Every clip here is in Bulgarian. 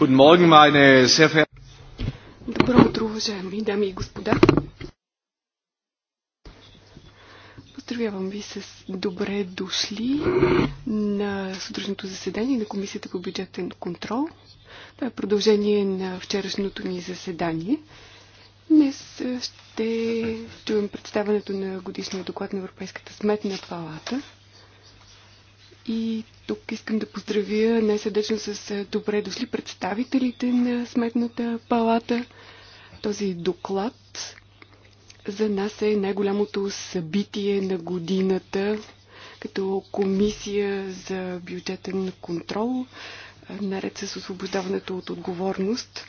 Добро утро, уважаеми дами и господа. Поздравявам ви с добре дошли на сутрешното заседание на Комисията по бюджетен контрол. Това е продължение на вчерашното ни заседание. Днес ще чуем представането на годишния доклад на Европейската сметна палата – и тук искам да поздравя най-сърдечно с е, добре дошли представителите на Сметната палата. Този доклад за нас е най-голямото събитие на годината като комисия за бюджетен контрол, е, наред с освобождаването от отговорност.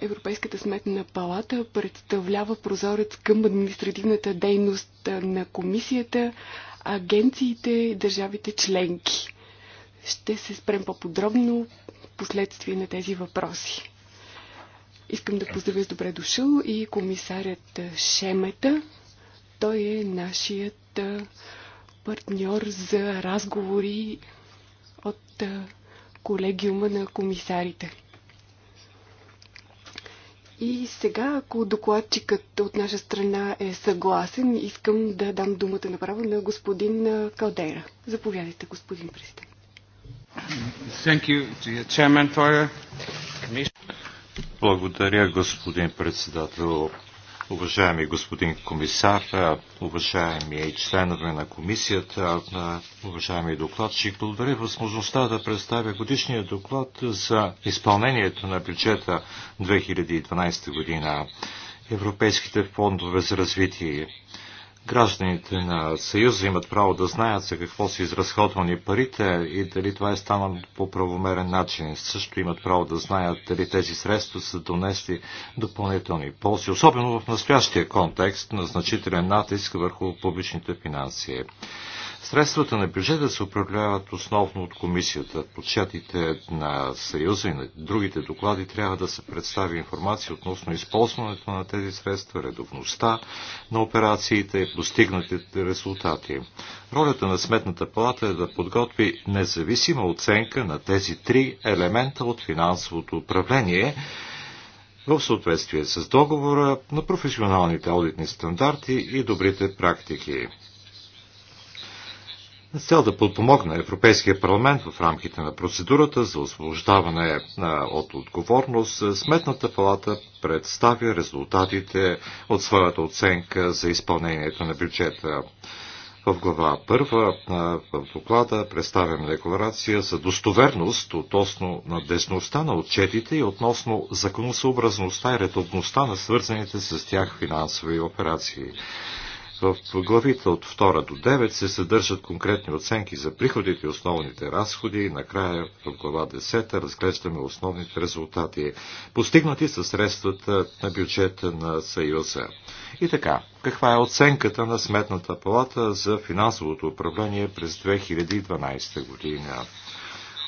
Европейската сметна палата представлява прозорец към административната дейност на комисията, агенциите и държавите членки. Ще се спрем по-подробно последствие на тези въпроси. Искам да поздравя с добре дошъл и комисарят Шемета. Той е нашият партньор за разговори от колегиума на комисарите. И сега, ако докладчикът от наша страна е съгласен, искам да дам думата направо на господин Калдейра. Заповядайте, господин президент. Благодаря, господин председател. Уважаеми господин комисар, уважаеми членове на комисията, уважаеми докладчик, благодаря възможността да представя годишния доклад за изпълнението на бюджета 2012 година. Европейските фондове за развитие Гражданите на Съюза имат право да знаят за какво са изразходвани парите и дали това е станало по правомерен начин. Също имат право да знаят дали тези средства са донесли допълнителни ползи, особено в настоящия контекст на значителен натиск върху публичните финанси. Средствата на бюджета се управляват основно от комисията. Подчетите на Съюза и на другите доклади трябва да се представи информация относно използването на тези средства, редовността на операциите и постигнатите резултати. Ролята на Сметната палата е да подготви независима оценка на тези три елемента от финансовото управление, в съответствие с договора на професионалните аудитни стандарти и добрите практики с цел да подпомогне Европейския парламент в рамките на процедурата за освобождаване от отговорност, Сметната палата представя резултатите от своята оценка за изпълнението на бюджета. В глава първа в доклада представяме декларация за достоверност относно десността на отчетите и относно законосъобразността и редовността на свързаните с тях финансови операции. В главите от 2 до 9 се съдържат конкретни оценки за приходите и основните разходи. И накрая в глава 10 разглеждаме основните резултати, постигнати със средствата на бюджета на Съюза. И така, каква е оценката на Сметната палата за финансовото управление през 2012 година?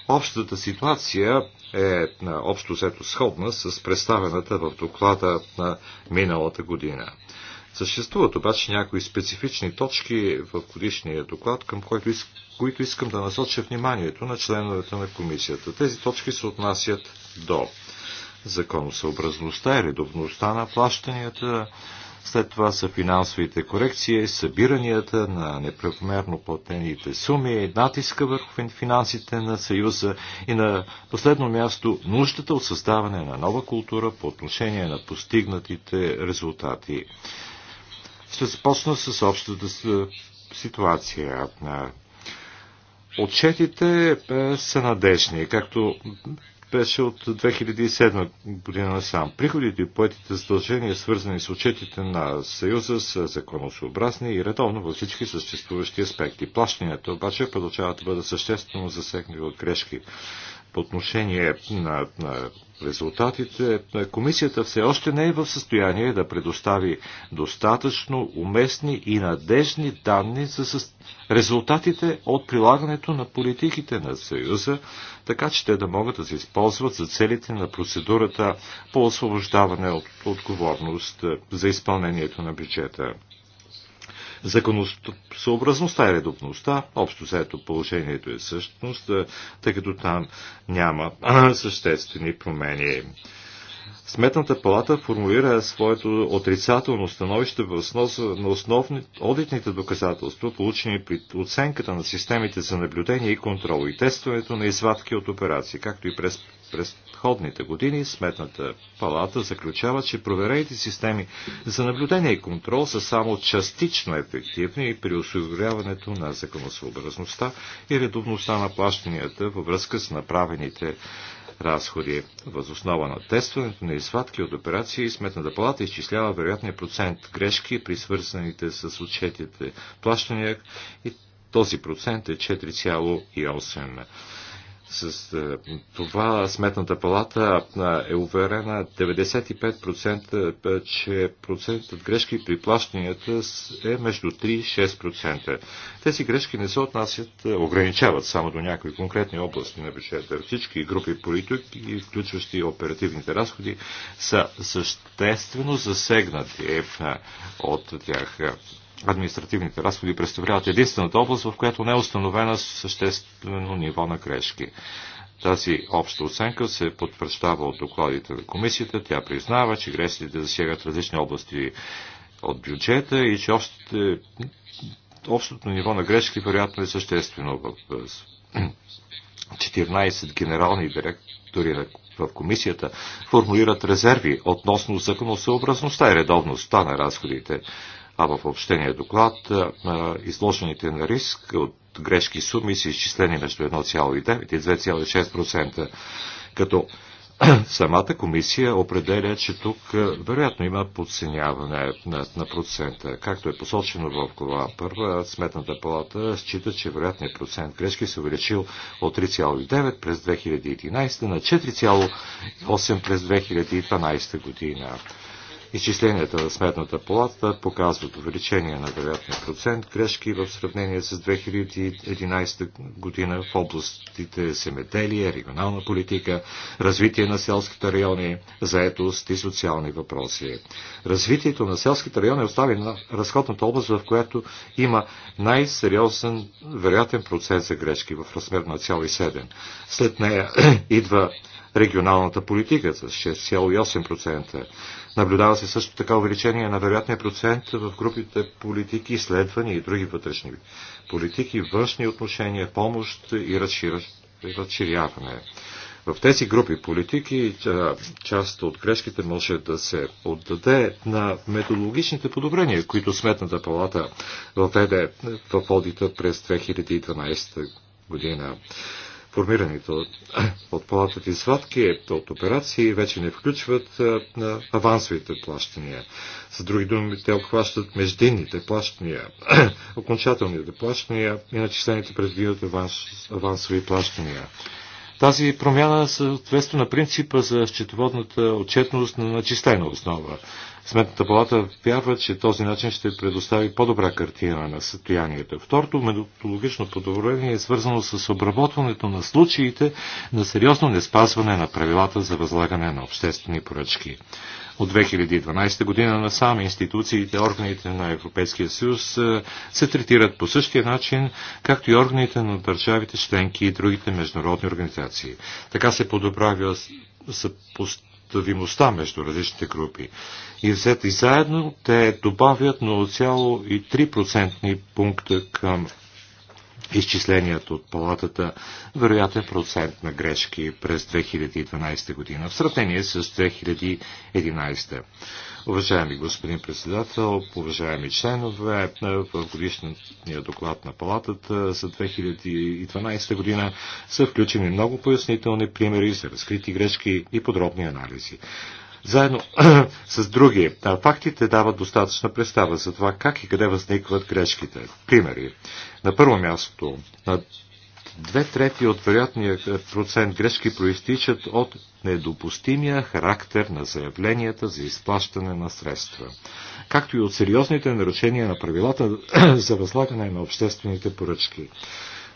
Общата ситуация е общо взето сходна с представената в доклада на миналата година. Съществуват обаче някои специфични точки в годишния доклад, към който иск, които искам да насоча вниманието на членовете на комисията. Тези точки се отнасят до законосъобразността и редовността на плащанията, след това са финансовите корекции, събиранията на неправомерно платените суми, натиска върху финансите на Съюза и на последно място нуждата от създаване на нова култура по отношение на постигнатите резултати. Ще започна с общата е, ситуация. Е, отчетите е, са надежни, както беше от 2007 година насам. Приходите и поетите задължения, свързани с отчетите на Съюза, са законосообразни и редовно във всички съществуващи аспекти. Плащанията обаче продължават да бъдат съществено засегнати от грешки по отношение на, на резултатите, комисията все още не е в състояние да предостави достатъчно уместни и надежни данни за резултатите от прилагането на политиките на Съюза, така че те да могат да се използват за целите на процедурата по освобождаване от отговорност е, за изпълнението на бюджета законосъобразността и редобността, Общо заето положението е същност, тъй като там няма съществени промени. Сметната палата формулира своето отрицателно становище в основа на основни одитните доказателства, получени при оценката на системите за наблюдение и контрол и тестването на извадки от операции, както и през предходните години Сметната палата заключава, че проверените системи за наблюдение и контрол са само частично ефективни и при осигуряването на законосъобразността и редовността на плащанията във връзка с направените разходи. Възоснова на тестването на извадки от операции Сметната палата изчислява вероятния процент грешки при свързаните с отчетите плащания и този процент е 4,8. С е, това сметната палата е уверена 95%, е, че процентът грешки при плащанията е между 3 и 6%. Тези грешки не се отнасят, е, ограничават само до някои конкретни области на бюджета. Всички групи политики, включващи оперативните разходи, са съществено засегнати от тях административните разходи представляват единствената област, в която не е установена съществено ниво на грешки. Тази обща оценка се подпрещава от докладите на комисията. Тя признава, че грешките засягат различни области от бюджета и че общите, общото ниво на грешки вероятно е съществено в 14 генерални директори в комисията формулират резерви относно законосъобразността и редовността на разходите а в общения доклад изложените на риск от грешки суми са изчислени между 1,9 и 2,6%, като самата комисия определя, че тук вероятно има подсеняване на, на процента. Както е посочено в глава първа, Сметната палата счита, че вероятният процент грешки се увеличил от 3,9 през 2011 на 4,8 през 2012 година. Изчисленията на Сметната палата показват увеличение на 9% грешки в сравнение с 2011 година в областите земеделие, регионална политика, развитие на селските райони, заетост и социални въпроси. Развитието на селските райони е остави на разходната област, в която има най-сериозен вероятен процент за грешки в размер на 0,7. След нея идва регионалната политика с 6,8%. Наблюдава се също така увеличение на вероятния процент в групите политики, изследвания и други вътрешни политики, външни отношения, помощ и разширяване. В тези групи политики част от грешките може да се отдаде на методологичните подобрения, които Сметната палата въведе в одита през 2012 година формирането от палатата извадки от операции вече не включват авансовите плащания. С други думи, те обхващат междинните плащания, окончателните плащания и начислените предвид аванс, авансови плащания. Тази промяна съответства на принципа за счетоводната отчетност на начислена основа. Сметната палата вярва, че този начин ще предостави по-добра картина на състоянието. Второто методологично подобрение е свързано с обработването на случаите на сериозно неспазване на правилата за възлагане на обществени поръчки. От 2012 година на насам институциите, органите на Европейския съюз е, се третират по същия начин, както и органите на държавите членки и другите международни организации. Така се подобрява съпоставянето съпоставимостта между различните групи. И взети заедно те добавят 0,3% пункта към Изчисленият от палатата вероятен процент на грешки през 2012 година в сравнение с 2011. Уважаеми господин председател, уважаеми членове, е, в годишния доклад на палатата за 2012 година са включени много пояснителни примери за разкрити грешки и подробни анализи заедно с други фактите дават достатъчна представа за това как и къде възникват грешките. Примери. На първо място, на две трети от вероятния е, процент грешки проистичат от недопустимия характер на заявленията за изплащане на средства, както и от сериозните нарушения на правилата за възлагане на обществените поръчки.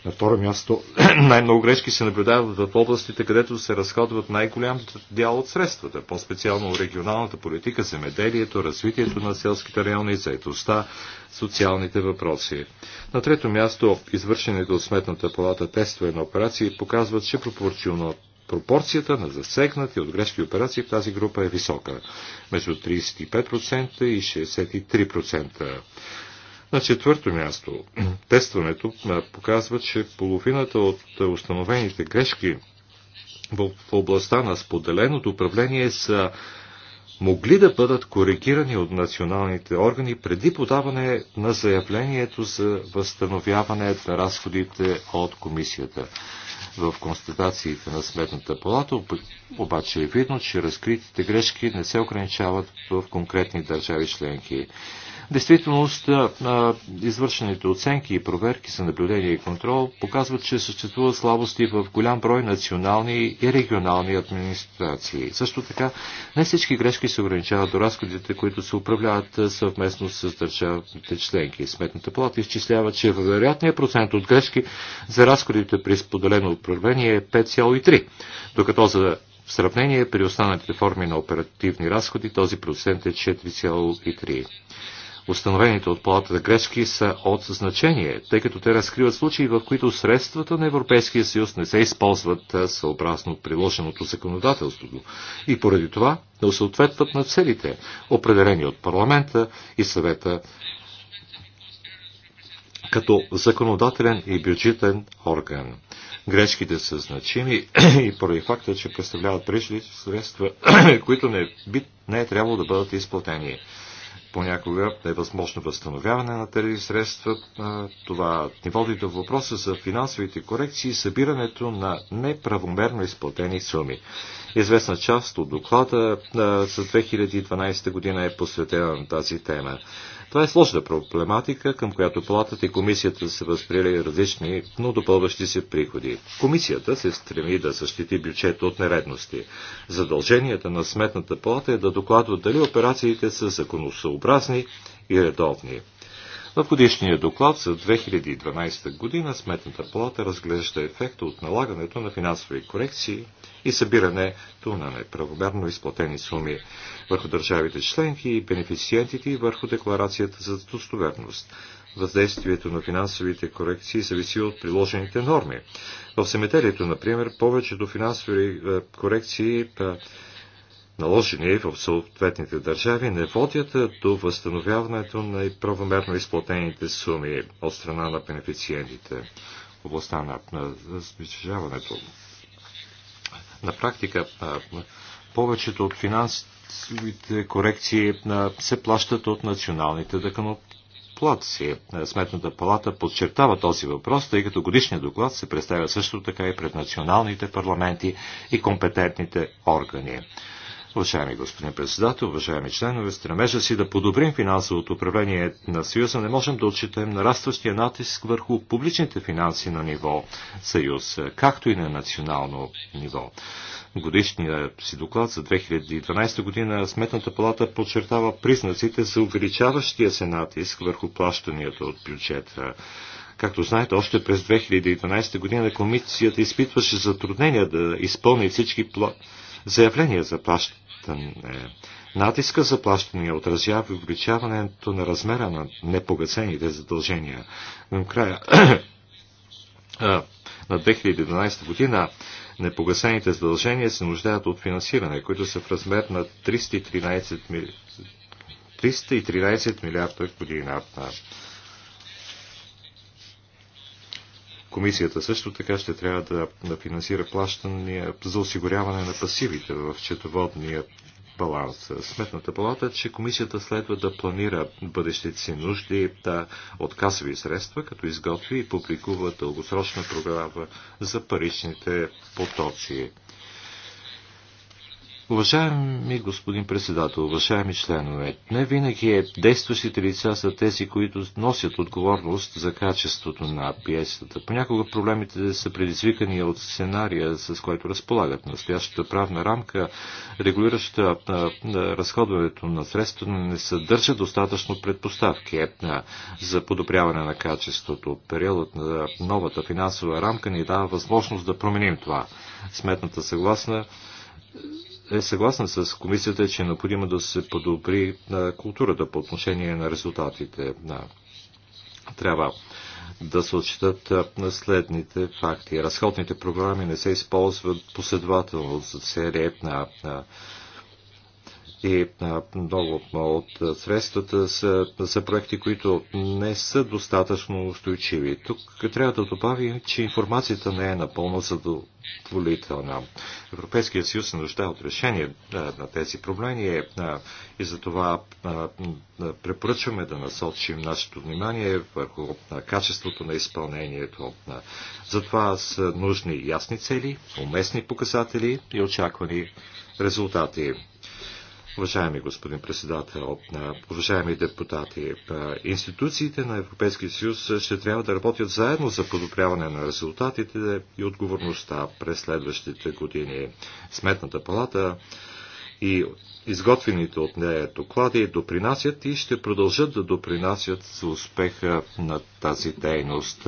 На второ място, най-много грешки се наблюдават в областите, където се разходват най-голям дял от средствата, по-специално регионалната политика, земеделието, развитието на селските райони, заедостта, социалните въпроси. На трето място, извършените от Сметната палата тестове на операции показват, че пропорционално Пропорцията на засегнати от грешки операции в тази група е висока, между 35% и 63%. На четвърто място, тестването показва, че половината от установените грешки в областта на споделеното управление са могли да бъдат коригирани от националните органи преди подаване на заявлението за възстановяване на разходите от комисията. В констатациите на Сметната палата обаче е видно, че разкритите грешки не се ограничават в конкретни държави членки действителност извършените оценки и проверки за наблюдение и контрол показват, че съществуват слабости в голям брой национални и регионални администрации. Също така, не всички грешки се ограничават до разходите, които се управляват съвместно с държавните членки. Сметната плата изчислява, че вероятният процент от грешки за разходите при споделено управление е 5,3, докато за в сравнение при останалите форми на оперативни разходи този процент е 4,3. Установените от палатата грешки са от значение, тъй като те разкриват случаи, в които средствата на Европейския съюз не се използват съобразно приложеното законодателството и поради това не усъответват на целите, определени от парламента и съвета като законодателен и бюджетен орган. Грешките са значими и поради факта, че представляват пришли средства, които не, би, не е трябвало да бъдат изплатени понякога е възможно възстановяване на тези средства. Това ни води до въпроса за финансовите корекции и събирането на неправомерно изплатени суми. Известна част от доклада за 2012 година е посветена на тази тема. Това е сложна проблематика, към която палатата и комисията са възприели различни, но допълващи се приходи. Комисията се стреми да защити бюджет от нередности. Задълженията на сметната палата е да докладва дали операциите са законосъобразни и редовни. В годишния доклад за 2012 година Сметната палата разглежда ефекта от налагането на финансови корекции и събирането на неправомерно изплатени суми върху държавите членки и бенефициентите и върху декларацията за достоверност. Въздействието на финансовите корекции зависи от приложените норми. В семетелието, например, повечето финансови е, корекции е, наложени в съответните държави, не водят до възстановяването на и правомерно изплатените суми от страна на бенефициентите в областта на, на На практика повечето от финансовите корекции се плащат от националните дъканоплатци. Сметната палата подчертава този въпрос, тъй като годишният доклад се представя също така и пред националните парламенти и компетентните органи. Уважаеми господин председател, уважаеми членове, стремежа си да подобрим финансовото управление на Съюза не можем да отчитаем нарастващия натиск върху публичните финанси на ниво Съюз, както и на национално ниво. Годишния си доклад за 2012 година Сметната палата подчертава признаците за увеличаващия се натиск върху плащанията от бюджета. Както знаете, още през 2012 година комисията изпитваше затруднения да изпълни всички пла... Заявление за плащане. Натиска за плащане отразява увеличаването на размера на непогасените задължения. Към края на 2012 година непогасените задължения се нуждаят от финансиране, които са в размер на 313, 313 милиарда година. Комисията също така ще трябва да, да финансира плащания за осигуряване на пасивите в четоводния баланс. Сметната палата, че комисията следва да планира бъдещите си нужди да, от касови средства, като изготви и публикува дългосрочна програма за паричните потоци. Уважаеми господин председател, уважаеми членове, не винаги е действащите лица са тези, които носят отговорност за качеството на пиесата. Понякога проблемите са предизвикани от сценария, с който разполагат настоящата правна рамка, регулираща разходването на средства, не съдържа достатъчно предпоставки е, за подобряване на качеството. Периодът на новата финансова рамка ни дава възможност да променим това. Сметната съгласна е съгласна с комисията, че е необходимо да се подобри на е, културата по отношение на резултатите. Е, трябва да се отчитат е, следните факти. Разходните програми не се използват последователно за серия на, на и много от средствата са, са проекти, които не са достатъчно устойчиви. Тук трябва да добавим, че информацията не е напълно задоволителна. Европейския съюз се нуждае от решение на тези проблеми е, и за това препоръчваме да насочим нашето внимание върху качеството на изпълнението. Затова са нужни ясни цели, уместни показатели и очаквани резултати. Уважаеми господин председател, уважаеми депутати, институциите на Европейския съюз ще трябва да работят заедно за подобряване на резултатите и отговорността през следващите години. Сметната палата и изготвените от нея доклади допринасят и ще продължат да допринасят за успеха на тази дейност.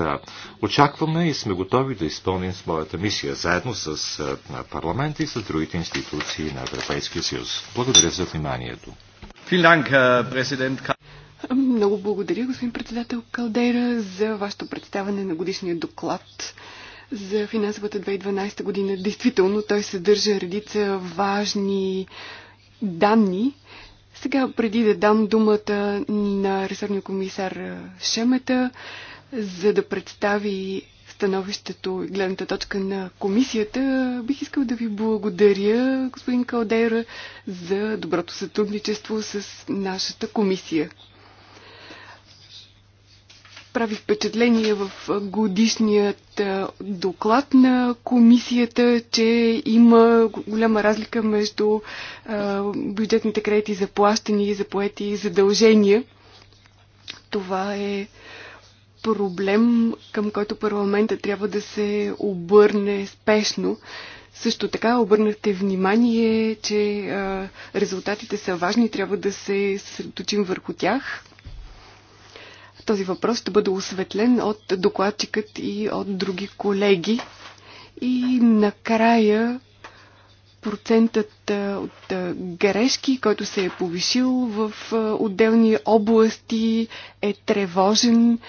Очакваме и сме готови да изпълним своята мисия заедно с парламента и с другите институции на Европейския съюз. Благодаря за вниманието. Много благодаря, господин председател Калдейра, за вашето представяне на годишния доклад за финансовата 2012 година. Действително той съдържа редица важни данни. Сега, преди да дам думата на ресурния комисар Шемета, за да представи становището и гледната точка на комисията, бих искал да ви благодаря, господин Калдейра, за доброто сътрудничество с нашата комисия прави впечатление в годишният доклад на комисията, че има голяма разлика между бюджетните кредити за плащани, и за поети и задължения. Това е проблем, към който парламента трябва да се обърне спешно. Също така обърнахте внимание, че резултатите са важни, трябва да се съсредоточим върху тях този въпрос ще бъде осветлен от докладчикът и от други колеги. И накрая процентът от грешки, който се е повишил в отделни области, е тревожен.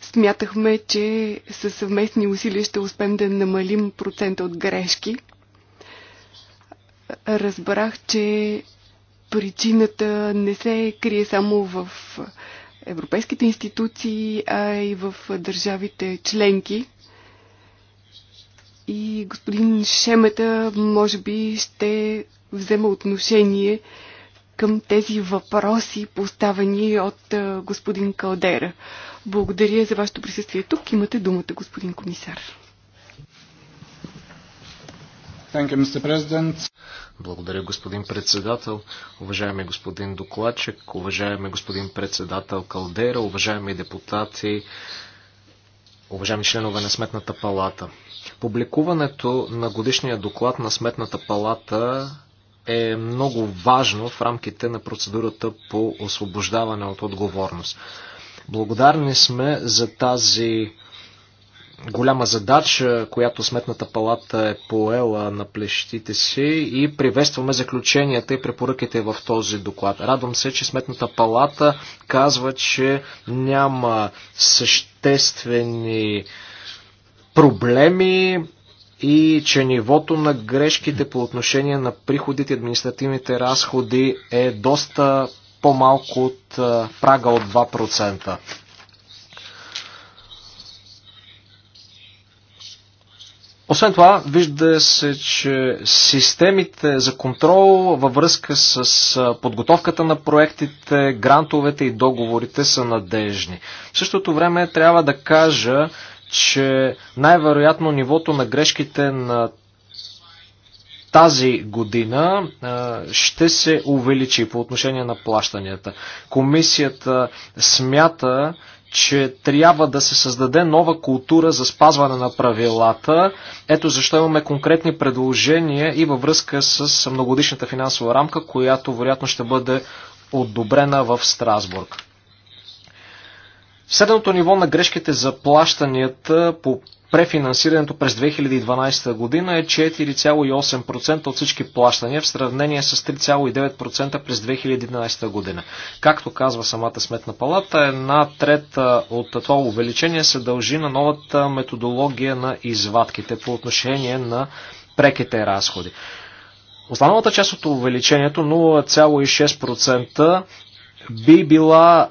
Смятахме, че със съвместни усилия ще успеем да намалим процента от грешки. Разбрах, че причината не се крие само в европейските институции, а и в държавите членки. И господин Шемета, може би, ще взема отношение към тези въпроси, поставени от господин Калдера. Благодаря за вашето присъствие тук. Имате думата, господин комисар. You, Благодаря, господин председател. Уважаеми господин докладчик, уважаеми господин председател Калдера, уважаеми депутати, уважаеми членове на Сметната палата. Публикуването на годишния доклад на Сметната палата е много важно в рамките на процедурата по освобождаване от отговорност. Благодарни сме за тази голяма задача, която Сметната палата е поела на плещите си и приветстваме заключенията и препоръките в този доклад. Радвам се, че Сметната палата казва, че няма съществени проблеми и че нивото на грешките по отношение на приходите и административните разходи е доста по-малко от прага от 2%. Освен това, вижда се, че системите за контрол във връзка с подготовката на проектите, грантовете и договорите са надежни. В същото време трябва да кажа, че най-вероятно нивото на грешките на тази година ще се увеличи по отношение на плащанията. Комисията смята, че трябва да се създаде нова култура за спазване на правилата. Ето защо имаме конкретни предложения и във връзка с многодишната финансова рамка, която вероятно ще бъде одобрена в Страсбург. Средното ниво на грешките за плащанията по Префинансирането през 2012 година е 4,8% от всички плащания в сравнение с 3,9% през 2011 година. Както казва самата сметна палата, една трета от това увеличение се дължи на новата методология на извадките по отношение на преките разходи. Останалата част от увеличението 0,6% би била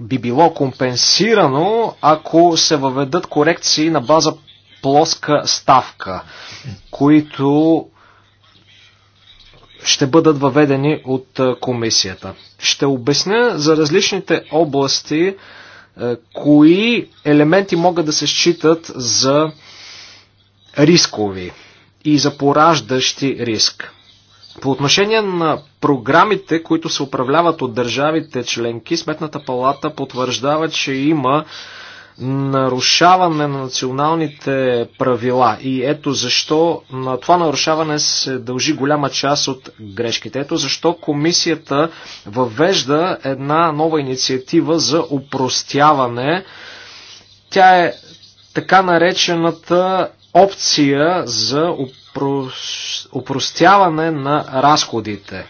би било компенсирано, ако се въведат корекции на база плоска ставка, които ще бъдат въведени от комисията. Ще обясня за различните области, кои елементи могат да се считат за рискови и за пораждащи риск. По отношение на програмите, които се управляват от държавите членки, Сметната палата потвърждава, че има нарушаване на националните правила. И ето защо на това нарушаване се дължи голяма част от грешките. Ето защо комисията въвежда една нова инициатива за упростяване. Тя е така наречената опция за упростяване на разходите.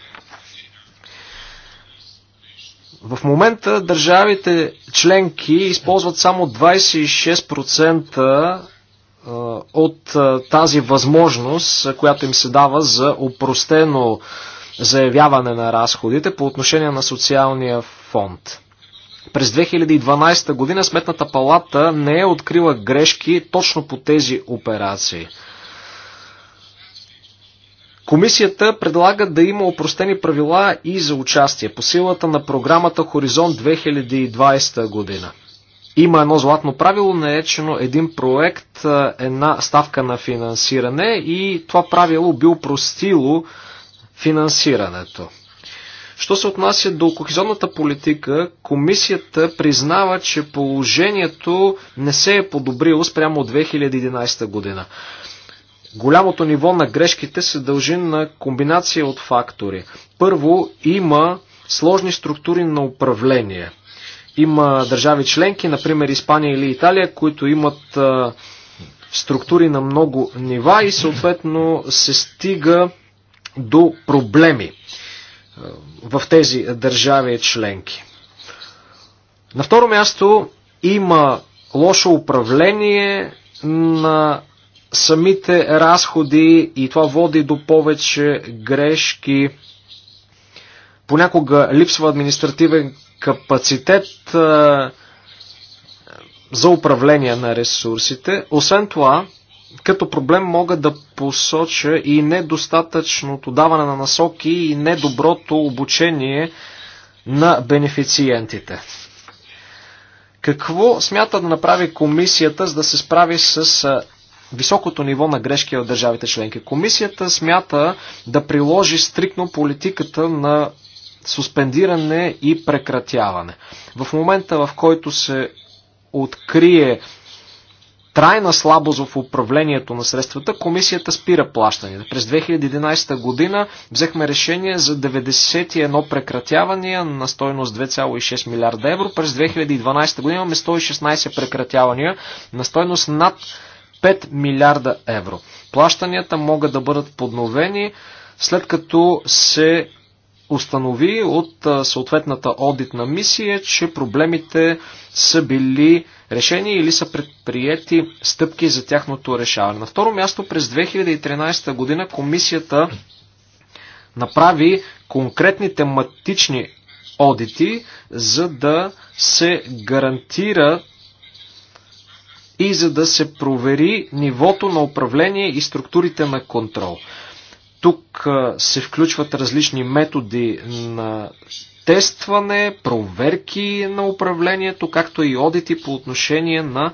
В момента държавите членки използват само 26% от тази възможност, която им се дава за упростено заявяване на разходите по отношение на социалния фонд. През 2012 година Сметната палата не е открила грешки точно по тези операции – Комисията предлага да има опростени правила и за участие по силата на програмата Хоризонт 2020 година. Има едно златно правило, наречено един проект, една ставка на финансиране и това правило би упростило финансирането. Що се отнася до кохизонната политика, комисията признава, че положението не се е подобрило спрямо от 2011 година. Голямото ниво на грешките се дължи на комбинация от фактори. Първо, има сложни структури на управление. Има държави членки, например Испания или Италия, които имат структури на много нива и съответно се стига до проблеми в тези държави членки. На второ място има лошо управление на самите разходи и това води до повече грешки. Понякога липсва административен капацитет за управление на ресурсите. Освен това, като проблем мога да посоча и недостатъчното даване на насоки и недоброто обучение на бенефициентите. Какво смята да направи комисията, за да се справи с високото ниво на грешки от държавите членки. Комисията смята да приложи стрикно политиката на суспендиране и прекратяване. В момента, в който се открие трайна слабост в управлението на средствата, комисията спира плащанията. През 2011 година взехме решение за 91 прекратявания на стойност 2,6 милиарда евро. През 2012 година имаме 116 прекратявания на стойност над 5 милиарда евро. Плащанията могат да бъдат подновени след като се установи от съответната одитна мисия, че проблемите са били решени или са предприяти стъпки за тяхното решаване. На второ място през 2013 година комисията направи конкретни тематични одити, за да се гарантират и за да се провери нивото на управление и структурите на контрол. Тук се включват различни методи на тестване, проверки на управлението, както и одити по отношение на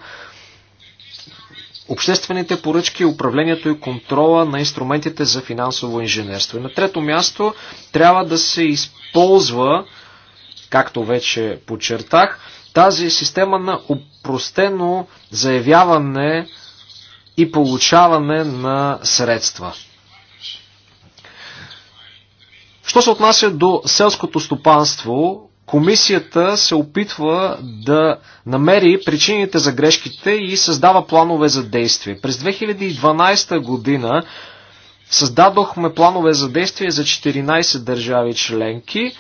обществените поръчки, управлението и контрола на инструментите за финансово инженерство. И на трето място трябва да се използва, както вече подчертах, тази система на упростено заявяване и получаване на средства. Що се отнася до селското стопанство, комисията се опитва да намери причините за грешките и създава планове за действие. През 2012 година създадохме планове за действие за 14 държави членки.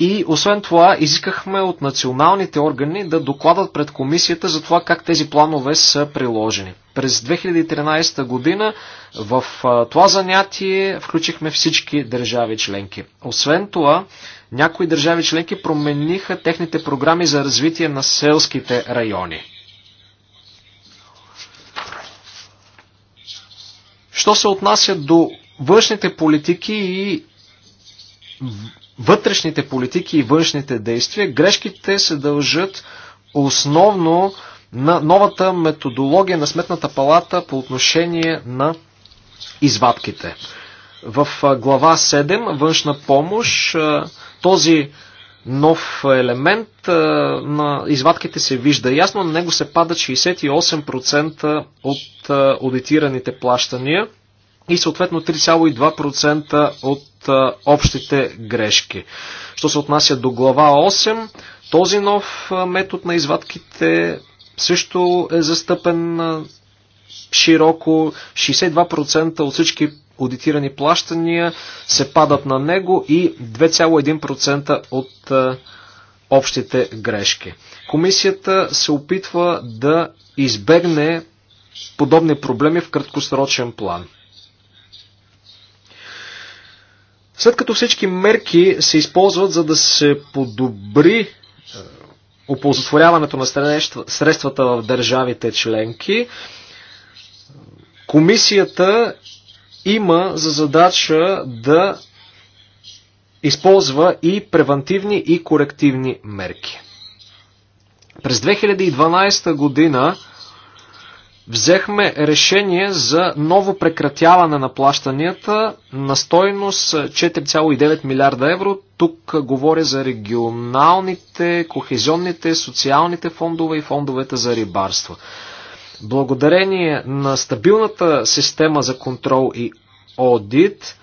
И освен това, изискахме от националните органи да докладат пред комисията за това как тези планове са приложени. През 2013 година в това занятие включихме всички държави членки. Освен това, някои държави членки промениха техните програми за развитие на селските райони. Що се отнася до външните политики и вътрешните политики и външните действия, грешките се дължат основно на новата методология на Сметната палата по отношение на извадките. В глава 7 външна помощ този нов елемент на извадките се вижда ясно. На него се пада 68% от аудитираните плащания – и съответно 3,2% от общите грешки. Що се отнася до глава 8, този нов метод на извадките също е застъпен широко. 62% от всички аудитирани плащания се падат на него и 2,1% от общите грешки. Комисията се опитва да избегне подобни проблеми в краткосрочен план. След като всички мерки се използват за да се подобри е, оползотворяването на средствата в държавите членки, комисията има за задача да използва и превантивни и корективни мерки. През 2012 година взехме решение за ново прекратяване на плащанията на стойност 4,9 милиарда евро. Тук говоря за регионалните, кохезионните, социалните фондове и фондовете за рибарство. Благодарение на стабилната система за контрол и одит,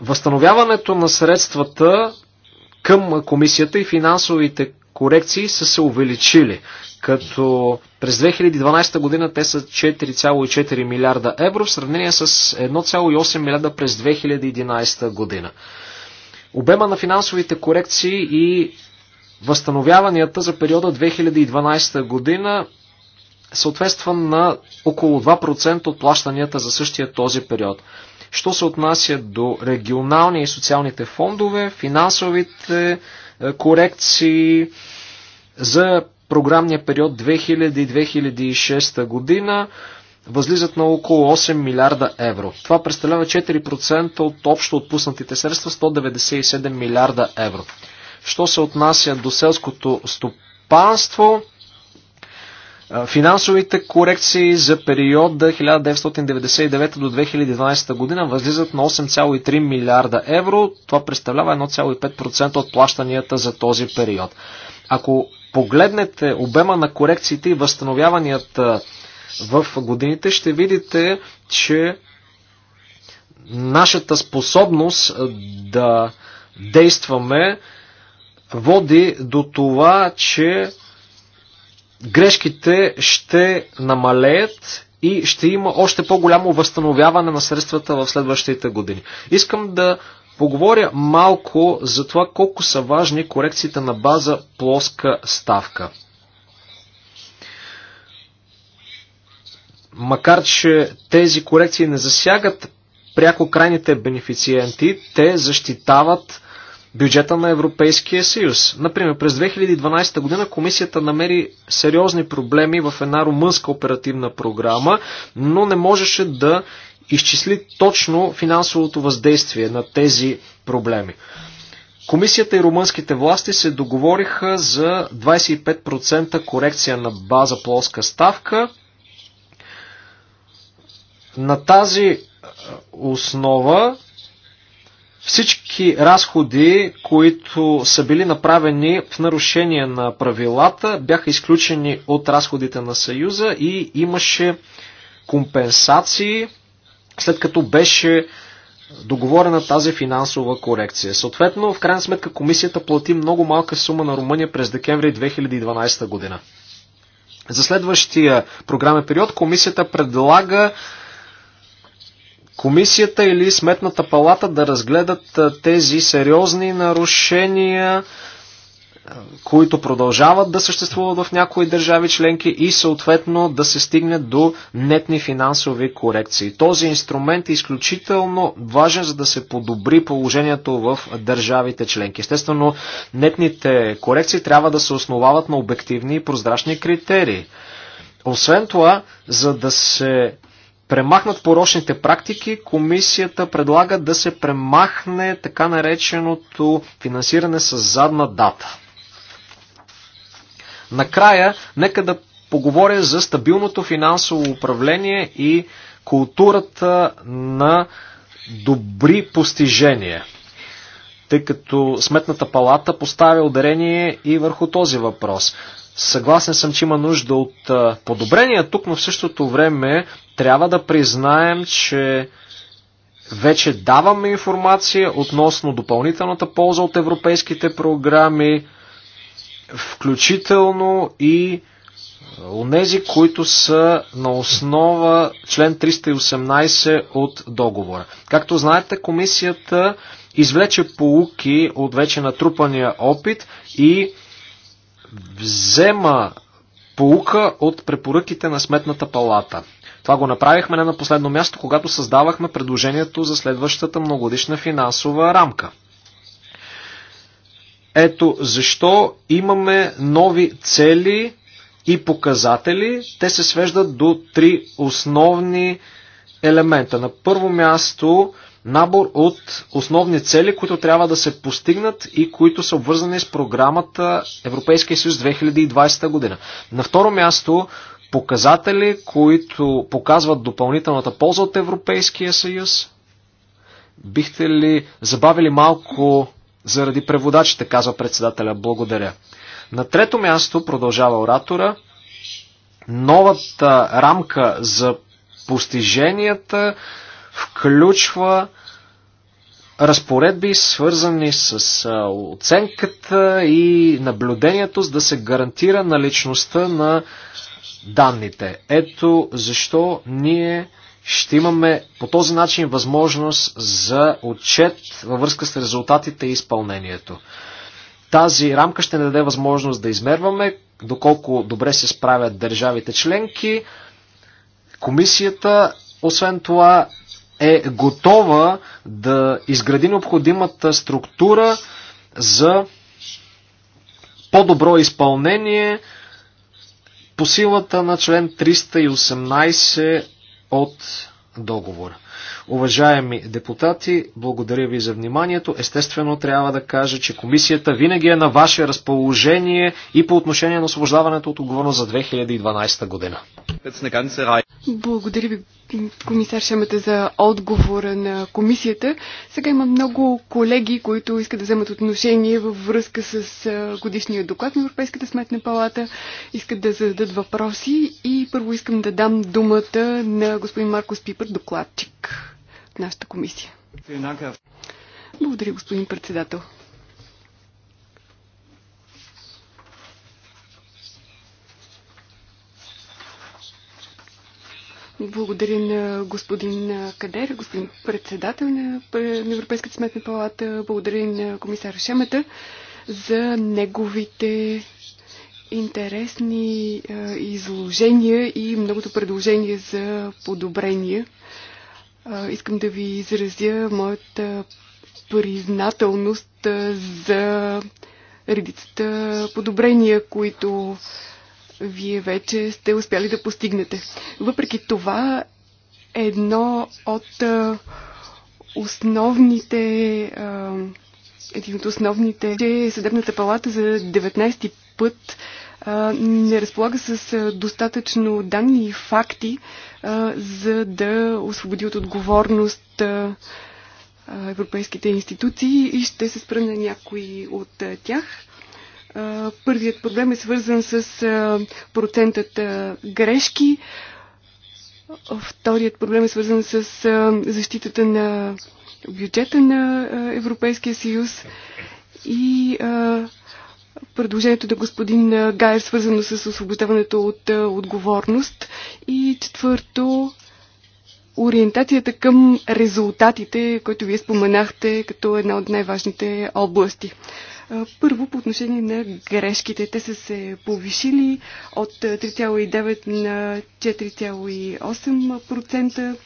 възстановяването на средствата към комисията и финансовите корекции са се увеличили като през 2012 година те са 4,4 милиарда евро в сравнение с 1,8 милиарда през 2011 година. Обема на финансовите корекции и възстановяванията за периода 2012 година съответства на около 2% от плащанията за същия този период. Що се отнася до регионални и социалните фондове, финансовите е, корекции за програмния период 2000-2006 година възлизат на около 8 милиарда евро. Това представлява 4% от общо отпуснатите средства 197 милиарда евро. Що се отнася до селското стопанство, финансовите корекции за периода 1999 до 2012 година възлизат на 8,3 милиарда евро. Това представлява 1,5% от плащанията за този период. Ако погледнете обема на корекциите и възстановяванията в годините, ще видите, че нашата способност да действаме води до това, че грешките ще намалеят и ще има още по-голямо възстановяване на средствата в следващите години. Искам да поговоря малко за това колко са важни корекциите на база плоска ставка. Макар, че тези корекции не засягат пряко крайните бенефициенти, те защитават бюджета на Европейския съюз. Например, през 2012 година комисията намери сериозни проблеми в една румънска оперативна програма, но не можеше да изчисли точно финансовото въздействие на тези проблеми. Комисията и румънските власти се договориха за 25% корекция на база плоска ставка. На тази е, основа всички разходи, които са били направени в нарушение на правилата, бяха изключени от разходите на Съюза и имаше компенсации след като беше договорена тази финансова корекция. Съответно, в крайна сметка комисията плати много малка сума на Румъния през декември 2012 година. За следващия програмен период комисията предлага комисията или сметната палата да разгледат тези сериозни нарушения които продължават да съществуват в някои държави членки и съответно да се стигне до нетни финансови корекции. Този инструмент е изключително важен, за да се подобри положението в държавите членки. Естествено, нетните корекции трябва да се основават на обективни и прозрачни критерии. Освен това, за да се премахнат порочните практики, комисията предлага да се премахне така нареченото финансиране с задна дата. Накрая, нека да поговоря за стабилното финансово управление и културата на добри постижения. Тъй като Сметната палата поставя ударение и върху този въпрос. Съгласен съм, че има нужда от подобрения тук, но в същото време трябва да признаем, че вече даваме информация относно допълнителната полза от европейските програми, включително и е, онези, които са на основа член 318 от договора. Както знаете, комисията извлече полуки от вече натрупания опит и взема полука от препоръките на Сметната палата. Това го направихме не на последно място, когато създавахме предложението за следващата многодишна финансова рамка. Ето защо имаме нови цели и показатели. Те се свеждат до три основни елемента. На първо място набор от основни цели, които трябва да се постигнат и които са обвързани с програмата Европейския съюз 2020 година. На второ място показатели, които показват допълнителната полза от Европейския съюз. Бихте ли забавили малко заради преводачите, казва председателя. Благодаря. На трето място, продължава оратора, новата рамка за постиженията включва разпоредби, свързани с оценката и наблюдението, за да се гарантира наличността на данните. Ето защо ние ще имаме по този начин възможност за отчет във връзка с резултатите и изпълнението. Тази рамка ще ни даде възможност да измерваме доколко добре се справят държавите членки. Комисията, освен това, е готова да изгради необходимата структура за по-добро изпълнение по силата на член 318 от договора. Уважаеми депутати, благодаря ви за вниманието. Естествено трябва да кажа, че комисията винаги е на ваше разположение и по отношение на освобождаването от отговорност за 2012 година. Благодаря ви, комисар Шемата за отговора на комисията. Сега има много колеги, които искат да вземат отношение във връзка с годишния доклад на Европейската сметна палата, искат да зададат въпроси и първо искам да дам думата на господин Маркос Пипър, докладчик в нашата комисия. Благодаря, господин председател. Благодаря на господин Кадер, господин председател на Европейската сметна палата. Благодаря на комисар Шемета за неговите интересни изложения и многото предложения за подобрения. Искам да ви изразя моята признателност за редицата подобрения, които вие вече сте успяли да постигнете. Въпреки това, едно от основните един от основните, че Съдебната палата за 19-ти път не разполага с достатъчно данни и факти, за да освободи от отговорност европейските институции и ще се спра на някои от тях. Първият проблем е свързан с процентът грешки. Вторият проблем е свързан с защитата на бюджета на Европейския съюз и предложението на господин Гайер, свързано с освобождаването от отговорност. И четвърто, ориентацията към резултатите, които вие споменахте като една от най-важните области. Първо, по отношение на грешките. Те са се повишили от 3,9 на 4,8%.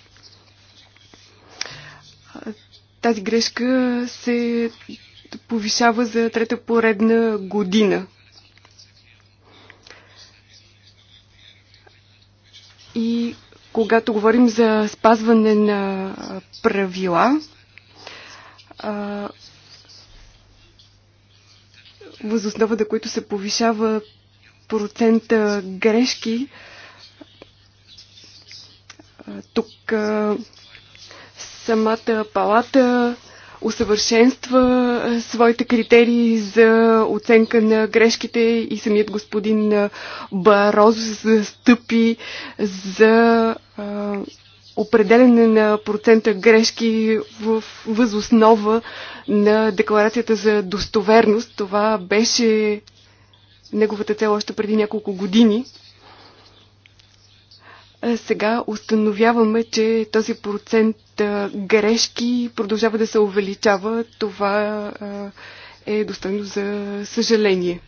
Тази грешка се повишава за трета поредна година. И когато говорим за спазване на правила, възоснова на които се повишава процента грешки. Тук самата палата усъвършенства своите критерии за оценка на грешките и самият господин Барозо се застъпи за определене на процента грешки в възоснова на декларацията за достоверност. Това беше неговата цел още преди няколко години. Сега установяваме, че този процент грешки продължава да се увеличава. Това е достойно за съжаление.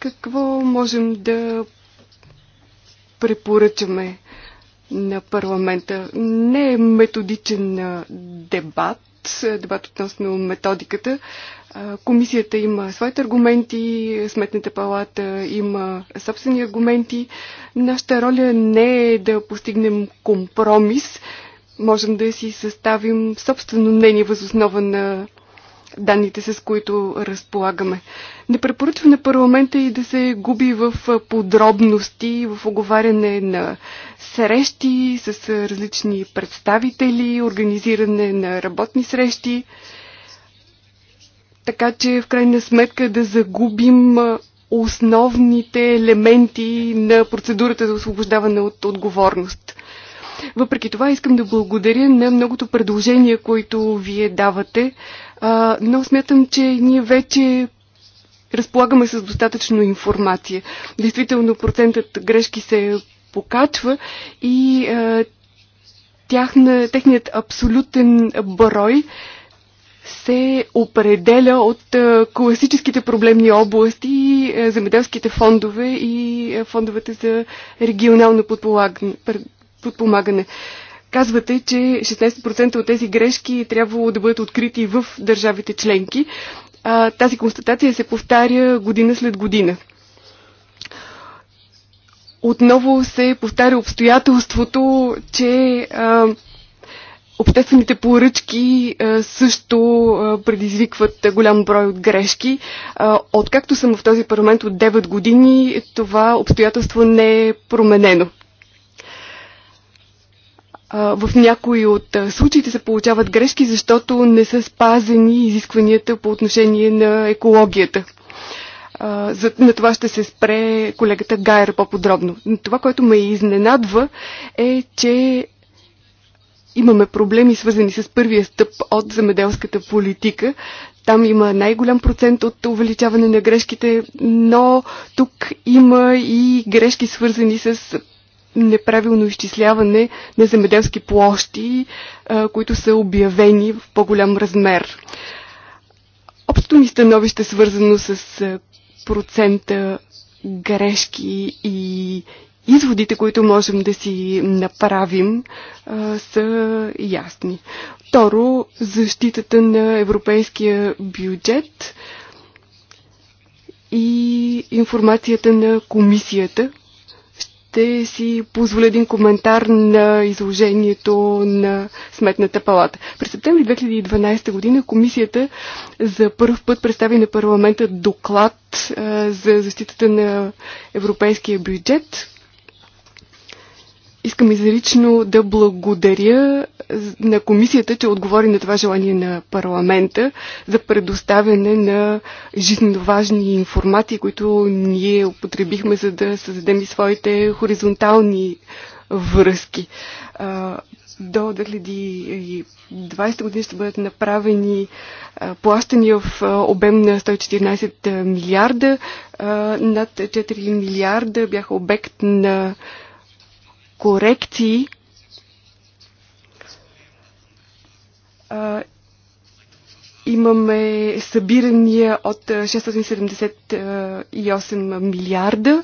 Какво можем да препоръчаме на парламента. Не е методичен дебат, дебат относно методиката. Комисията има своите аргументи, Сметната палата има собствени аргументи. Нашата роля не е да постигнем компромис. Можем да си съставим собствено мнение възоснова на данните, с които разполагаме. Не препоръчвам на парламента и да се губи в подробности, в оговаряне на срещи с различни представители, организиране на работни срещи, така че в крайна сметка да загубим основните елементи на процедурата за освобождаване от отговорност. Въпреки това искам да благодаря на многото предложения, които вие давате, но смятам, че ние вече разполагаме с достатъчно информация. Действително процентът грешки се покачва и тяхна, техният абсолютен брой се определя от класическите проблемни области, земеделските фондове и фондовете за регионално подпомагане. Казвате, че 16% от тези грешки трябвало да бъдат открити в държавите членки. А, тази констатация се повтаря година след година. Отново се повтаря обстоятелството, че а, Обществените поръчки също предизвикват голям брой от грешки. Откакто съм в този парламент от 9 години, това обстоятелство не е променено в някои от случаите се получават грешки, защото не са спазени изискванията по отношение на екологията. За, на това ще се спре колегата Гайер по-подробно. Това, което ме изненадва е, че имаме проблеми свързани с първия стъп от замеделската политика. Там има най-голям процент от увеличаване на грешките, но тук има и грешки свързани с неправилно изчисляване на земеделски площи, които са обявени в по-голям размер. Общото ми становище, свързано с процента грешки и изводите, които можем да си направим, са ясни. Второ, защитата на европейския бюджет и информацията на комисията, ще си позволя един коментар на изложението на Сметната палата. През септември 2012 година комисията за първ път представи на парламента доклад за защитата на европейския бюджет, Искам изрично да благодаря на комисията, че отговори на това желание на парламента за предоставяне на жизненно важни информации, които ние употребихме, за да създадем и своите хоризонтални връзки. До 2020 година ще бъдат направени плащания в обем на 114 милиарда. Над 4 милиарда бяха обект на корекции а, имаме събирания от 678 милиарда.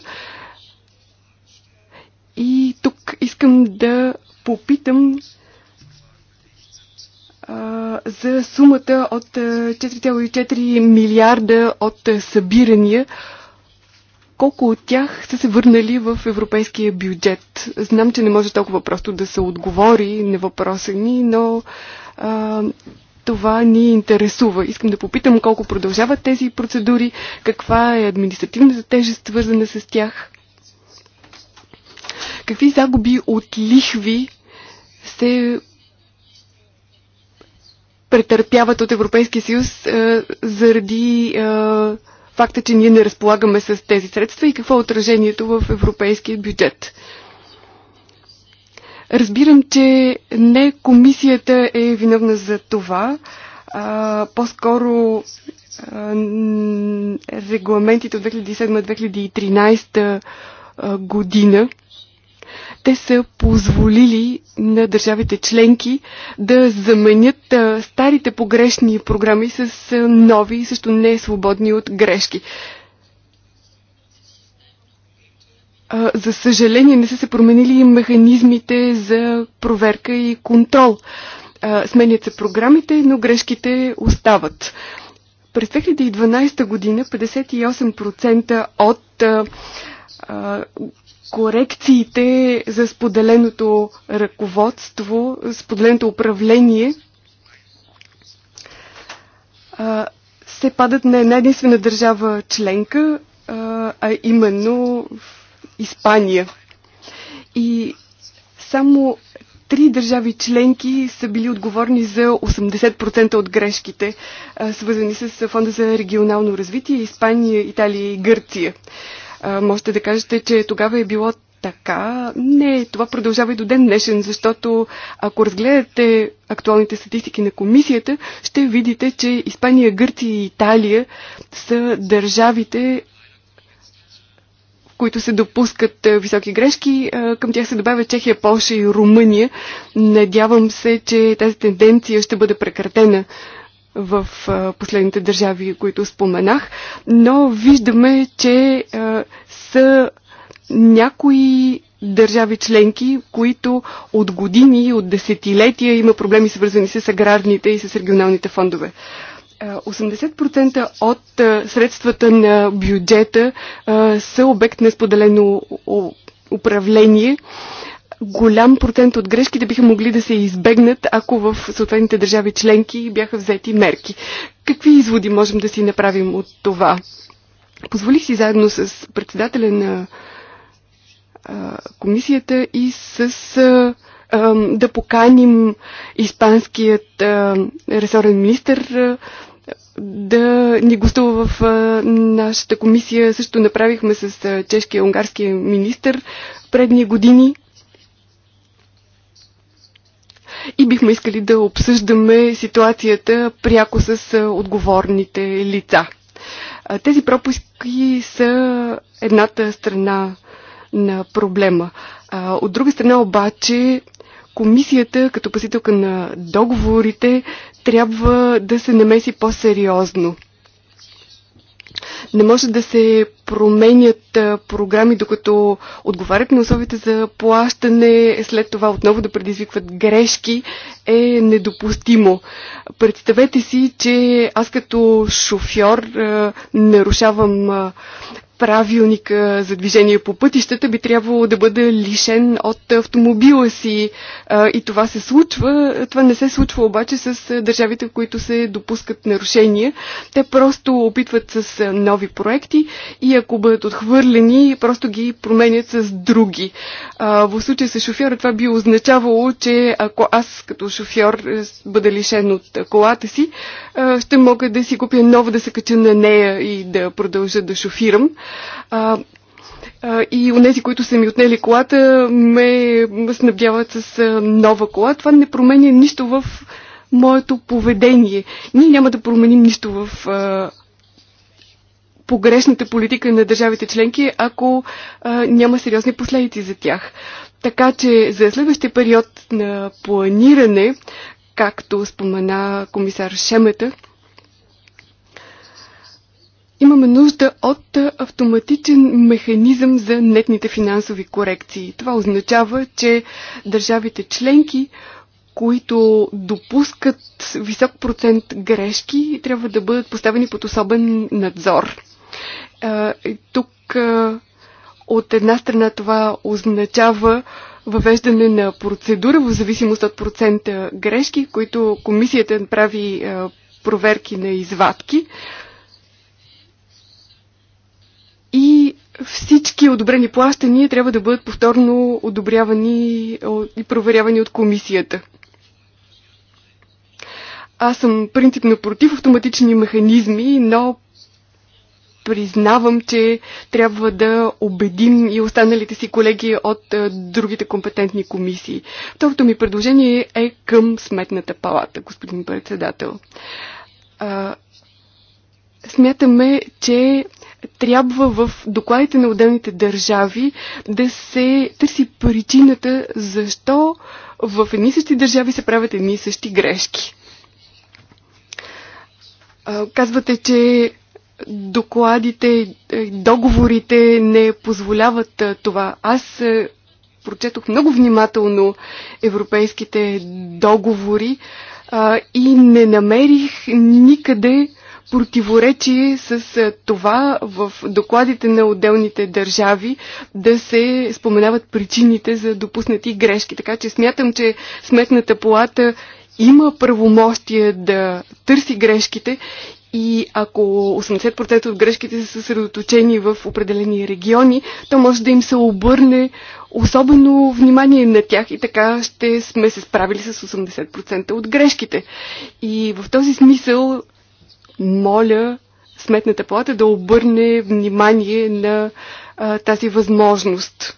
И тук искам да попитам а, за сумата от 4,4 милиарда от събирания, колко от тях са се върнали в европейския бюджет? Знам, че не може толкова просто да се отговори на въпроса ни, но а, това ни интересува. Искам да попитам колко продължават тези процедури, каква е административната тежест, свързана с тях. Какви загуби от лихви се претърпяват от Европейския съюз а, заради а, факта, че ние не разполагаме с тези средства и какво е отражението в европейския бюджет. Разбирам, че не комисията е виновна за това, а по-скоро регламентите от 2007-2013 година те са позволили на държавите членки да заменят старите погрешни програми с нови, и също не свободни от грешки. За съжаление не са се променили механизмите за проверка и контрол. Сменят се програмите, но грешките остават. През 2012 година 58% от корекциите за споделеното ръководство, споделеното управление се падат на една единствена държава членка, а именно Испания. И само три държави членки са били отговорни за 80% от грешките, свързани с Фонда за регионално развитие Испания, Италия и Гърция. А, можете да кажете, че тогава е било така. Не, това продължава и до ден днешен, защото ако разгледате актуалните статистики на комисията, ще видите, че Испания, Гърция и Италия са държавите, които се допускат високи грешки. Към тях се добавя Чехия, Полша и Румъния. Надявам се, че тази тенденция ще бъде прекратена в последните държави, които споменах, но виждаме, че са някои държави членки, които от години от десетилетия има проблеми свързани с аграрните и с регионалните фондове. 80% от средствата на бюджета са обект на споделено управление голям процент от грешките биха могли да се избегнат, ако в съответните държави членки бяха взети мерки. Какви изводи можем да си направим от това? Позволих си заедно с председателя на а, комисията и с а, а, да поканим испанският а, ресорен министр а, да ни гостува в а, нашата комисия. Също направихме с а, чешкия и унгарския министр предни години и бихме искали да обсъждаме ситуацията пряко с отговорните лица. Тези пропуски са едната страна на проблема. От друга страна обаче комисията, като пасителка на договорите, трябва да се намеси по-сериозно. Не може да се променят програми, докато отговарят на условията за плащане, след това отново да предизвикват грешки, е недопустимо. Представете си, че аз като шофьор нарушавам правилника за движение по пътищата би трябвало да бъде лишен от автомобила си. И това се случва. Това не се случва обаче с държавите, в които се допускат нарушения. Те просто опитват с нови проекти и ако бъдат отхвърлени, просто ги променят с други. В случая с шофьора това би означавало, че ако аз като шофьор бъда лишен от колата си, ще мога да си купя нова, да се кача на нея и да продължа да шофирам а, а, и нези, които са ми отнели колата, ме снабдяват с нова кола. Това не променя нищо в моето поведение. Ние няма да променим нищо в а, погрешната политика на държавите членки, ако а, няма сериозни последици за тях. Така че за следващия период на планиране, както спомена комисар Шемета, имаме нужда от автоматичен механизъм за нетните финансови корекции. Това означава, че държавите членки, които допускат висок процент грешки, трябва да бъдат поставени под особен надзор. Тук от една страна това означава въвеждане на процедура в зависимост от процента грешки, които комисията прави проверки на извадки. И всички одобрени плащания трябва да бъдат повторно одобрявани и проверявани от комисията. Аз съм принципно против автоматични механизми, но признавам, че трябва да убедим и останалите си колеги от е, другите компетентни комисии. Второто ми предложение е към Сметната палата, господин председател. Смятаме, че трябва в докладите на отделните държави да се търси причината защо в едни същи държави се правят едни същи грешки. Казвате, че докладите, е, договорите не позволяват това. Аз е, прочетох много внимателно европейските договори и не намерих никъде противоречие с е, това в докладите на отделните държави да се споменават причините за допуснати грешки. Така че смятам, че Сметната палата има правомощие да търси грешките и ако 80% от грешките са съсредоточени в определени региони, то може да им се обърне особено внимание на тях и така ще сме се справили с 80% от грешките. И в този смисъл моля Сметната плата да обърне внимание на а, тази възможност.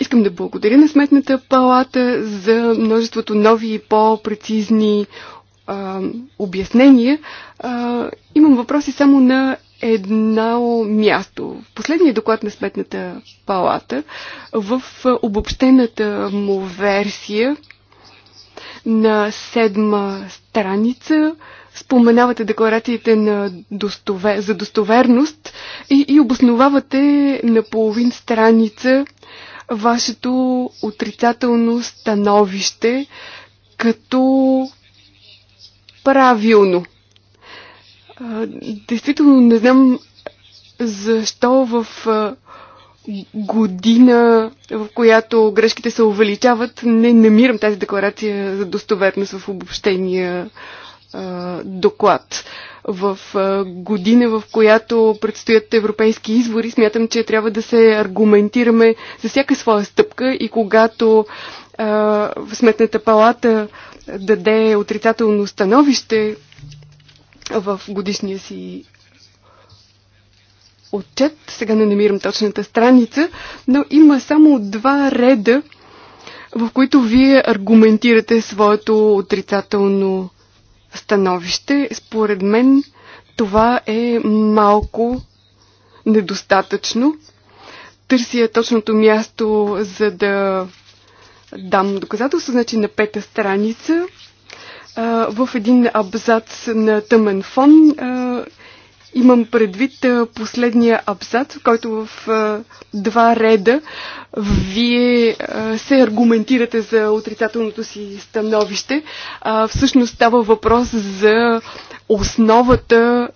Искам да благодаря на Сметната палата за множеството нови и по-прецизни обяснения. А, имам въпроси само на едно място. В последния доклад на Сметната палата, в обобщената му версия на седма страница, споменавате декларациите на достове, за достоверност и, и обосновавате на половин страница вашето отрицателно становище като правилно. Действително не знам защо в година, в която грешките се увеличават, не намирам тази декларация за достоверност в обобщения доклад. В година, в която предстоят европейски избори, смятам, че трябва да се аргументираме за всяка своя стъпка и когато а, Сметната палата даде отрицателно становище в годишния си отчет, сега не намирам точната страница, но има само два реда, в които вие аргументирате своето отрицателно становище. Според мен това е малко недостатъчно. Търся точното място, за да дам доказателство, значи на пета страница. В един абзац на тъмен фон Имам предвид последния абзац, който в два реда вие се аргументирате за отрицателното си становище. Всъщност става въпрос за основата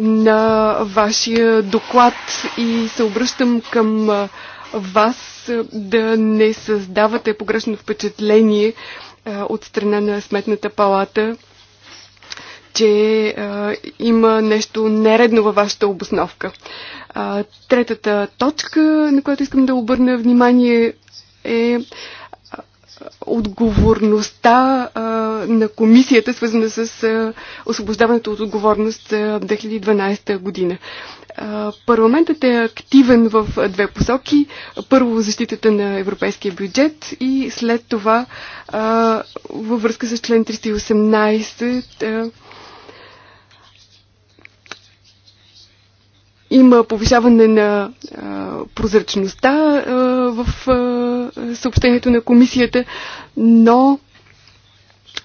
на вашия доклад и се обръщам към вас да не създавате погрешно впечатление от страна на Сметната палата че а, има нещо нередно във вашата обосновка. А, третата точка, на която искам да обърна внимание е отговорността а, на комисията, свързана с а, освобождаването от отговорност а, 2012 година. А, парламентът е активен в две посоки. Първо защитата на европейския бюджет и след това а, във връзка с член 318 а, има повишаване на а, прозрачността а, в а, съобщението на комисията, но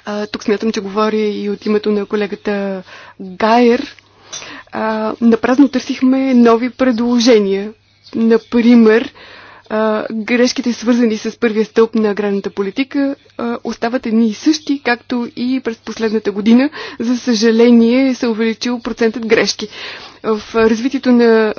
а, тук смятам, че говори и от името на колегата Гайер. А, напразно търсихме нови предложения. Например, а, грешките свързани с първия стълб на аграрната политика а, остават едни и същи, както и през последната година. За съжаление се увеличил процентът грешки в развитието на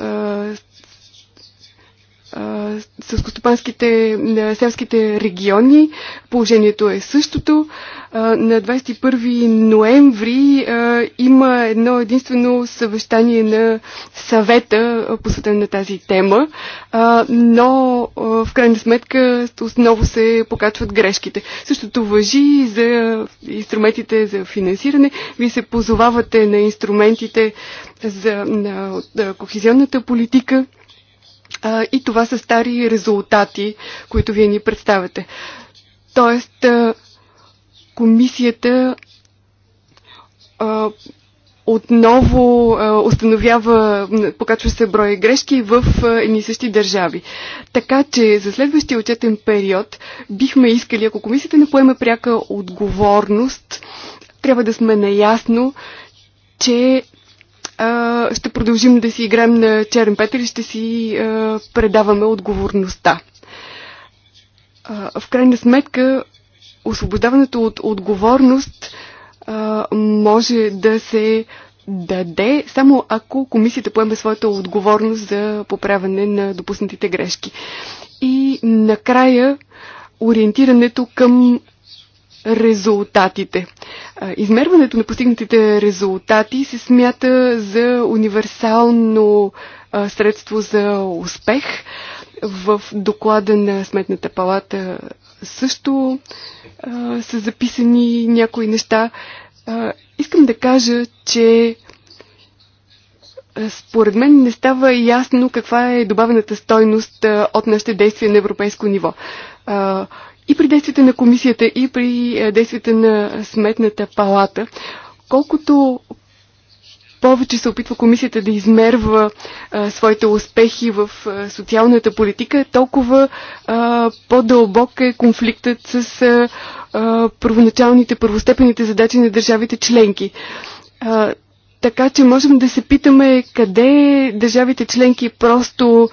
селскостопанските, на селските региони. Положението е същото. На 21 ноември има едно единствено съвещание на съвета, посветен на тази тема, но в крайна сметка отново се покачват грешките. Същото въжи за инструментите за финансиране. Вие се позовавате на инструментите за, на, на кохизионната политика а, и това са стари резултати, които вие ни представяте. Тоест, а, комисията а, отново а, установява, покачва се брой грешки в едни същи държави. Така че за следващия отчетен период бихме искали, ако комисията не поеме пряка отговорност, трябва да сме наясно, че ще продължим да си играем на черен петър и ще си предаваме отговорността. в крайна сметка, освобождаването от отговорност може да се даде, само ако комисията поеме своята отговорност за поправяне на допуснатите грешки. И накрая ориентирането към резултатите. Измерването на постигнатите резултати се смята за универсално средство за успех. В доклада на Сметната палата също са записани някои неща. Искам да кажа, че според мен не става ясно каква е добавената стойност от нашите действия на европейско ниво и при действията на комисията, и при е, действията на сметната палата, колкото повече се опитва комисията да измерва а, е, своите успехи в а, е, социалната политика, толкова по-дълбок е конфликтът с а, а, първоначалните, първостепените задачи на държавите членки. А, така че можем да се питаме къде държавите членки просто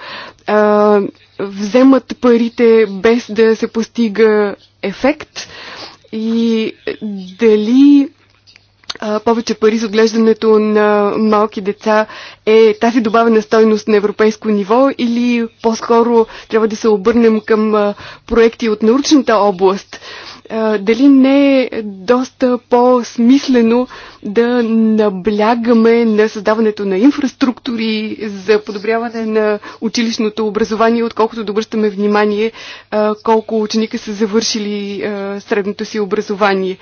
а, вземат парите без да се постига ефект и дали а, повече пари за отглеждането на малки деца е тази добавена стойност на европейско ниво или по-скоро трябва да се обърнем към а, проекти от научната област. А, дали не е доста по-смислено да наблягаме на създаването на инфраструктури за подобряване на училищното образование, отколкото да обръщаме внимание колко ученика са завършили средното си образование.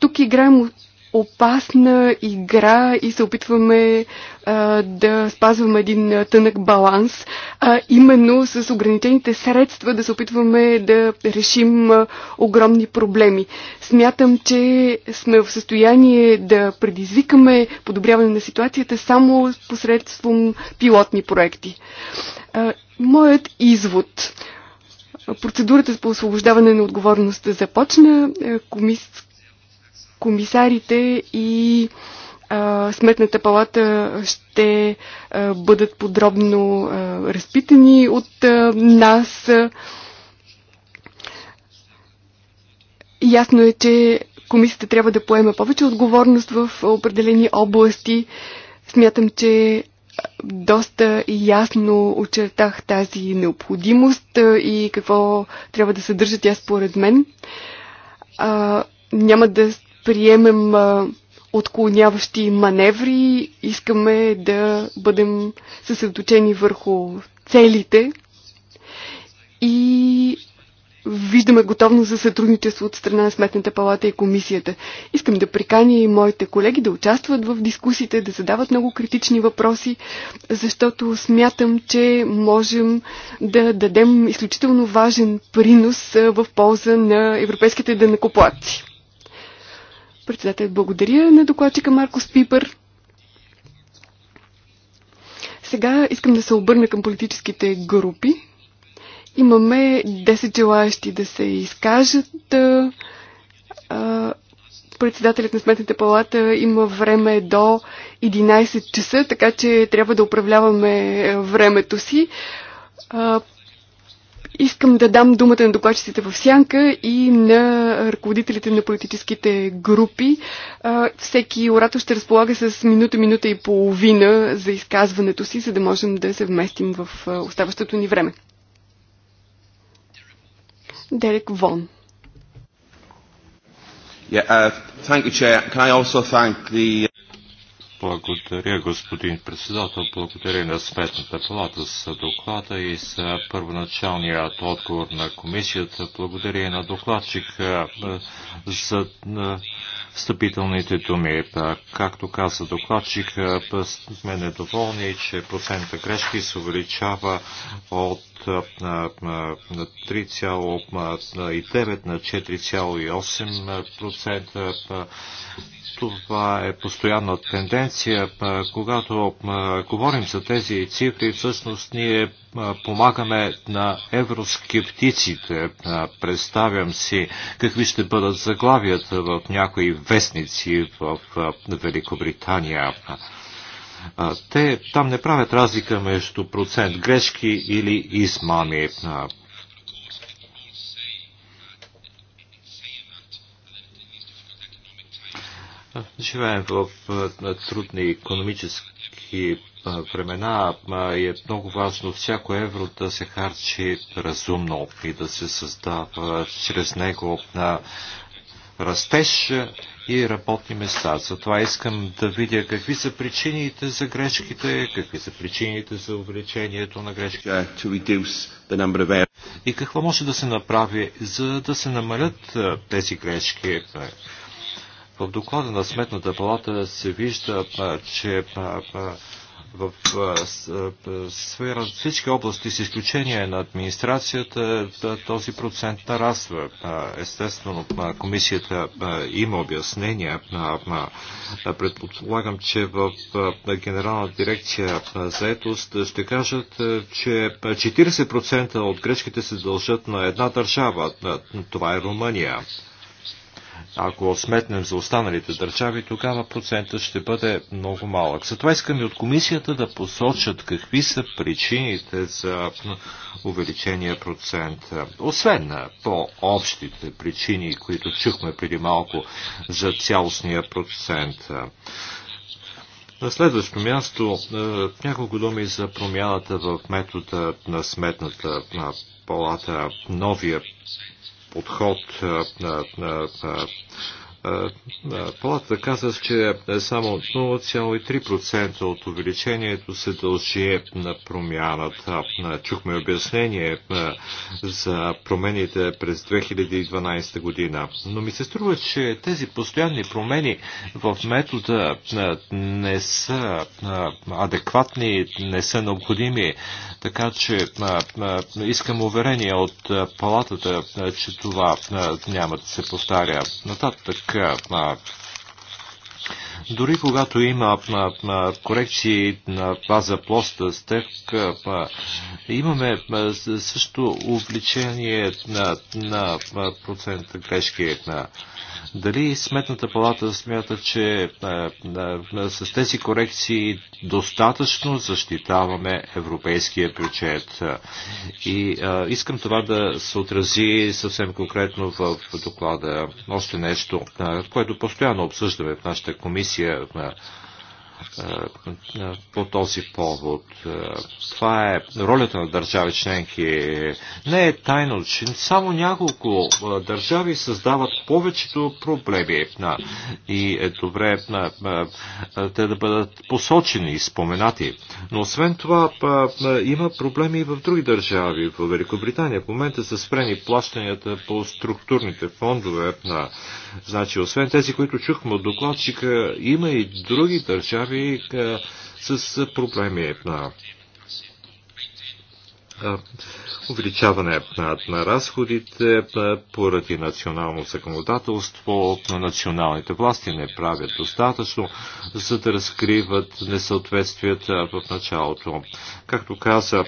Тук играем опасна игра и се опитваме а, да спазваме един тънък баланс, а именно с ограничените средства да се опитваме да решим а, огромни проблеми. Смятам, че сме в състояние да предизвикаме подобряване на ситуацията само посредством пилотни проекти. А, моят извод. Процедурата по освобождаване на отговорността започна. Комис комисарите и а, Сметната палата ще а, бъдат подробно а, разпитани от а, нас. Ясно е, че комисията трябва да поеме повече отговорност в определени области. Смятам, че доста ясно очертах тази необходимост и какво трябва да съдържа тя според мен. А, няма да приемем отклоняващи маневри, искаме да бъдем съсредоточени върху целите и виждаме готовност за сътрудничество от страна на Сметната палата и комисията. Искам да приканя и моите колеги да участват в дискусиите, да задават много критични въпроси, защото смятам, че можем да дадем изключително важен принос в полза на европейските денакоплатци. Председател, благодаря на докладчика Маркос Пипър. Сега искам да се обърна към политическите групи. Имаме 10 желаящи да се изкажат. Председателят на Сметната палата има време до 11 часа, така че трябва да управляваме времето си. Искам да дам думата на докладчиците в Сянка и на ръководителите на политическите групи. Всеки оратор ще разполага с минута, минута и половина за изказването си, за да можем да се вместим в оставащото ни време. Дерек Вон. Yeah, uh, thank you, Chair. Can I also thank the... Благодаря, господин председател. Благодаря на Сметната палата за доклада и за първоначалният отговор на комисията. Благодаря и на докладчик за встъпителните думи. Както каза докладчик, сме недоволни, че процента грешки се увеличава от 3,9 на 4,8%. Това е постоянна тенденция. Когато говорим за тези цифри, всъщност ние помагаме на евроскептиците. Представям си какви ще бъдат заглавията в някои вестници в Великобритания. Те там не правят разлика между процент грешки или измами. Живеем в трудни економически времена е много важно всяко евро да се харчи разумно и да се създава чрез него на растеж и работни места. Затова искам да видя какви са причините за грешките, какви са причините за увеличението на грешките и какво може да се направи, за да се намалят тези грешки. В доклада на Сметната палата се вижда, че в сфера всички области, с изключение на администрацията, този процент нараства. Естествено, комисията има обяснение. Предполагам, че в Генерална дирекция за заетост ще кажат, че 40% от грешките се дължат на една държава. Това е Румъния. Ако сметнем за останалите държави, тогава процентът ще бъде много малък. Затова искаме от комисията да посочат какви са причините за увеличения процент. Освен на по-общите причини, които чухме преди малко за цялостния процент. На следващо място, е, няколко думи за промяната в метода на сметната палата. Новия подход палата каза, че само 0,3% от увеличението се дължи на промяната. Чухме обяснение за промените през 2012 година. Но ми се струва, че тези постоянни промени в метода не са адекватни, не са необходими. Така че искам уверение от палатата, че това няма да се повтаря. Нататък дори когато има корекции на база плоста стек, имаме също увлечение на, на процента грешки. На, дали Сметната палата смята, че е, е, е, с тези корекции достатъчно защитаваме европейския бюджет? И искам това да се отрази съвсем конкретно в доклада. Още нещо, което постоянно обсъждаме в нашата комисия по този повод. Това е ролята на държави членки. Не е тайно, че само няколко държави създават повечето проблеми и е добре те да бъдат посочени и споменати. Но освен това има проблеми и в други държави. В Великобритания в момента са спрени плащанията по структурните фондове. Значи, освен тези, които чухме от докладчика, има и други държави, с проблеми увеличаване на, разходите поради национално законодателство на националните власти не правят достатъчно, за да разкриват несъответствията в началото. Както каза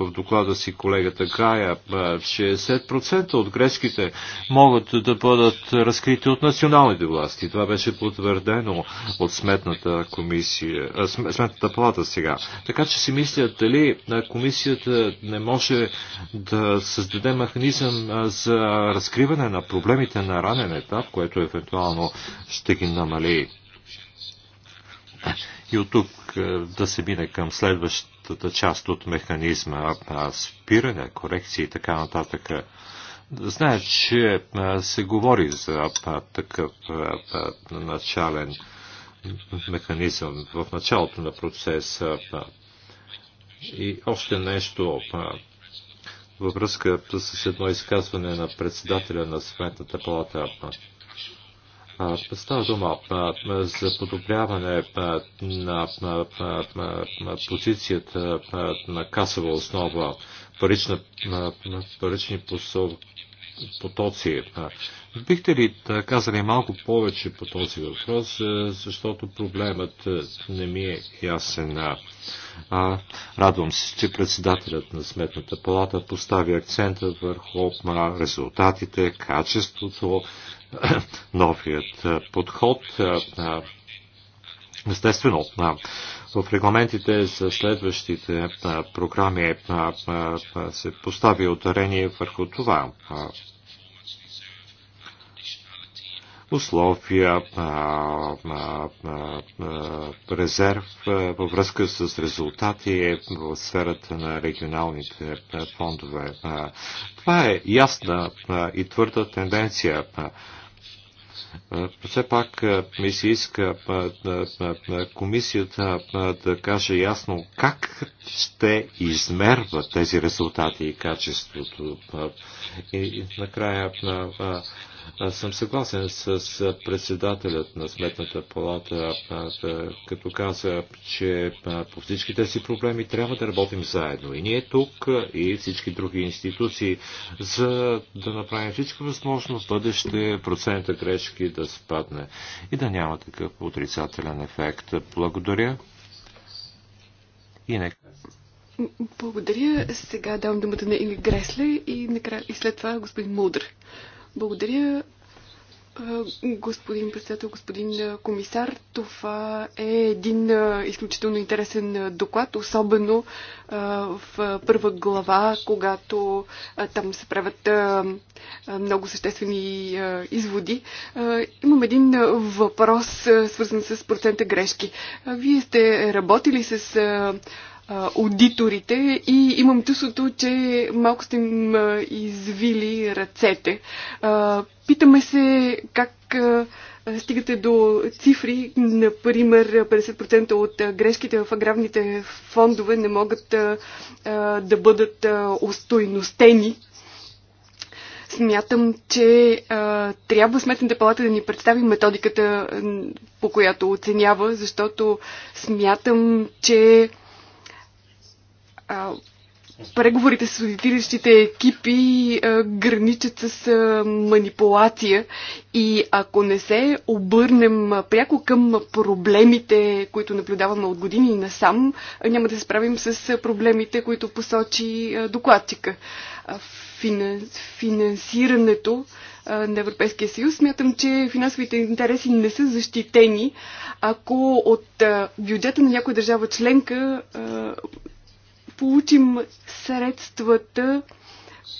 в доклада си колегата Гая, 60% от грешките могат да бъдат разкрити от националните власти. Това беше потвърдено от Сметната комисия, Сметната плата сега. Така че си мислят дали дали комисията не може да създаде механизъм за разкриване на проблемите на ранен етап, което евентуално ще ги намали. И от тук да се мине към следващата част от механизма, спиране, корекции и така нататък. Знае, че се говори за такъв начален механизъм в началото на процеса. И още нещо във връзка с едно изказване на председателя на Сметната палата. Става дума за подобряване на позицията на касова основа, парични посоки потоци. Бихте ли казали малко повече по този въпрос, защото проблемът не ми е ясен. Радвам се, че председателят на Сметната палата постави акцента върху резултатите, качеството, новият подход. Естествено, в регламентите за следващите програми се постави ударение върху това. Условия, резерв във връзка с резултати в сферата на регионалните фондове. Това е ясна и твърда тенденция. Все пак ми се иска комисията да каже ясно как ще измерва тези резултати и качеството. И накрая аз съм съгласен с председателят на Сметната палата, като каза, че по всички тези проблеми трябва да работим заедно. И ние тук, и всички други институции, за да направим всичко възможно в бъдеще процента грешки да спадне и да няма такъв отрицателен ефект. Благодаря. И нека. Благодаря. Сега давам думата на Инга Гресле и, накрая, и след това господин Мудр. Благодаря, господин председател, господин комисар. Това е един изключително интересен доклад, особено в първа глава, когато там се правят много съществени изводи. Имам един въпрос, свързан с процента грешки. Вие сте работили с аудиторите и имам чувството, че малко сте им извили ръцете. Питаме се как стигате до цифри, например 50% от грешките в аграрните фондове не могат да бъдат устойностени смятам, че а, трябва сметната палата да ни представи методиката, по която оценява, защото смятам, че а, преговорите с одитиращите екипи а, граничат с а, манипулация и ако не се обърнем пряко към проблемите, които наблюдаваме от години и насам, няма да се справим с проблемите, които посочи а, докладчика. А, финансирането на Европейския съюз. Смятам, че финансовите интереси не са защитени, ако от бюджета на някоя държава членка получим средствата,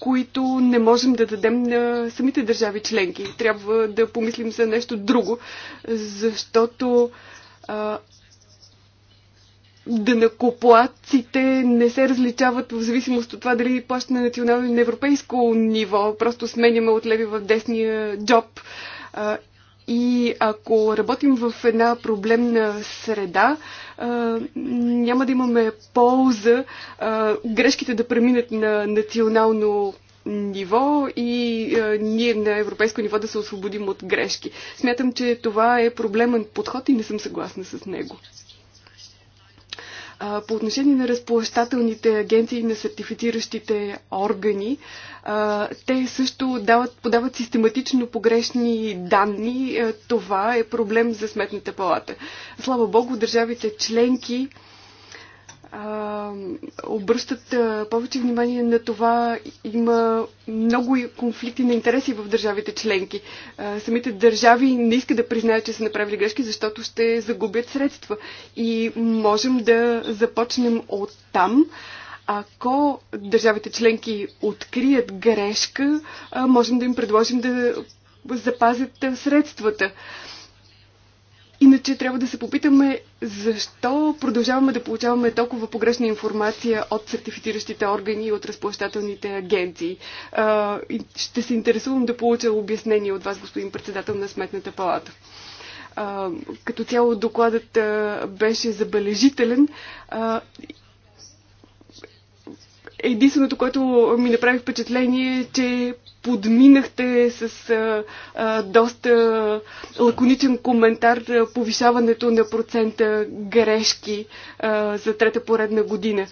които не можем да дадем на самите държави членки. Трябва да помислим за нещо друго, защото а, накоплаците не се различават в зависимост от това дали плащат на национално или на европейско ниво. Просто сменяме от леви в десния джоб. А, и ако работим в една проблемна среда, а, няма да имаме полза а, грешките да преминат на национално ниво и а, ние на европейско ниво да се освободим от грешки. Смятам, че това е проблемен подход и не съм съгласна с него. По отношение на разплащателните агенции и на сертифициращите органи, те също дават, подават систематично погрешни данни. Това е проблем за сметната палата. Слава Богу, държавите членки обръщат повече внимание на това. Има много конфликти на интереси в държавите членки. Самите държави не искат да признаят, че са направили грешки, защото ще загубят средства. И можем да започнем от там. Ако държавите членки открият грешка, можем да им предложим да запазят средствата че трябва да се попитаме защо продължаваме да получаваме толкова погрешна информация от сертифициращите органи и от разплащателните агенции. Ще се интересувам да получа обяснение от вас, господин председател на Сметната палата. Като цяло докладът беше забележителен единственото, което ми направи впечатление е, че подминахте с а, а, доста лаконичен коментар повишаването на процента грешки а, за трета поредна година.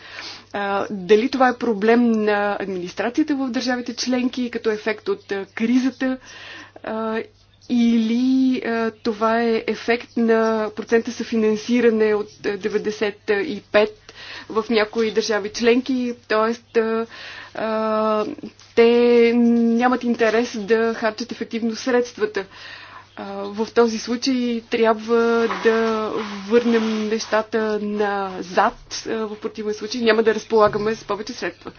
А, дали това е проблем на администрацията в държавите членки като ефект от а, кризата а, или а, това е ефект на процента съфинансиране от 95 в някои държави членки, т.е. те нямат интерес да харчат ефективно средствата. В този случай трябва да върнем нещата назад. В противен случай няма да разполагаме с повече средства.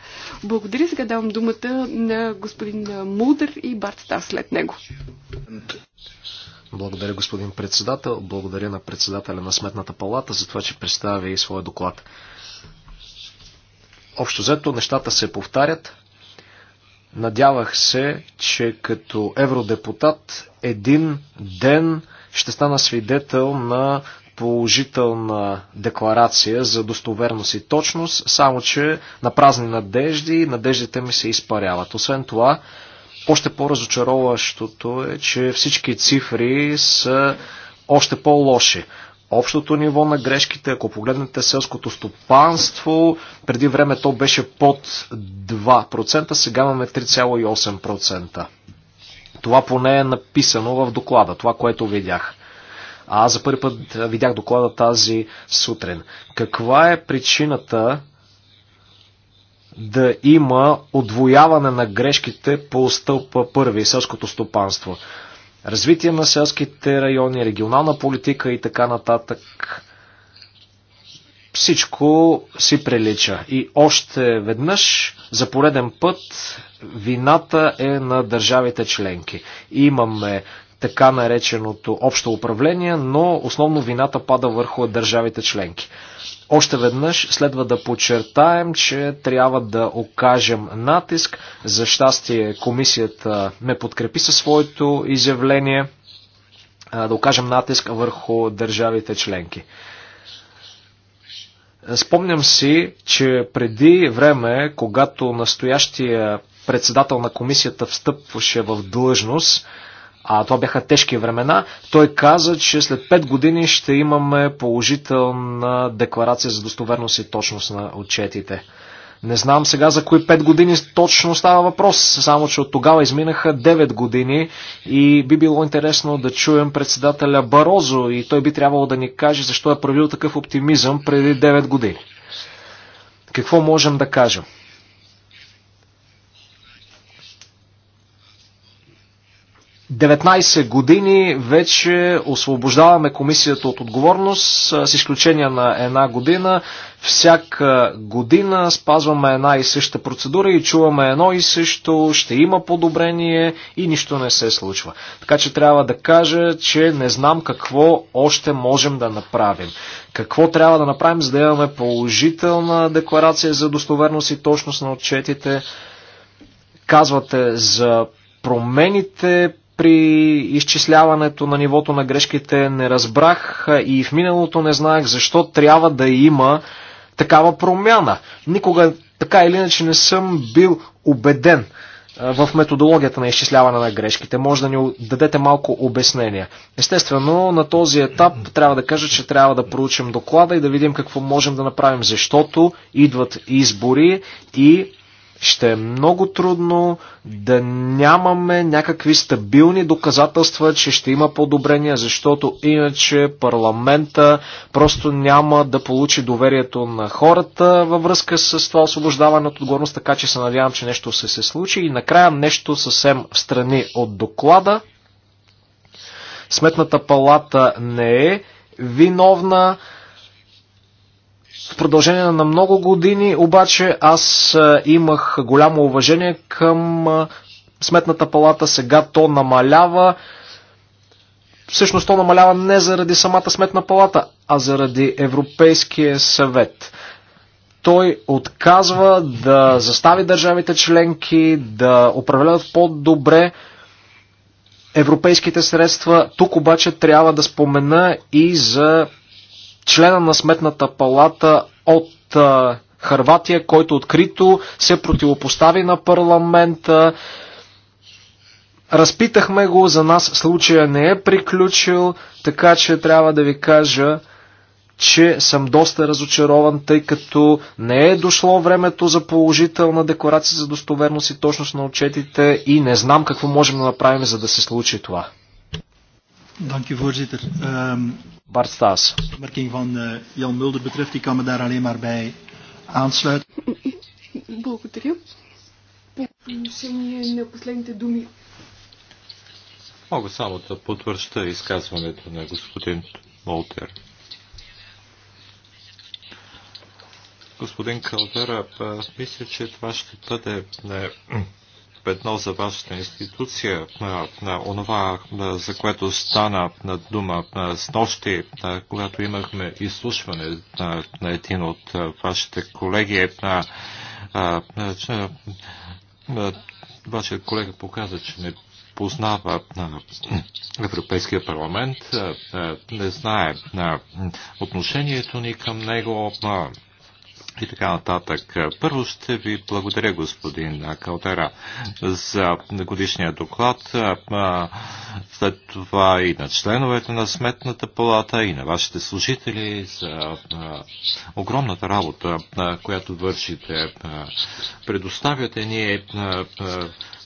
Благодаря. Сега давам думата на господин Мудър и Барт Стас след него. Благодаря, господин председател. Благодаря на председателя на Сметната палата за това, че представя и своя доклад. Общо взето нещата се повтарят. Надявах се, че като евродепутат един ден ще стана свидетел на положителна декларация за достоверност и точност, само че на празни надежди надеждите ми се изпаряват. Освен това, още по-разочароващото е, че всички цифри са още по-лоши общото ниво на грешките. Ако погледнете селското стопанство, преди време то беше под 2%, сега имаме 3,8%. Това поне е написано в доклада, това, което видях. А аз за първи път видях доклада тази сутрин. Каква е причината да има отвояване на грешките по стълпа първи, селското стопанство? развитие на селските райони, регионална политика и така нататък. Всичко си прилича. И още веднъж, за пореден път, вината е на държавите членки. Имаме така нареченото общо управление, но основно вината пада върху държавите членки. Още веднъж следва да подчертаем, че трябва да окажем натиск. За щастие комисията ме подкрепи със своето изявление да окажем натиск върху държавите членки. Спомням си, че преди време, когато настоящия председател на комисията встъпваше в длъжност, а това бяха тежки времена, той каза, че след 5 години ще имаме положителна декларация за достоверност и точност на отчетите. Не знам сега за кои 5 години точно става въпрос, само че от тогава изминаха 9 години и би било интересно да чуем председателя Барозо и той би трябвало да ни каже защо е правил такъв оптимизъм преди 9 години. Какво можем да кажем? 19 години вече освобождаваме комисията от отговорност, с изключение на една година. Всяка година спазваме една и съща процедура и чуваме едно и също, ще има подобрение и нищо не се случва. Така че трябва да кажа, че не знам какво още можем да направим. Какво трябва да направим, за да имаме положителна декларация за достоверност и точност на отчетите. Казвате за промените, при изчисляването на нивото на грешките не разбрах и в миналото не знаех защо трябва да има такава промяна. Никога така или иначе не съм бил убеден в методологията на изчисляване на грешките. Може да ни дадете малко обяснение. Естествено, на този етап трябва да кажа, че трябва да проучим доклада и да видим какво можем да направим, защото идват избори и ще е много трудно да нямаме някакви стабилни доказателства, че ще има подобрения, защото иначе парламента просто няма да получи доверието на хората във връзка с това освобождаване от отговорност, така че се надявам, че нещо се се случи. И накрая нещо съвсем в страни от доклада. Сметната палата не е виновна. В продължение на много години обаче аз имах голямо уважение към Сметната палата. Сега то намалява. Всъщност то намалява не заради самата Сметна палата, а заради Европейския съвет той отказва да застави държавите членки да управляват по-добре европейските средства. Тук обаче трябва да спомена и за члена на Сметната палата от Харватия, който открито се противопостави на парламента. Разпитахме го, за нас случая не е приключил, така че трябва да ви кажа, че съм доста разочарован, тъй като не е дошло времето за положителна декларация за достоверност и точност на отчетите и не знам какво можем да направим, за да се случи това. Bart Staes. De Opmerking van uh, Jan Mulder betreft, die kan me daar alleen maar bij aansluiten. Благодаря. Отношение на последните думи. Мога само да потвържда изказването на господин Молтер. Господин Калвера, мисля, че това ще бъде не, петно за вашата институция, на, на онова, на, за което стана на дума на, с нощи, на, когато имахме изслушване на, на един от вашите колеги. На, на, на, на, вашия колега показа, че не познава на Европейския парламент, не знае отношението ни към него, и така нататък. Първо ще ви благодаря, господин Калтера, за годишния доклад. След това и на членовете на Сметната палата и на вашите служители за огромната работа, която вършите. Предоставяте ние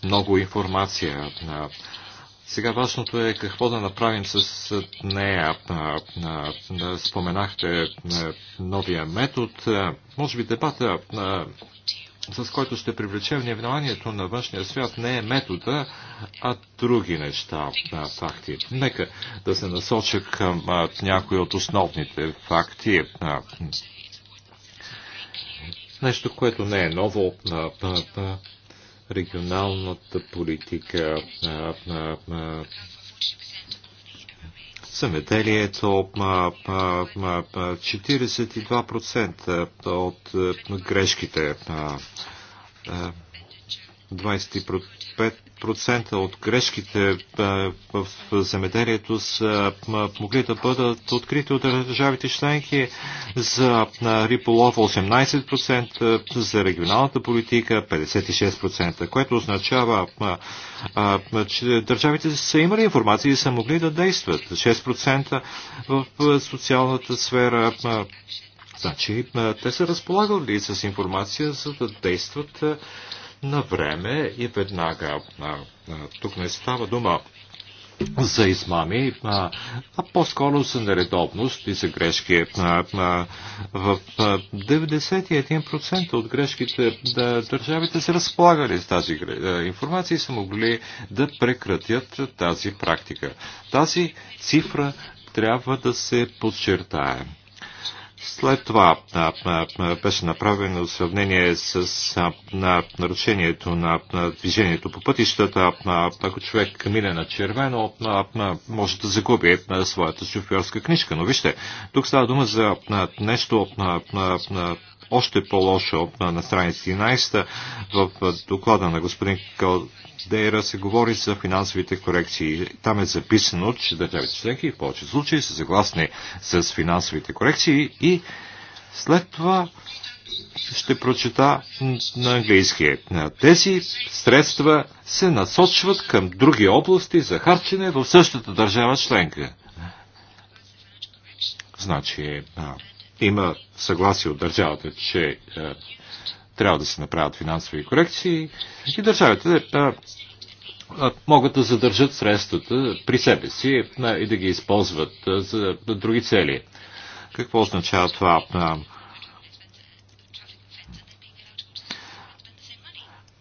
много информация сега важното е какво да направим с нея. Споменахте новия метод. Може би дебата, с който ще привлечем вниманието на външния свят, не е метода, а други неща, факти. Нека да се насоча към някои от основните факти. Нещо, което не е ново регионалната политика, Съмеделието 42% от грешките, 25% 90% от грешките е, в земеделието са могли да бъдат открити от държавите членки за риболов 18%, за регионалната политика 56%, което означава, че държавите са имали информация и са могли да действат. 6% в социалната сфера Значи, те са разполагали с информация, за да действат на време и веднага. Тук не става дума за измами, а, а по-скоро за нередобност и за грешки. А, а, в 91% от грешките да, държавите са разполагали с тази информация и са могли да прекратят тази практика. Тази цифра трябва да се подчертае. След това беше направено сравнение с нарушението на движението по пътищата. Ако човек мине на червено, може да загуби своята шофьорска книжка. Но вижте, тук става дума за нещо още по-лошо на страница 11. В доклада на господин Калдейра се говори за финансовите корекции. Там е записано, че държавите членки в повече случаи са съгласни с финансовите корекции и след това ще прочета на английски. Тези средства се насочват към други области за харчене в същата държава членка. Значи, има съгласие от държавата, че е, трябва да се направят финансови корекции и държавите е, е, могат да задържат средствата при себе си е, и да ги използват е, за други цели. Какво означава това? Е,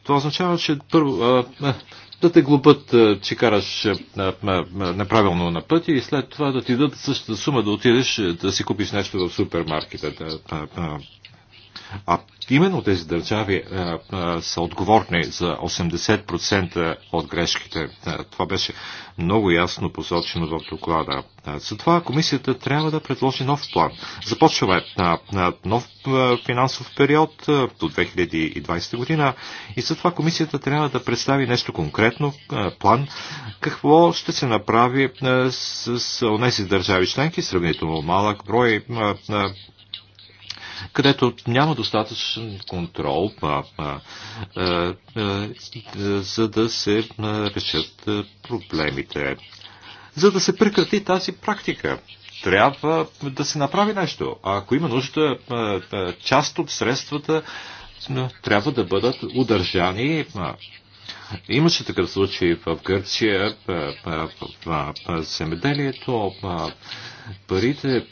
това означава, че първо да те глупат, че караш неправилно на пъти, и след това да ти дадат същата сума да отидеш да си купиш нещо в супермаркета. А именно тези държави а, е, а, е, са отговорни за 80% от грешките. А, е, това беше много ясно посочено в доклада. Затова комисията трябва да предложи нов план. Започваме Започва нов финансов период до 2020 година и затова комисията трябва да представи нещо конкретно, план, какво ще се направи с, с тези държави членки, сравнително малък брой където няма достатъчен контрол, а, а, а, а, за да се решат проблемите. За да се прекрати тази практика, трябва да се направи нещо. А ако има нужда, част от средствата трябва да бъдат удържани Имаше такъв случай в Гърция, в земеделието, парите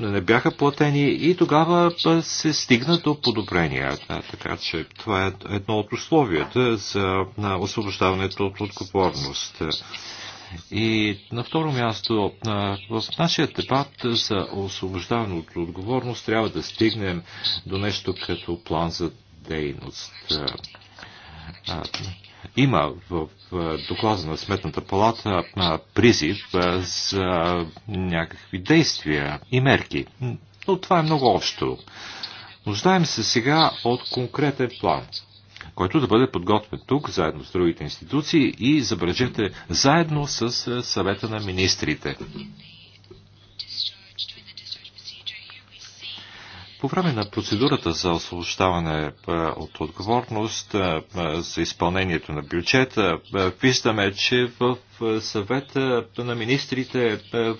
не бяха платени и тогава се стигна до подобрения. Така че това е едно от условията за освобождаването от отговорност. И на второ място, в нашия дебат за освобождаване от отговорност трябва да стигнем до нещо като план за дейност. Има в доклада на Сметната палата призив за някакви действия и мерки, но това е много общо. Нуждаем се сега от конкретен план, който да бъде подготвен тук, заедно с другите институции и, забележете, заедно с съвета на министрите. По време на процедурата за освобождаване е, от отговорност е, е, за изпълнението на бюджета, виждаме, че в съвета на министрите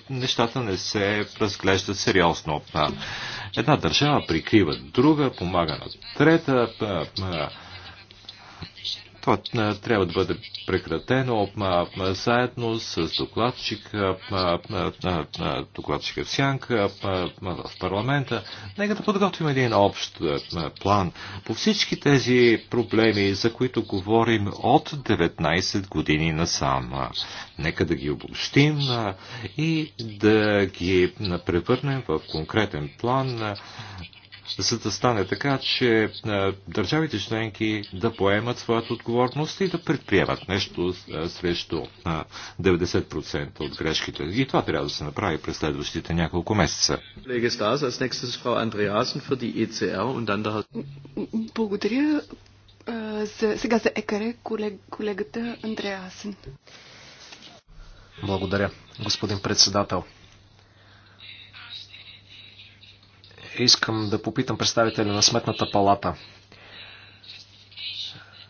нещата не се разглеждат сериозно. Една държава прикрива друга, помага на трета, това трябва да бъде прекратено заедно с докладчика, докладчика в Сянка, в парламента. Нека да подготвим един общ план по всички тези проблеми, за които говорим от 19 години насам. Нека да ги обобщим и да ги превърнем в конкретен план за да стане така, че е, държавите членки да поемат своята отговорност и да предприемат нещо е, срещу 90% е, от грешките. И това трябва да се направи през следващите няколко месеца. E Благодаря. За, сега за ЕКАРЕ колег, колегата Андреасен. Благодаря, господин председател. искам да попитам представителя на Сметната палата.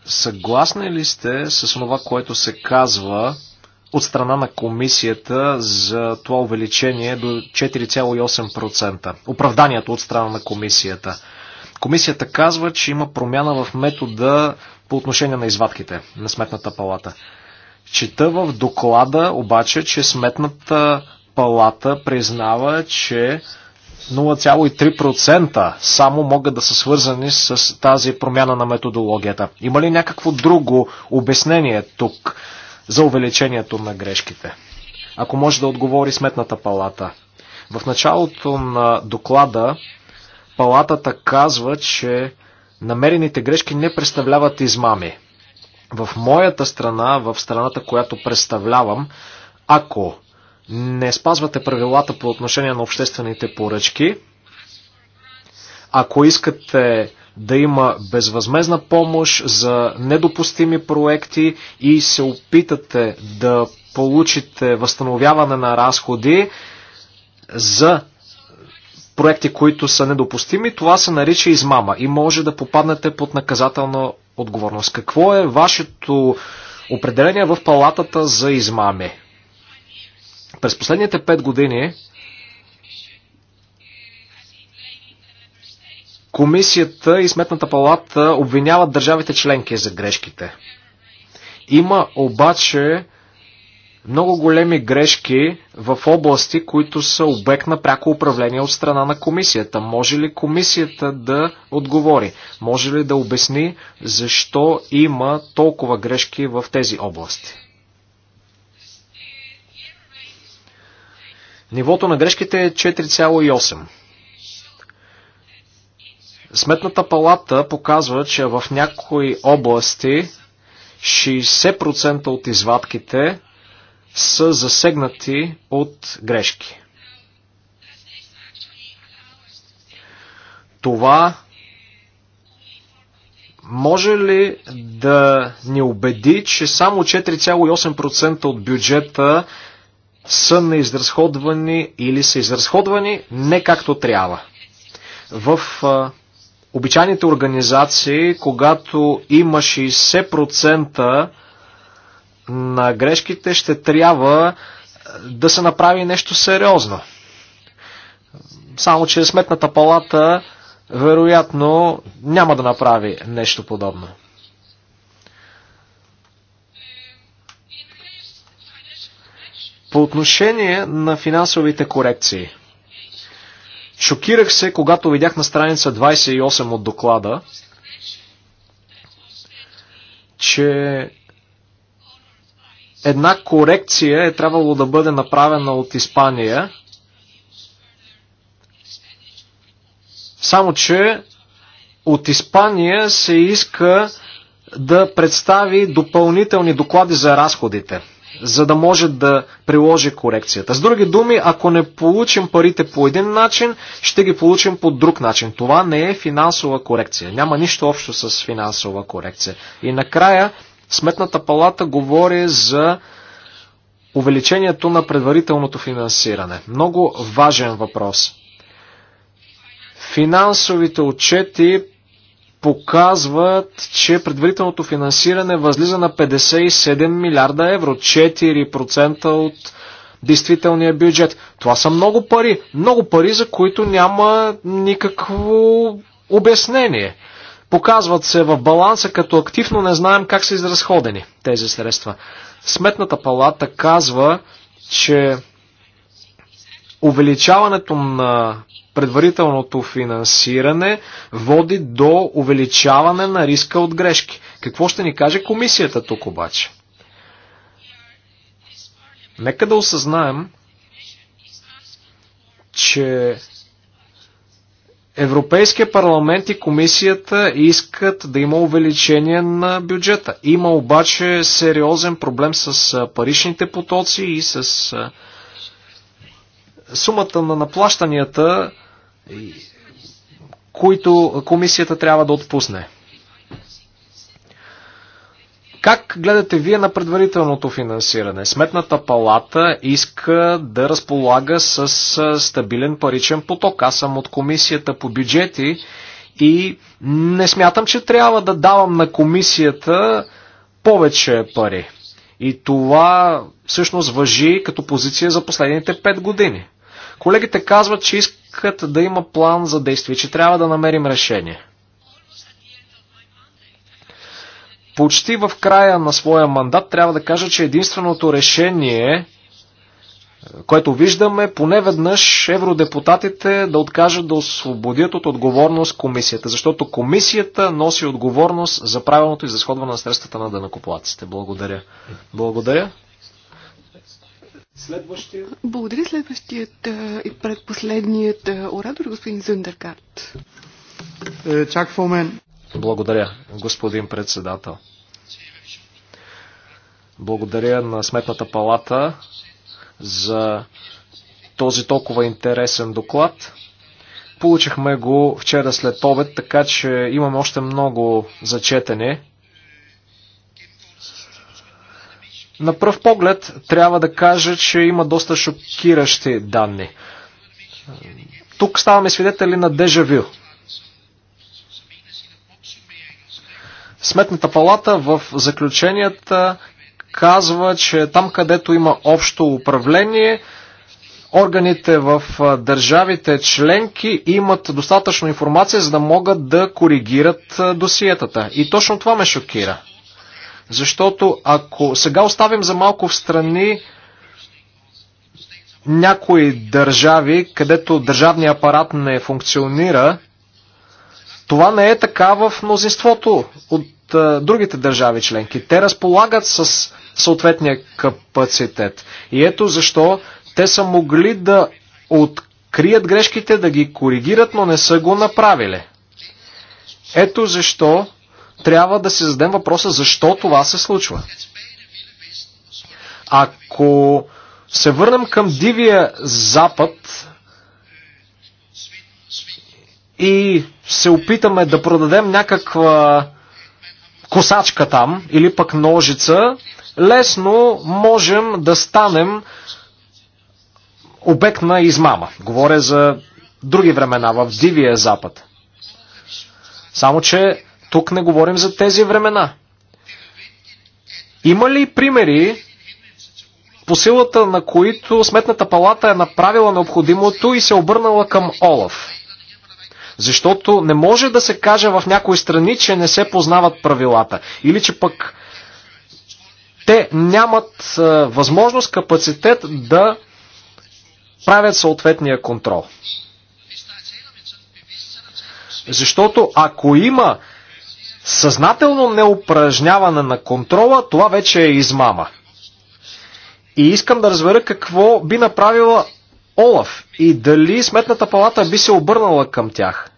Съгласни ли сте с това, което се казва от страна на комисията за това увеличение до 4,8%? Оправданието от страна на комисията. Комисията казва, че има промяна в метода по отношение на извадките на Сметната палата. Чета в доклада обаче, че Сметната палата признава, че 0,3% само могат да са свързани с тази промяна на методологията. Има ли някакво друго обяснение тук за увеличението на грешките? Ако може да отговори Сметната палата. В началото на доклада палатата казва, че намерените грешки не представляват измами. В моята страна, в страната, която представлявам, ако не спазвате правилата по отношение на обществените поръчки, ако искате да има безвъзмезна помощ за недопустими проекти и се опитате да получите възстановяване на разходи за проекти, които са недопустими, това се нарича измама и може да попаднете под наказателна отговорност. Какво е вашето определение в палатата за измами? През последните пет години Комисията и Сметната палата обвиняват държавите членки за грешките. Има обаче много големи грешки в области, които са обект на пряко управление от страна на комисията. Може ли комисията да отговори? Може ли да обясни защо има толкова грешки в тези области? Нивото на грешките е 4,8. Сметната палата показва, че в някои области 60% от извадките са засегнати от грешки. Това може ли да ни убеди, че само 4,8% от бюджета са неизразходвани или са изразходвани не както трябва. В а, обичайните организации, когато има 60% на грешките, ще трябва да се направи нещо сериозно. Само, че Сметната палата вероятно няма да направи нещо подобно. По отношение на финансовите корекции. Шокирах се, когато видях на страница 28 от доклада, че една корекция е трябвало да бъде направена от Испания, само че от Испания се иска да представи допълнителни доклади за разходите за да може да приложи корекцията. С други думи, ако не получим парите по един начин, ще ги получим по друг начин. Това не е финансова корекция. Няма нищо общо с финансова корекция. И накрая, Сметната палата говори за увеличението на предварителното финансиране. Много важен въпрос. Финансовите отчети показват, че предварителното финансиране възлиза на 57 милиарда евро, 4% от действителния бюджет. Това са много пари, много пари, за които няма никакво обяснение. Показват се в баланса като активно не знаем как са изразходени тези средства. Сметната палата казва, че увеличаването на предварителното финансиране води до увеличаване на риска от грешки. Какво ще ни каже комисията тук обаче? Нека да осъзнаем, че Европейския парламент и комисията искат да има увеличение на бюджета. Има обаче сериозен проблем с паричните потоци и с сумата на наплащанията които комисията трябва да отпусне. Как гледате вие на предварителното финансиране? Сметната палата иска да разполага с стабилен паричен поток. Аз съм от комисията по бюджети и не смятам, че трябва да давам на комисията повече пари. И това всъщност въжи като позиция за последните 5 години. Колегите казват, че искат да има план за действие, че трябва да намерим решение. Почти в края на своя мандат трябва да кажа, че единственото решение, което виждаме, поне веднъж евродепутатите да откажат да освободят от отговорност комисията, защото комисията носи отговорност за правилното изразходване на средствата на дънакоплаците. Благодаря. Благодаря. Следващия. Благодаря следващият и предпоследният оратор, господин Зюндеркарт. Е, чак фомен. Благодаря, господин председател. Благодаря на Сметната палата за този толкова интересен доклад. Получихме го вчера след обед, така че имаме още много зачетене. На пръв поглед трябва да кажа, че има доста шокиращи данни. Тук ставаме свидетели на дежавю. Сметната палата в заключенията казва, че там където има общо управление, органите в държавите членки имат достатъчно информация, за да могат да коригират досиетата. И точно това ме шокира. Защото ако сега оставим за малко в страни някои държави, където държавният апарат не функционира, това не е така в мнозинството от а, другите държави членки. Те разполагат с съответния капацитет. И ето защо те са могли да открият грешките, да ги коригират, но не са го направили. Ето защо трябва да си зададем въпроса защо това се случва. Ако се върнем към Дивия Запад и се опитаме да продадем някаква косачка там или пък ножица, лесно можем да станем обект на измама. Говоря за други времена в Дивия Запад. Само, че тук не говорим за тези времена. Има ли примери, по силата на които Сметната палата е направила необходимото и се обърнала към Олаф? Защото не може да се каже в някои страни, че не се познават правилата. Или че пък те нямат е, възможност, капацитет да правят съответния контрол. Защото ако има съзнателно неупражняване на контрола, това вече е измама. И искам да разбера какво би направила Олаф и дали Сметната палата би се обърнала към тях.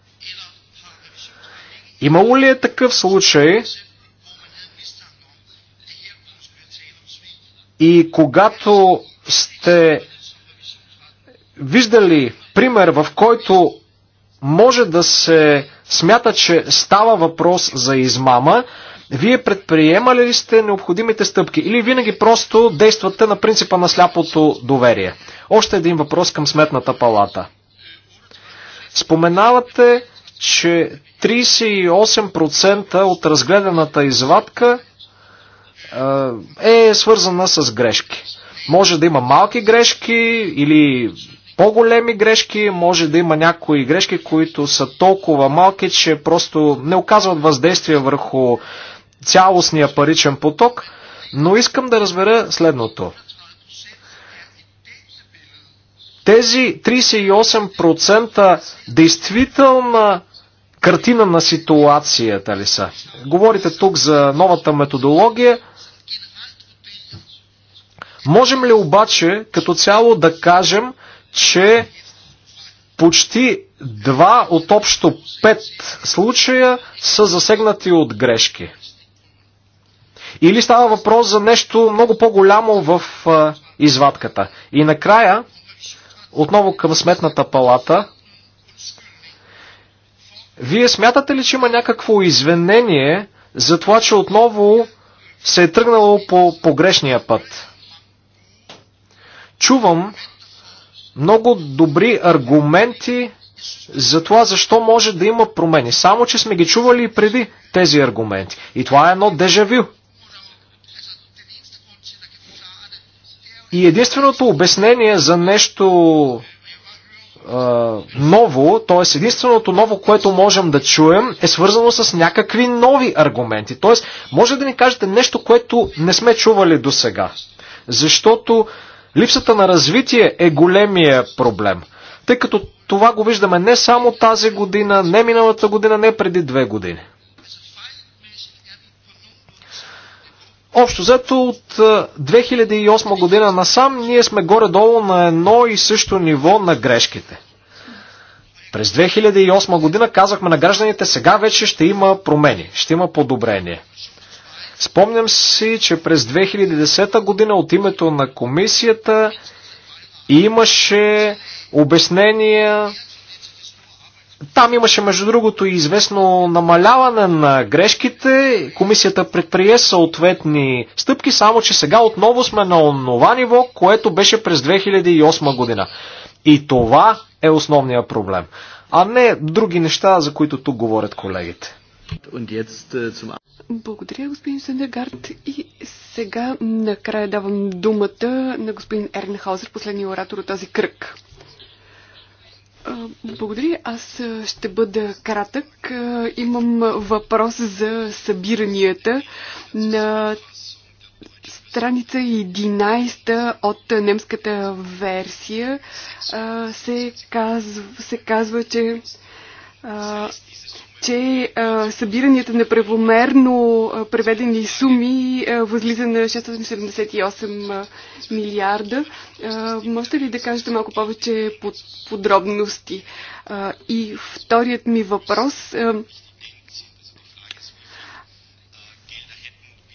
Имало ли е такъв случай и когато сте виждали пример, в който може да се смята, че става въпрос за измама, вие предприемали ли сте необходимите стъпки или винаги просто действате на принципа на сляпото доверие? Още един въпрос към сметната палата. Споменавате, че 38% от разгледаната извадка е, е свързана с грешки. Може да има малки грешки или по-големи грешки, може да има някои грешки, които са толкова малки, че просто не оказват въздействие върху цялостния паричен поток, но искам да разбера следното. Тези 38% действителна картина на ситуацията ли са? Говорите тук за новата методология. Можем ли обаче като цяло да кажем, че почти два от общо пет случая са засегнати от грешки. Или става въпрос за нещо много по-голямо в а, извадката. И накрая, отново към сметната палата, вие смятате ли, че има някакво извинение за това, че отново се е тръгнало по погрешния път? Чувам много добри аргументи за това защо може да има промени. Само, че сме ги чували и преди тези аргументи. И това е едно дежавю. И единственото обяснение за нещо е, ново, т.е. единственото ново, което можем да чуем, е свързано с някакви нови аргументи. Т.е. може да ни кажете нещо, което не сме чували до сега. Защото Липсата на развитие е големия проблем, тъй като това го виждаме не само тази година, не миналата година, не преди две години. Общо взето от 2008 година насам ние сме горе-долу на едно и също ниво на грешките. През 2008 година казахме на гражданите, сега вече ще има промени, ще има подобрение. Спомням си, че през 2010 година от името на комисията имаше обяснения. Там имаше, между другото, известно намаляване на грешките. Комисията предприе съответни стъпки, само че сега отново сме на онова ниво, което беше през 2008 година. И това е основният проблем. А не други неща, за които тук говорят колегите. Äh, благодаря, господин Сендегард. И сега накрая давам думата на господин Хаузер, последния оратор от този кръг. Благодаря. Аз ще бъда кратък. Имам въпрос за събиранията на страница 11 от немската версия се казва, се казва че че а, събиранията на правомерно а, преведени суми а, възлиза на 678 а, милиарда. А, можете ли да кажете малко повече под, подробности? А, и вторият ми въпрос. А,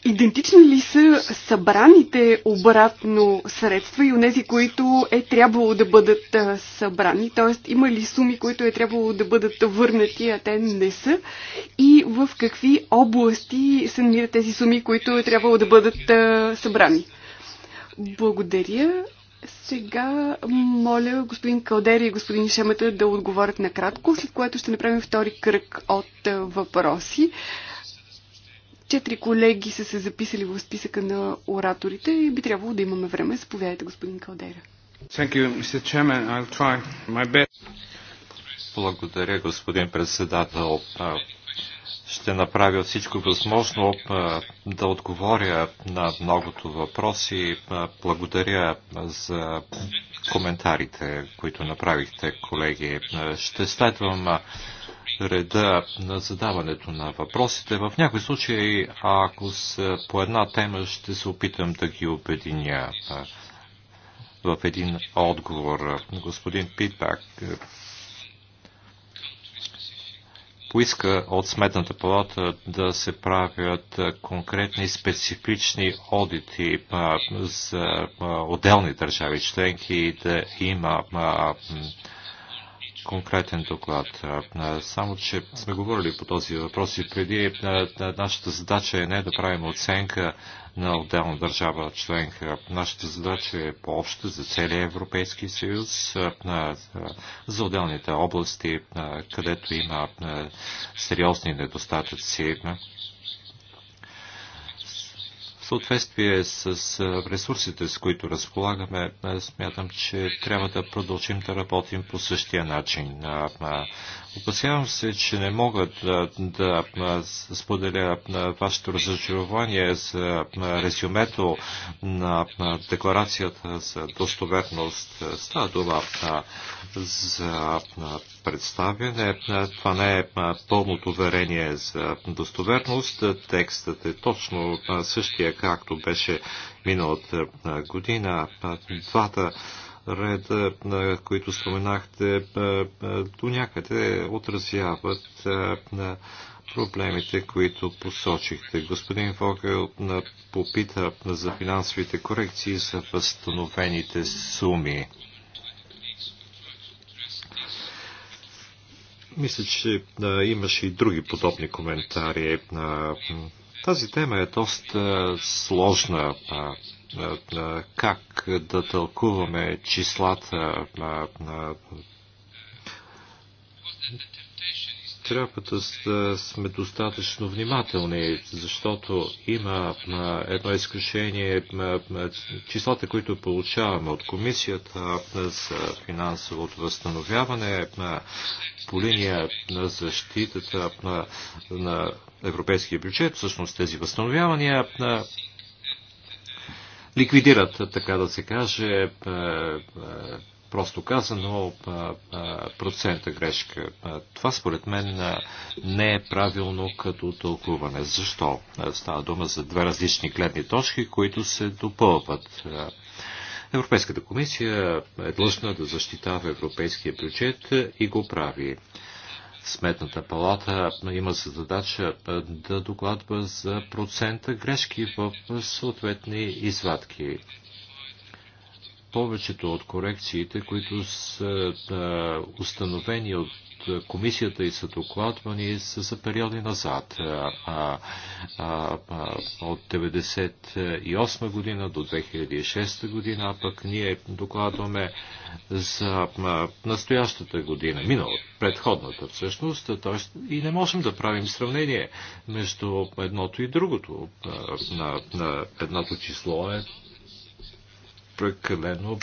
Идентични ли са събраните обратно средства и онези, които е трябвало да бъдат събрани? Т.е. има ли суми, които е трябвало да бъдат върнати, а те не са? И в какви области се намират тези суми, които е трябвало да бъдат събрани? Благодаря. Сега моля господин Калдери и господин Шемата да отговорят накратко, след което ще направим втори кръг от въпроси. Четири колеги са се записали в списъка на ораторите и би трябвало да имаме време. Заповядайте, господин Калдера. You, Благодаря, господин председател. Ще направя всичко възможно да отговоря на многото въпроси. Благодаря за коментарите, които направихте, колеги. Ще следвам реда на задаването на въпросите. В някои случаи, ако са по една тема, ще се опитам да ги обединя в един отговор. Господин Питак, е, поиска от Сметната палата да се правят конкретни специфични одити за отделни държави членки и да има конкретен доклад. Само, че сме говорили по този въпрос и преди нашата задача е не да правим оценка на отделна държава членка. Нашата задача е по-обща за целия Европейски съюз, за отделните области, където има сериозни недостатъци съответствие с ресурсите, с които разполагаме, смятам, че трябва да продължим да работим по същия начин. Опасявам се, че не мога да, да споделя вашето разочарование за резюмето на декларацията за достоверност. Става дума за представяне. Това не е пълното верение за достоверност. Текстът е точно същия, както беше миналата година. Двата ред, които споменахте, до някъде отразяват на проблемите, които посочихте. Господин Фогел попита за финансовите корекции за възстановените суми. Мисля, че имаше и други подобни коментари. Тази тема е доста сложна. Е, как да тълкуваме числата. Е, е, трябва да сме достатъчно внимателни, защото има едно изключение. Числата, които получаваме от комисията за финансовото възстановяване по линия на защитата на европейския бюджет, всъщност тези възстановявания ликвидират, така да се каже, е, е, просто казано, е, процента грешка. Това според мен не е правилно като тълкуване. Защо? Става дума за две различни гледни точки, които се допълват. Европейската комисия е длъжна да защитава европейския бюджет и го прави. Сметната палата има за задача да докладва за процента грешки в съответни извадки повечето от корекциите, които са да, установени от комисията и са докладвани, са за периоди назад. А, а, а, от 1998 година до 2006 година, а пък ние докладваме за настоящата година, минала, предходната всъщност, и не можем да правим сравнение между едното и другото. На, на едното число е прекалено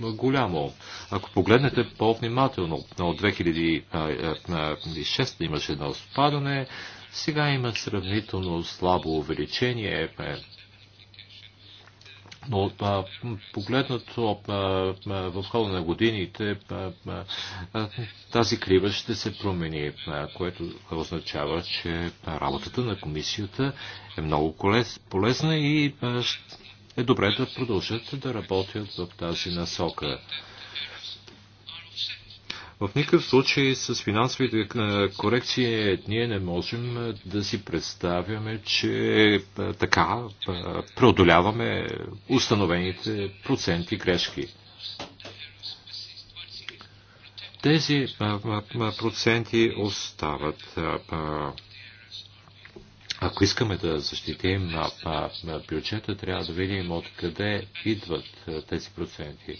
голямо. Ако погледнете по-внимателно, от 2006 имаше едно спадане, сега има сравнително слабо увеличение. Но погледнато в хода на годините, тази крива ще се промени, което означава, че работата на комисията е много полезна и е добре да продължат да работят в тази насока. В никакъв случай с финансовите е, корекции ние не можем е, да си представяме, че е, така преодоляваме установените проценти грешки. Тези проценти остават ако искаме да защитим бюджета, трябва да видим откъде идват тези проценти.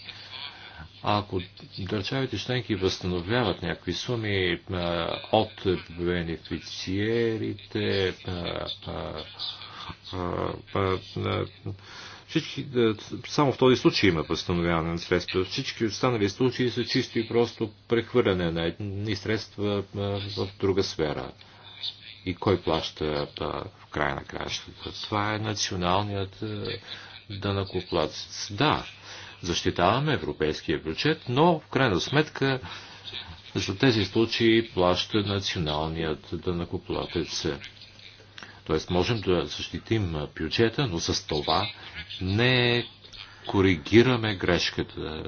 А ако държавите членки възстановяват някакви суми от бенефициерите, всички, само в този случай има възстановяване на средства. Всички останали случаи са чисто и просто прехвърляне на едни средства в друга сфера и кой плаща в края на краищата. Това е националният е, дънакоплатец. Да, защитаваме европейския бюджет, но в крайна сметка за тези случаи плаща националният дънакоплатец. Тоест можем да защитим бюджета, но с това не коригираме грешката.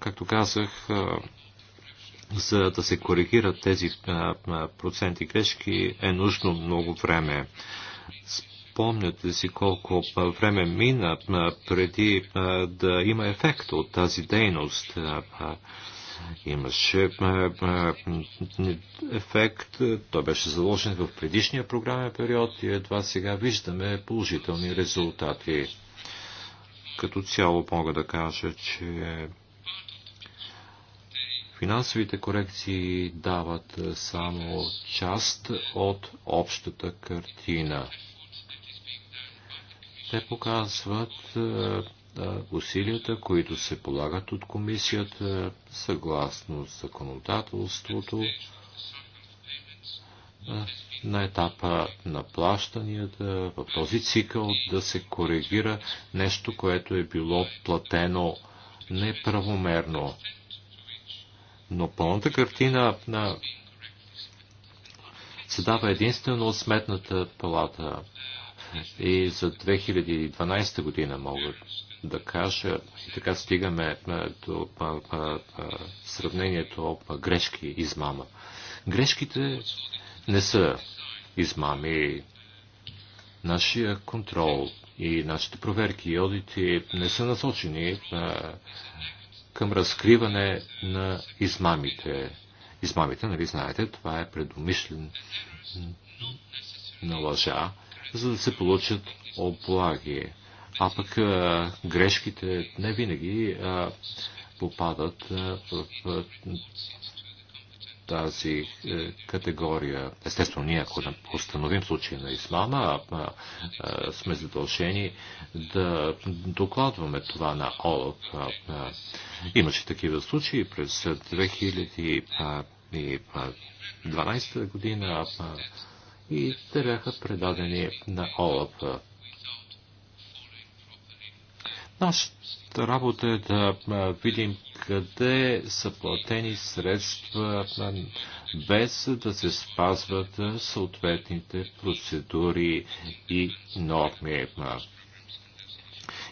Както казах, за да се коригират тези проценти грешки е нужно много време. Спомняте си колко време мина преди да има ефект от тази дейност. Имаше ефект, той беше заложен в предишния програмен период и едва сега виждаме положителни резултати. Като цяло мога да кажа, че Финансовите корекции дават е, само част от общата картина. Те показват е, е, усилията, които се полагат от комисията съгласно законодателството на етапа на плащанията в този цикъл да се коригира нещо, което е било платено неправомерно. Но пълната картина на... се дава единствено от сметната палата. И за 2012 година мога да кажа, и така стигаме до сравнението грешки и измама. Грешките не са измами. Нашия контрол и нашите проверки и одити не са насочени към разкриване на измамите. Измамите, нали знаете, това е предумишлен на лъжа, за да се получат облаги. А пък а, грешките не винаги а, попадат а, в, в тази е, категория. Естествено, ние ако установим случай на измама, сме задължени да докладваме това на ОЛАФ. Имаше такива случаи през 2012 година и те бяха предадени на ОЛАФ. Нашата работа е да видим къде са платени средства без да се спазват съответните процедури и норми.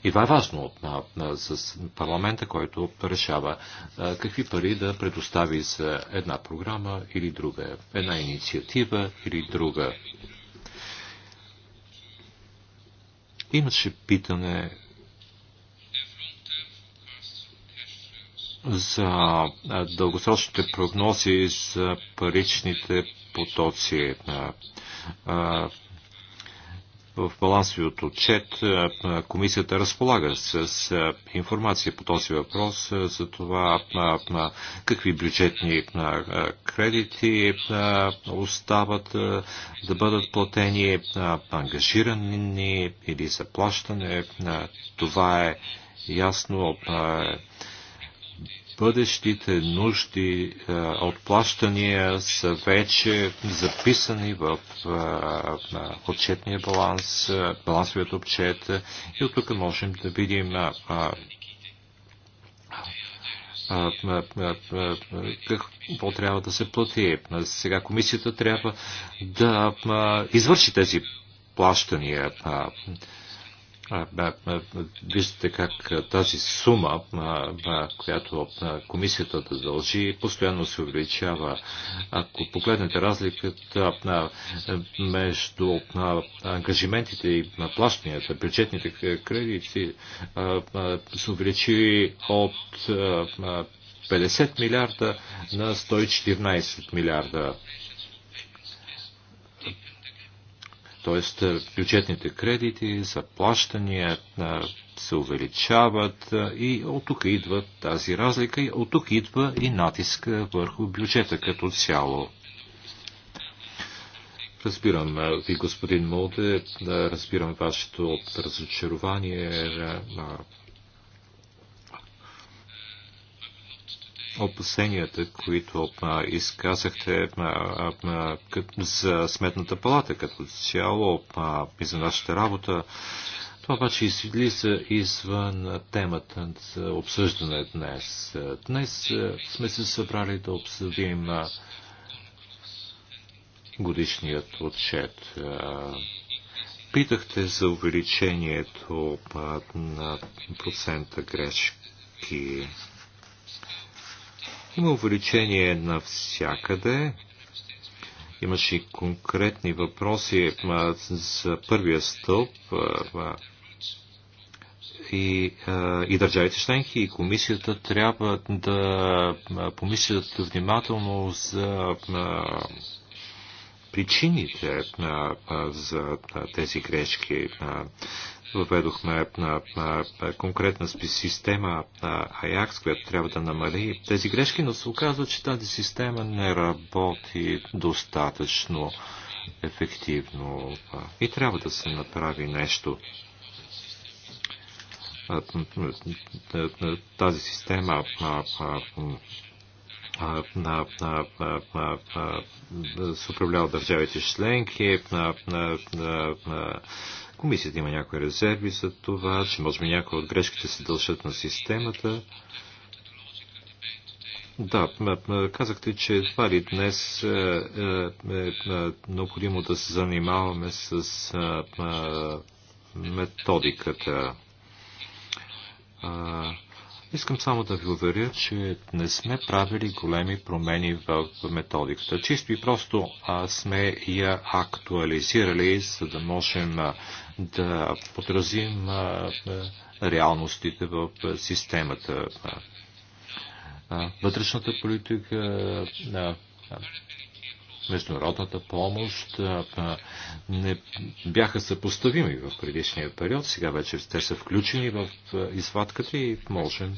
И това е важно за парламента, който решава какви пари да предостави за една програма или друга, една инициатива или друга. Имаше питане за дългосрочните прогнози за паричните потоци. В балансовият отчет комисията разполага с информация по този въпрос за това какви бюджетни кредити остават да бъдат платени, ангажирани или заплащане. Това е ясно бъдещите нужди е, от плащания са вече записани в е, отчетния баланс, е, балансовият отчет и от тук можем да видим какво трябва да се плати. Сега комисията трябва да извърши тези плащания Виждате как тази сума, която комисията да дължи, постоянно се увеличава. Ако погледнете разликата между ангажиментите и плащанията, бюджетните кредити се увеличи от 50 милиарда на 114 милиарда. Т.е. бюджетните кредити, заплащания е, се увеличават е, и от тук идва тази разлика и от тук идва и натиск е, върху бюджета като цяло. Разбирам ви, господин Молде, разбирам вашето разочарование. опасенията, които изказахте за сметната палата като цяло и за нашата работа. Това обаче излиза извън темата за обсъждане днес. Днес сме се събрали да обсъдим годишният отчет. Питахте за увеличението на процента грешки има увеличение навсякъде. Имаше и конкретни въпроси за първия стълб и, и държавите членки и комисията трябва да помислят внимателно за причините за тези грешки въведохме на, на, на конкретна система на Ajax, която трябва да намали тези грешки, но се оказва, че тази система не работи достатъчно ефективно и трябва да се направи нещо. Тази система се управлява държавите членки, Комисията има някои резерви за това, че може би някои от грешките се дължат на системата. Да, казахте, че това ли днес е, е, е, е, необходимо да се занимаваме с методиката. Искам само да ви уверя, че не сме правили големи промени в методиката. Чисто и просто а, сме я актуализирали, за да можем да подразим реалностите в системата. вътрешната политика международната помощ не бяха съпоставими в предишния период. Сега вече те са включени в извадката и можем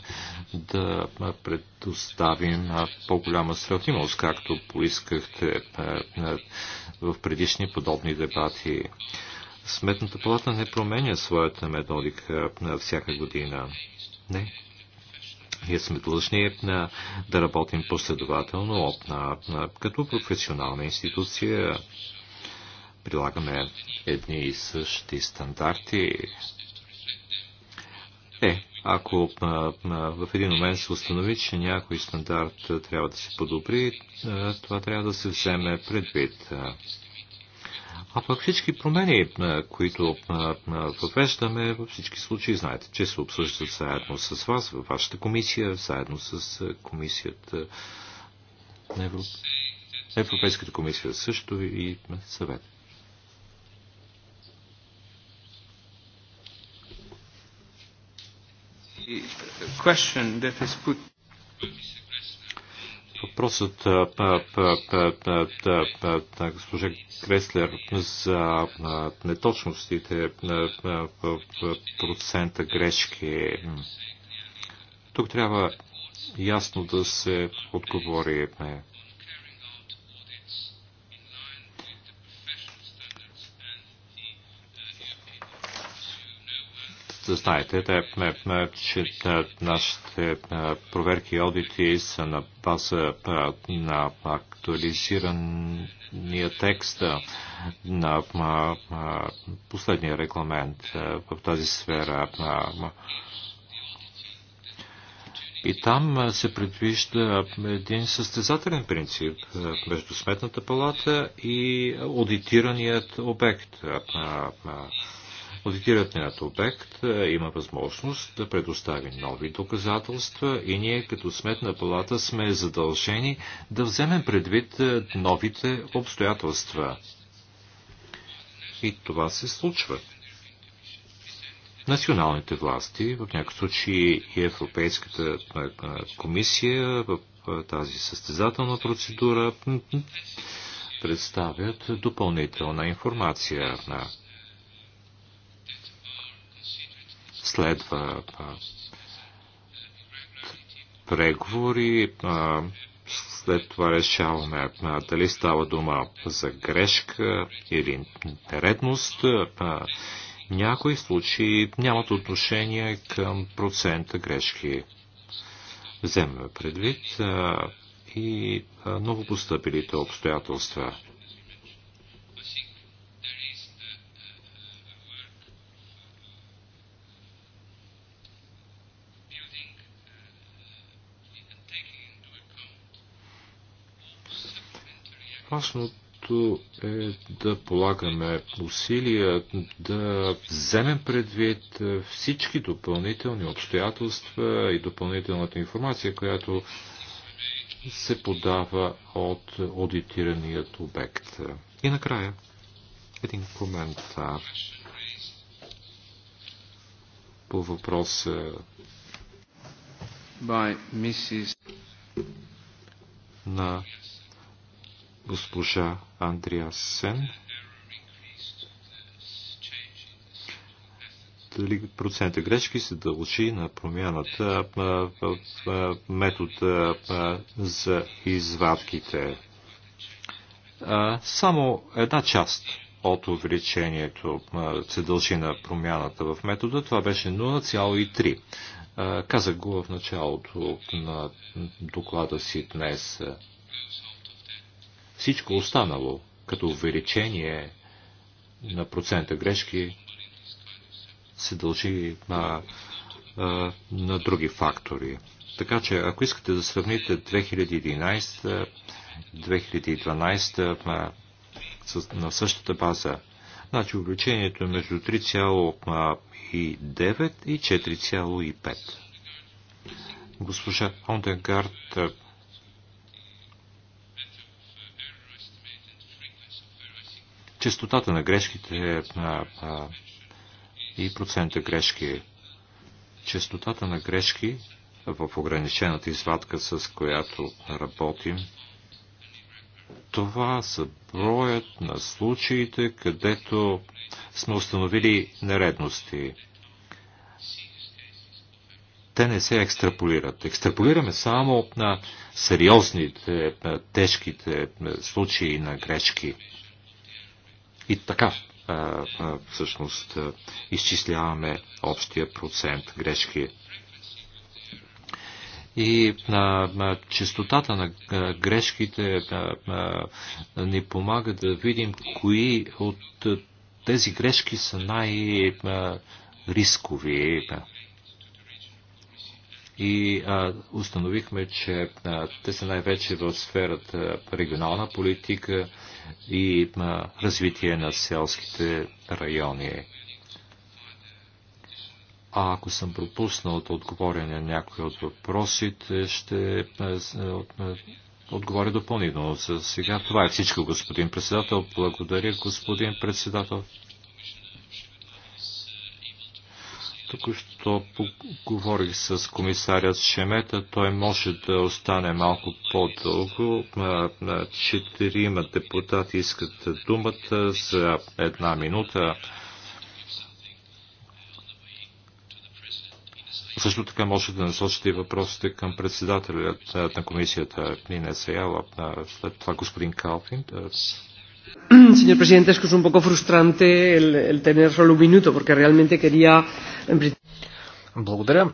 да предоставим по-голяма сравнимост, както поискахте в предишни подобни дебати. Сметната палата не променя своята методика всяка година. Не. Ние сме длъжни да работим последователно, като професионална институция прилагаме едни и същи стандарти. Е, ако в един момент се установи, че някой стандарт трябва да се подобри, това трябва да се вземе предвид. А пък всички промени, които въвеждаме, във всички случаи знаете, че се обсъждат заедно с вас, във вашата комисия, заедно с комисията на Европ... Европейската комисия също и съвет. Question that is put Въпросът на госпожа Креслер за неточностите в процента грешки. Тук трябва ясно да се отговори. Знаете, че нашите проверки и одити са на база на актуализирания текст на последния регламент в тази сфера. И там се предвижда един състезателен принцип между Сметната палата и аудитираният обект Одитираният обект е, има възможност да предостави нови доказателства и ние като сметна палата сме задължени да вземем предвид е, новите обстоятелства. И това се случва. Националните власти, в някакъв случай и Европейската е, комисия в тази състезателна процедура представят допълнителна информация на Следва преговори, след това решаваме дали става дума за грешка или нередност. Някои случаи нямат отношение към процента грешки. Вземаме предвид и новопостъпилите обстоятелства. опасното е да полагаме усилия да вземем предвид всички допълнителни обстоятелства и допълнителната информация, която се подава от аудитираният обект. И накрая един коментар по въпроса By Mrs. на госпожа Андриасен. дали процента грешки се дължи на промяната в метода за извадките. Само една част от увеличението се дължи на промяната в метода. Това беше 0,3. Казах го в началото на доклада си днес. Всичко останало, като увеличение на процента грешки, се дължи на, на други фактори. Така че, ако искате да сравните 2011, 2012 на същата база, значи увеличението е между 3,9 и 4,5. Госпожа Онденгард Честотата на грешките а, а, и процента грешки. Честотата на грешки в ограничената извадка, с която работим, това са броят на случаите, където сме установили нередности. Те не се екстраполират. Екстраполираме само на сериозните, тежките случаи на грешки. И така, всъщност, изчисляваме общия процент грешки. И а, частотата на грешките а, а, ни помага да видим кои от тези грешки са най-рискови. И а, установихме, че а, те са най-вече в сферата регионална политика, а, и развитие на селските райони. А ако съм пропуснал да отговоря на някои от въпросите, ще отговоря допълнително. За сега това е всичко, господин председател. Благодаря, господин председател. Току-що поговорих с комисарят Шемета. Той може да остане малко по-дълго. Четирима депутати искат думата за една минута. Също така може да насочите и въпросите към председателят на комисията Нина Саяла, след това господин Калфин. Señor presidente, es que es un poco frustrante el, el tener solo un minuto, porque realmente quería... Благодаря.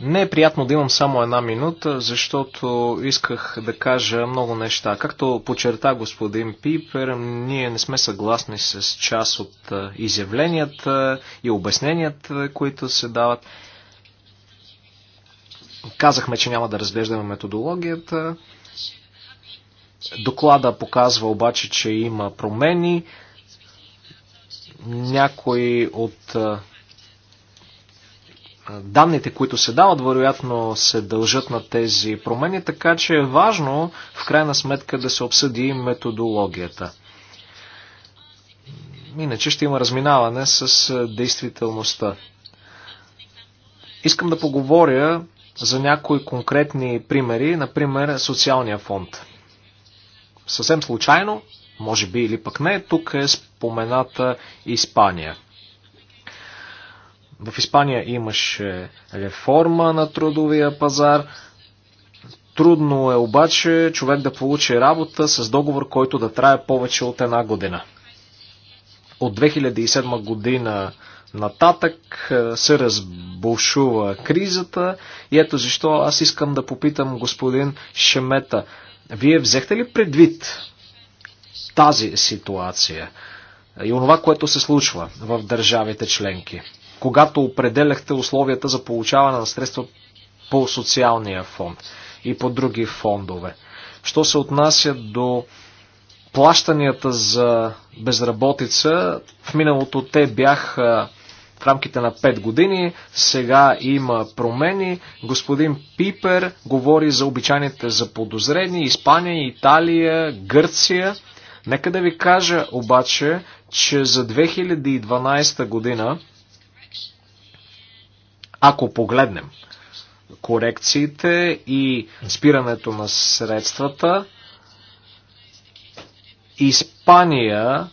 Не е приятно да имам само една минута, защото исках да кажа много неща. Както почерта господин Пипер, ние не сме съгласни с част от изявленията и обясненията, които се дават. Казахме, че няма да разглеждаме методологията. Доклада показва обаче, че има промени. Някои от данните, които се дават, вероятно се дължат на тези промени, така че е важно в крайна сметка да се обсъди методологията. Иначе ще има разминаване с действителността. Искам да поговоря за някои конкретни примери, например социалния фонд съвсем случайно, може би или пък не, тук е спомената Испания. В Испания имаше реформа на трудовия пазар. Трудно е обаче човек да получи работа с договор, който да трае повече от една година. От 2007 година нататък е, се разбушува кризата и ето защо аз искам да попитам господин Шемета. Вие взехте ли предвид тази ситуация и онова, което се случва в държавите членки, когато определяхте условията за получаване на средства по социалния фонд и по други фондове? Що се отнася до плащанията за безработица, в миналото те бяха в рамките на 5 години. Сега има промени. Господин Пипер говори за обичайните за подозрени Испания, Италия, Гърция. Нека да ви кажа обаче, че за 2012 година, ако погледнем корекциите и спирането на средствата, Испания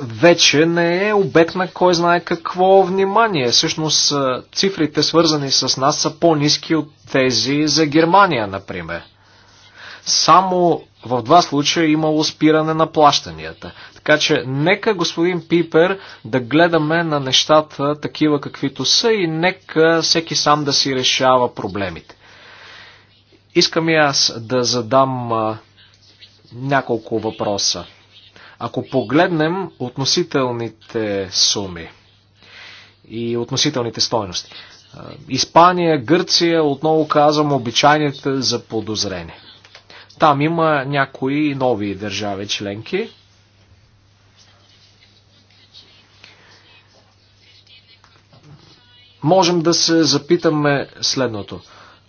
вече не е обект на кой знае какво внимание. Всъщност цифрите свързани с нас са по-низки от тези за Германия, например. Само в два случая имало спиране на плащанията. Така че нека господин Пипер да гледаме на нещата такива каквито са и нека всеки сам да си решава проблемите. Искам и аз да задам няколко въпроса. Ако погледнем относителните суми и относителните стойности, Испания, Гърция, отново казвам, обичайните за подозрение. Там има някои нови държави членки. Можем да се запитаме следното.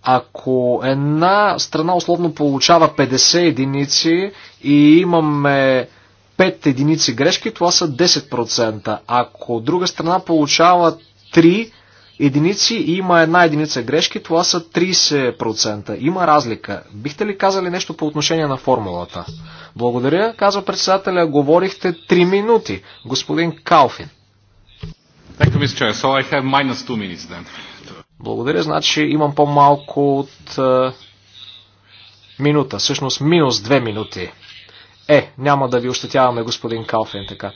Ако една страна условно получава 50 единици и имаме 5 единици грешки, това са 10%. Ако друга страна получава 3 единици и има една единица грешки, това са 30%. Има разлика. Бихте ли казали нещо по отношение на формулата? Благодаря, казва председателя. Говорихте 3 минути. Господин Калфин. Благодаря, значи имам по-малко от е, минута, всъщност минус 2 минути. Е, няма да ви ощетяваме, господин Калфин, така.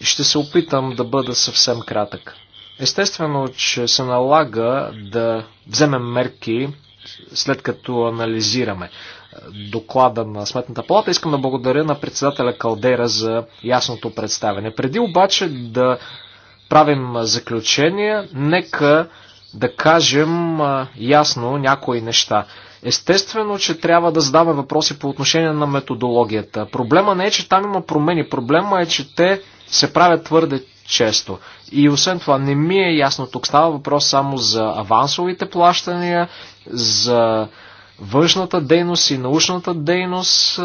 Ще се опитам да бъда съвсем кратък. Естествено, че се налага да вземем мерки, след като анализираме доклада на Сметната палата. Искам да благодаря на председателя Калдера за ясното представяне. Преди обаче да правим заключение, нека да кажем ясно някои неща. Естествено, че трябва да задаваме въпроси по отношение на методологията. Проблема не е, че там има промени. Проблема е, че те се правят твърде често. И освен това, не ми е ясно. Тук става въпрос само за авансовите плащания, за външната дейност и научната дейност.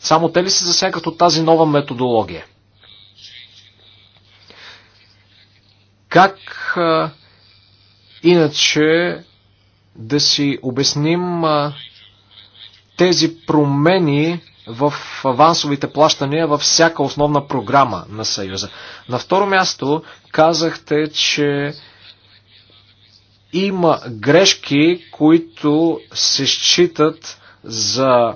Само те ли се засягат от тази нова методология? Как иначе да си обясним тези промени в авансовите плащания във всяка основна програма на Съюза. На второ място казахте, че има грешки, които се считат за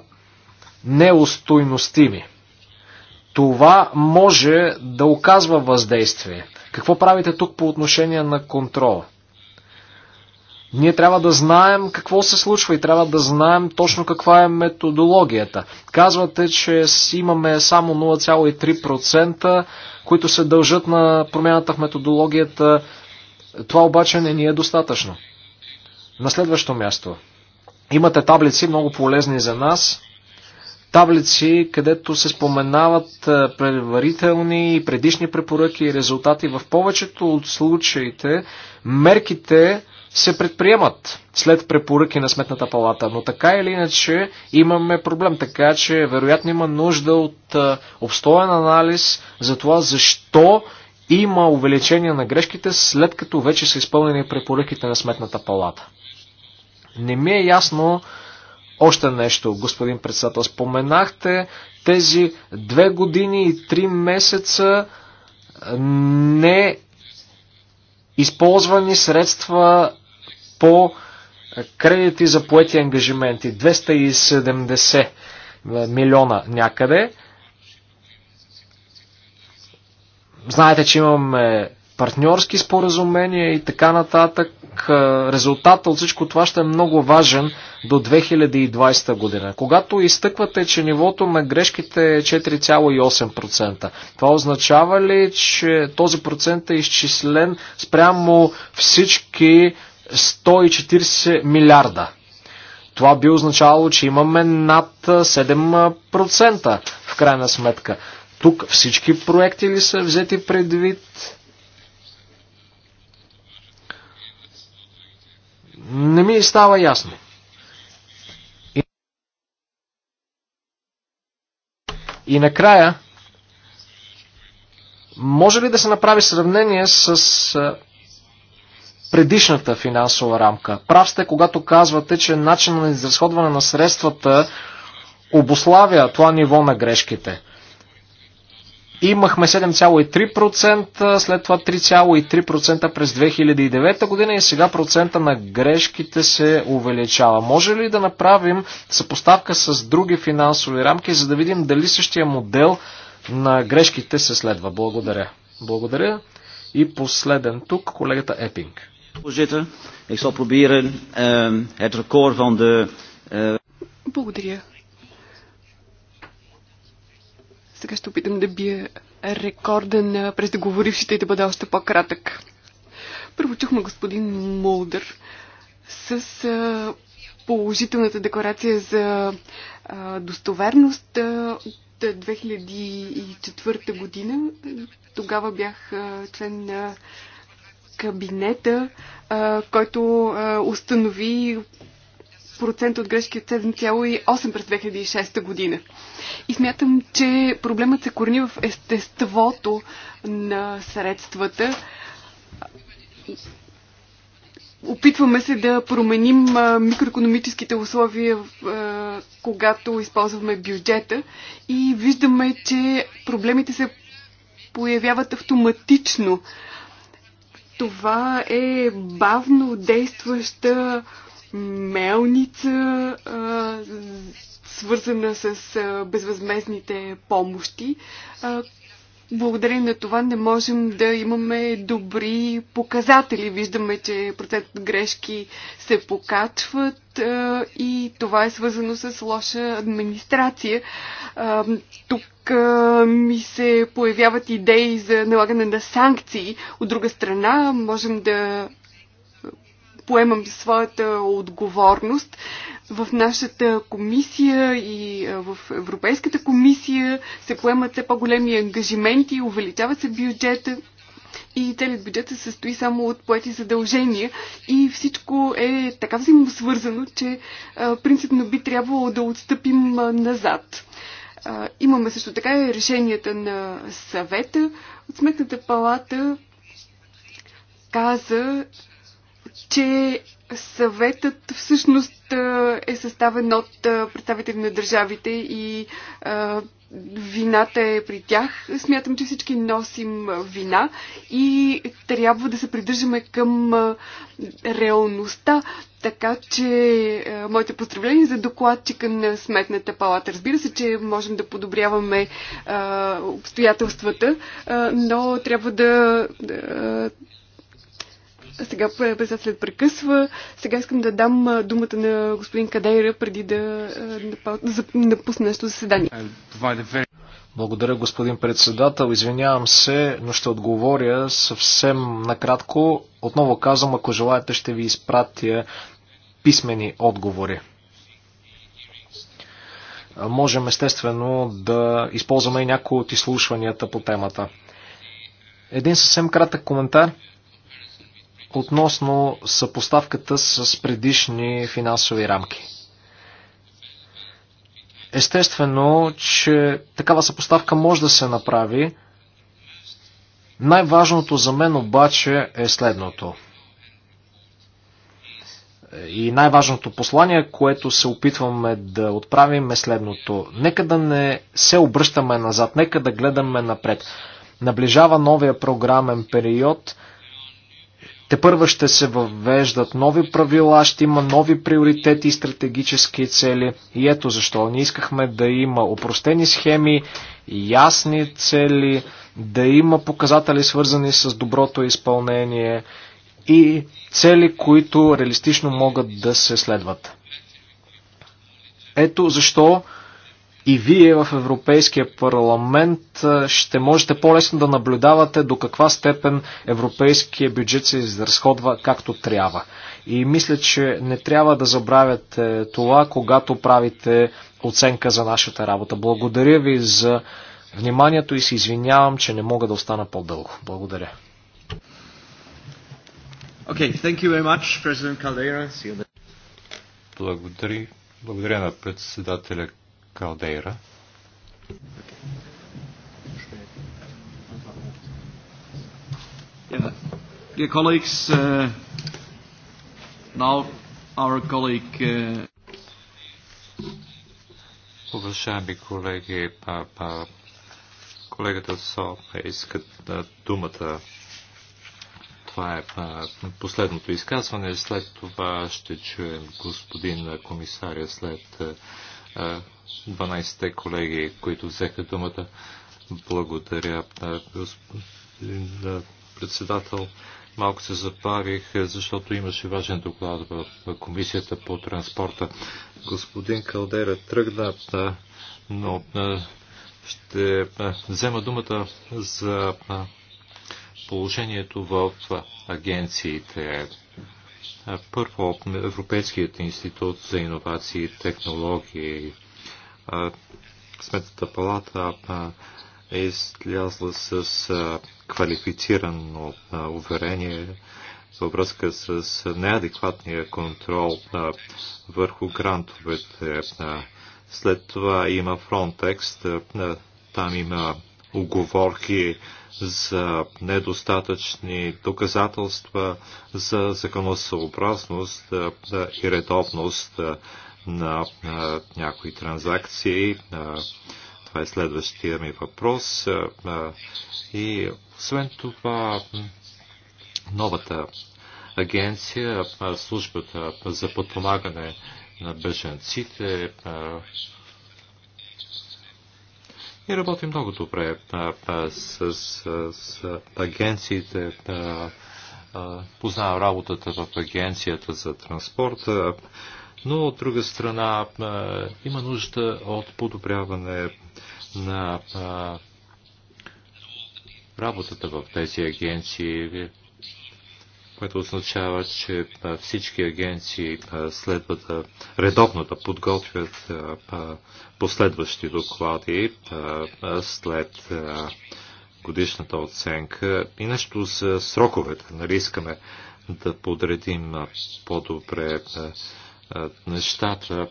неустойностими. Това може да оказва въздействие. Какво правите тук по отношение на контрола? Ние трябва да знаем какво се случва и трябва да знаем точно каква е методологията. Казвате, че имаме само 0,3%, които се дължат на промяната в методологията. Това обаче не ни е достатъчно. На следващо място. Имате таблици, много полезни за нас. Таблици, където се споменават е, предварителни и предишни препоръки и резултати. В повечето от случаите мерките, се предприемат след препоръки на Сметната палата. Но така или иначе имаме проблем, така че вероятно има нужда от обстоен анализ за това защо има увеличение на грешките след като вече са изпълнени препоръките на Сметната палата. Не ми е ясно още нещо, господин председател. Споменахте тези две години и три месеца не използвани средства по кредити за поети ангажименти 270 е, милиона някъде. Знаете, че имаме партньорски споразумения и така нататък. Е, резултата от всичко това ще е много важен до 2020 година. Когато изтъквате, че нивото на грешките е 4,8%, това означава ли, че този процент е изчислен спрямо всички 140 милиарда. Това би означавало, че имаме над 7% в крайна сметка. Тук всички проекти ли са взети предвид? Не ми става ясно. И, И накрая, може ли да се направи сравнение с предишната финансова рамка. Прав сте, когато казвате, че начинът на изразходване на средствата обославя това ниво на грешките. Имахме 7,3%, след това 3,3% през 2009 година и сега процента на грешките се увеличава. Може ли да направим съпоставка с други финансови рамки, за да видим дали същия модел на грешките се следва? Благодаря. Благодаря. И последен тук колегата Епинг. Voorzitter, ik zal proberen uh, het record van de... Uh... Благодаря. Сега ще опитам да бия рекорда на преждеговорившите и да бъда още по-кратък. Първо чухме господин Молдър с положителната декларация за достоверност от 2004 година. Тогава бях член на кабинета, а, който а, установи процент от грешки от 7,8 през 2006 година. И смятам, че проблемът се корни в естеството на средствата. Опитваме се да променим микроекономическите условия, когато използваме бюджета и виждаме, че проблемите се появяват автоматично. Това е бавно действаща мелница, свързана с безвъзмезните помощи, благодарение на това не можем да имаме добри показатели. Виждаме, че процентът грешки се покачват и това е свързано с лоша администрация. Тук ми се появяват идеи за налагане на санкции. От друга страна, можем да поемам своята отговорност в нашата комисия и в Европейската комисия се поемат все по-големи ангажименти, увеличават се бюджета и целият бюджет се състои само от поети задължения и всичко е така взаимосвързано, че принципно би трябвало да отстъпим назад. Имаме също така и решенията на съвета. От сметната палата каза, че Съветът всъщност е съставен от представители на държавите и вината е при тях. Смятам, че всички носим вина и трябва да се придържаме към реалността, така че моите поздравления за докладчика на Сметната палата. Разбира се, че можем да подобряваме обстоятелствата, но трябва да сега председателят прекъсва. Сега искам да дам думата на господин Кадейра преди да напусне нещо заседание. Благодаря, господин председател. Извинявам се, но ще отговоря съвсем накратко. Отново казвам, ако желаете, ще ви изпратя писмени отговори. Можем естествено да използваме и някои от изслушванията по темата. Един съвсем кратък коментар – относно съпоставката с предишни финансови рамки. Естествено, че такава съпоставка може да се направи. Най-важното за мен обаче е следното. И най-важното послание, което се опитваме да отправим е следното. Нека да не се обръщаме назад, нека да гледаме напред. Наближава новия програмен период – те първа ще се въвеждат нови правила, ще има нови приоритети и стратегически цели. И ето защо ние искахме да има опростени схеми, ясни цели, да има показатели свързани с доброто изпълнение и цели, които реалистично могат да се следват. Ето защо и вие в Европейския парламент ще можете по-лесно да наблюдавате до каква степен европейския бюджет се изразходва както трябва. И мисля, че не трябва да забравяте това, когато правите оценка за нашата работа. Благодаря ви за вниманието и се извинявам, че не мога да остана по-дълго. Благодаря. Okay, thank you very much, President Caldera. Благодаря, благодаря на председателя Калдейра. Yeah. Dear colleagues, uh, now our colleague. Uh, Уважаеми колеги, па, па, колегата Со искат да думата. Това е па, последното изказване. След това ще чуем господин комисаря след а, 12-те колеги, които взеха думата. Благодаря, господин председател. Малко се запарих, защото имаше важен доклад в Комисията по транспорта. Господин Калдера тръгна, но ще взема думата за положението в агенциите. Първо, Европейският институт за иновации и технологии Сметната палата е излязла с квалифицирано уверение във връзка с неадекватния контрол върху грантовете. След това има Фронтекст, там има оговорки за недостатъчни доказателства за законосъобразност и редовност на някои транзакции. Това е следващия ми въпрос. И освен това, новата агенция, службата за подпомагане на беженците, и работи много добре а, а, с, с, с агенциите. А, а, познавам работата в агенцията за транспорта но от друга страна има нужда от подобряване на работата в тези агенции, което означава, че всички агенции следва да редовно да подготвят последващи доклади след годишната оценка и нещо за сроковете. Нали искаме да подредим по-добре нещата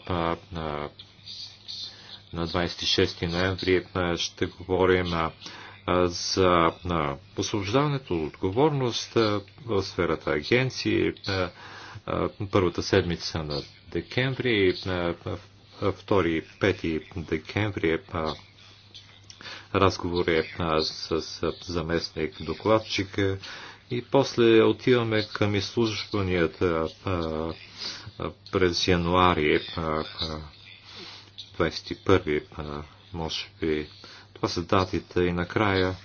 на 26 ноември ще говорим за освобождаването от отговорност в сферата агенции първата седмица на декември, 2-5 декември разговори с заместник докладчик и после отиваме към изслужванията през януари 21, може би. Това са датите и накрая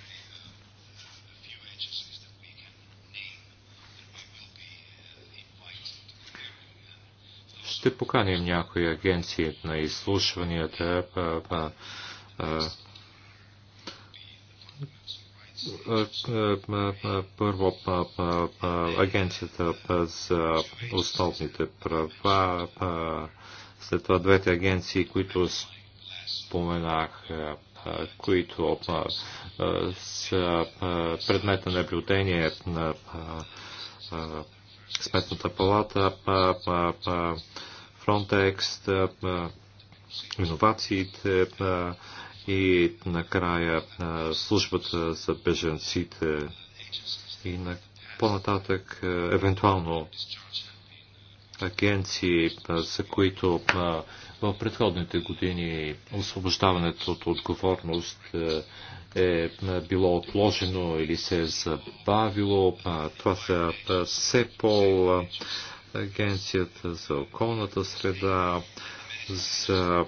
ще поканим някои агенции на изслушванията. А, а, а, първо агенцията за основните права, след това двете агенции, които споменах, които са предмет на наблюдение на Сметната палата, Frontex, иновациите, и накрая службата за беженците и на по-нататък евентуално агенции, за които в предходните години освобождаването от отговорност е било отложено или се е забавило. Това са СЕПОЛ, Агенцията за околната среда, за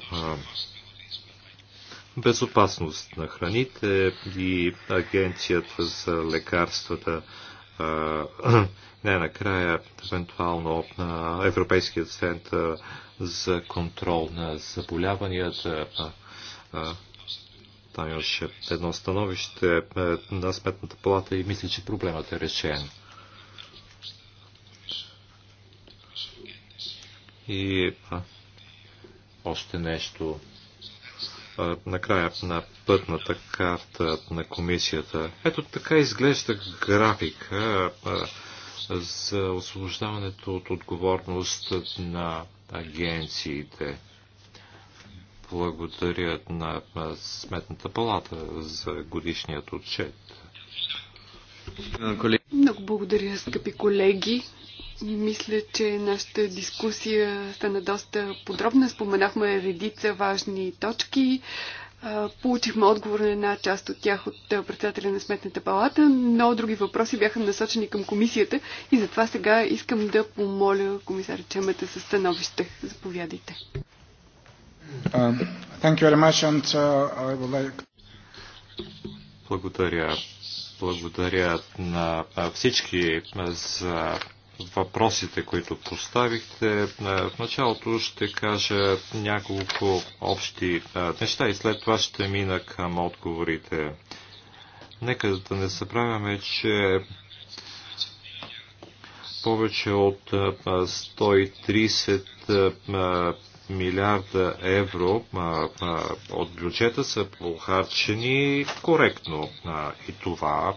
безопасност на храните и агенцията за лекарствата не накрая, евентуално на Европейския център за контрол на заболяванията. Там имаше едно становище на Сметната палата и мисля, че проблемът е решен. И а, още нещо накрая на пътната карта на комисията. Ето така изглежда графика за освобождаването от отговорност на агенциите. Благодаря на Сметната палата за годишният отчет. Много благодаря, скъпи колеги. Мисля, че нашата дискусия стана доста подробна. Споменахме редица важни точки. Получихме отговор на една част от тях от председателя на Сметната палата, но други въпроси бяха насочени към комисията и затова сега искам да помоля комисар Чемета със становище. Заповядайте. Uh, Благодаря. Благодаря на всички за въпросите, които поставихте. Е, в началото ще кажа няколко общи е, неща и след това ще мина към отговорите. Нека да не съправяме, че повече от 130 е, милиарда евро от бюджета са похарчени коректно. И това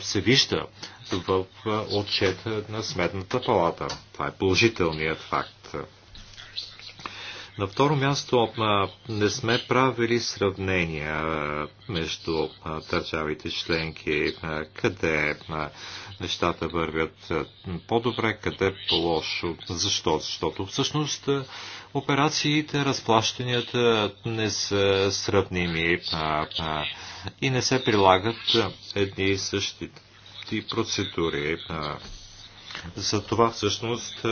се вижда в отчета на Сметната палата. Това е положителният факт. На второ място не сме правили сравнения между държавите членки, къде нещата вървят по-добре, къде по-лошо. Защо? Защото всъщност операциите, разплащанията не са сравними и не се прилагат едни и същи и процедури. За това всъщност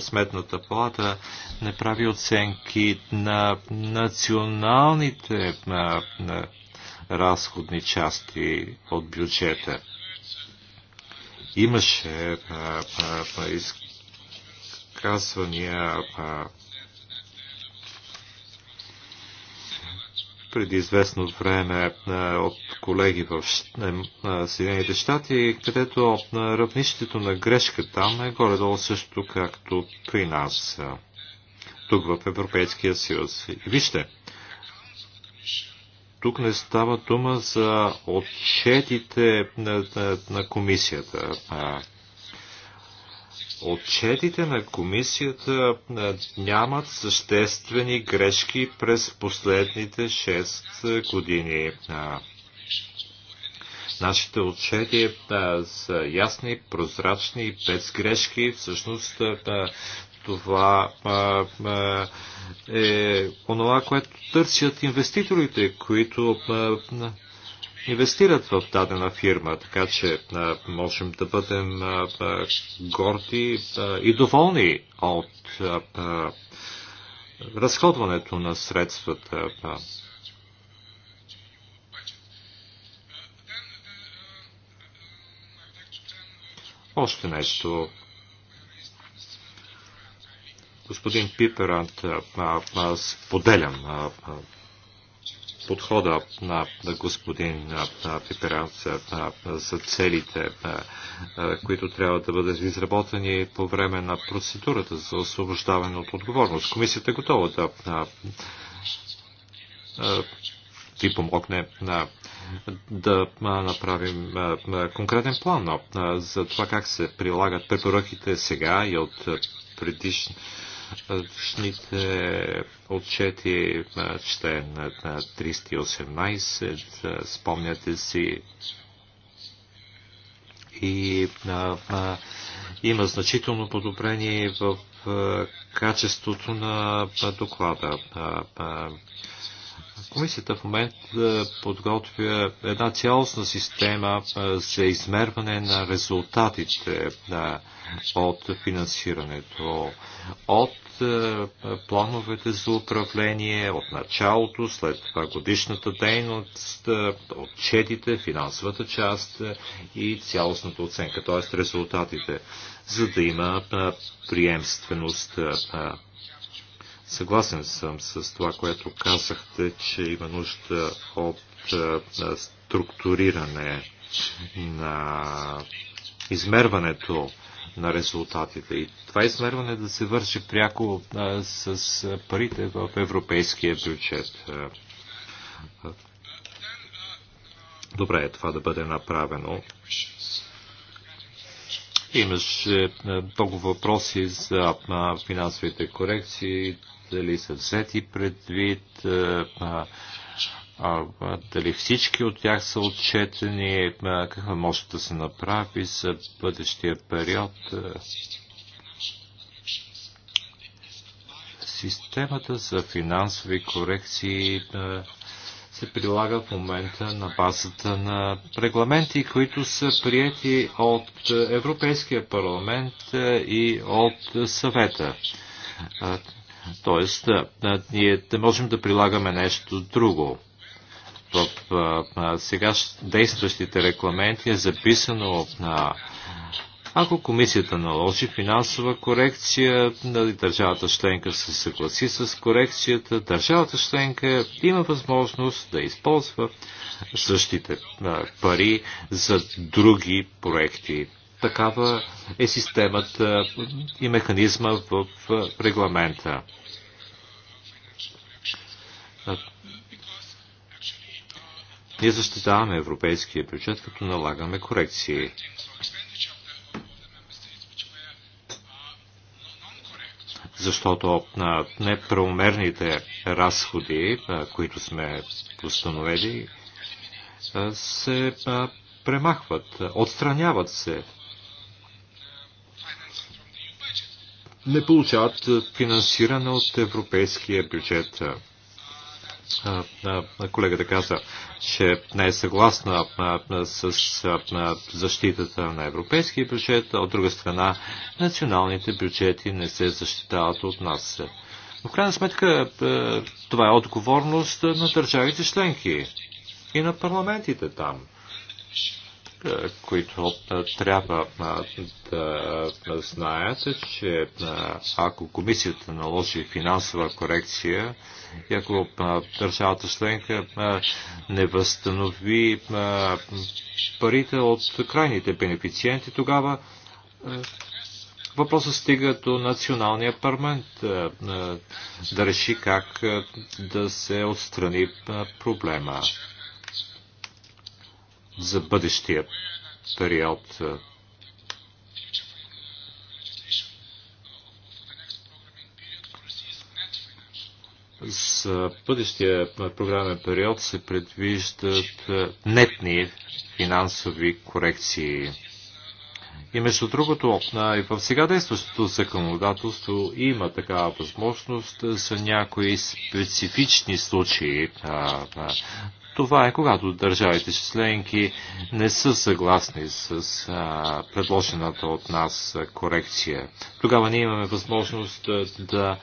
Сметната палата не прави оценки на националните разходни части от бюджета. Имаше изказвания преди известно време от колеги в Съединените щати, където равнището на грешка там е горе-долу също както при нас, тук в Европейския съюз. И вижте, тук не става дума за отчетите на, на, на комисията. Отчетите на комисията нямат съществени грешки през последните 6 години. Нашите отчети са ясни, прозрачни, без грешки. Всъщност това е онова, което търсят инвеститорите, които инвестират в дадена фирма, така че можем да бъдем горди и доволни от разходването на средствата. Още нещо. Господин Пиперант, споделям подхода на господин Пиперанц за целите, които трябва да бъдат изработени по време на процедурата за освобождаване от отговорност. Комисията е готова да ви помогне да направим конкретен план за това как се прилагат препоръките сега и от предишни различните отчети, член е на 318, спомняте си, и а, а, има значително подобрение в а, качеството на а, доклада. А, а, Комисията в момента е, подготвя една цялостна система е, за измерване на резултатите е, от финансирането, от плановете за управление, от началото, след това годишната дейност, отчетите, финансовата част и цялостната оценка, т.е. резултатите, за да има приемственост Съгласен съм с това, което казахте, че има нужда от структуриране на измерването на резултатите. И това измерване да се върши пряко с парите в европейския бюджет. Добре е това да бъде направено. Имаше много въпроси за финансовите корекции, дали са взети предвид, е, дали всички от тях са отчетени, каква е, какво може да се направи за бъдещия период. Е, системата за финансови корекции се прилага в момента на базата на регламенти, които са прияти от Европейския парламент и от съвета. Тоест, ние можем да прилагаме нещо друго. В сега действащите регламенти е записано на ако комисията наложи финансова корекция, нали, държавата членка се съгласи с корекцията, държавата членка има възможност да използва същите пари за други проекти. Такава е системата и механизма в регламента. Ние защитаваме европейския бюджет, като налагаме корекции. Защото на неправомерните разходи, които сме постановили, се премахват, отстраняват се не получават финансиране от европейския бюджет. Колегата каза, че не е съгласна с защитата на европейския бюджет, а от друга страна националните бюджети не се защитават от нас. Но в крайна сметка това е отговорност на държавите членки и на парламентите там които трябва да знаят, че ако комисията наложи финансова корекция и ако държавата членка не възстанови парите от крайните бенефициенти, тогава въпросът стига до националния парламент да реши как да се отстрани проблема за бъдещия период. За бъдещия програмен период се предвиждат е, нетни финансови корекции. И между другото, и в сега действащото законодателство има такава възможност за някои специфични случаи. Това е когато държавите членки не са съгласни с а, предложената от нас корекция. Тогава ние имаме възможност да, да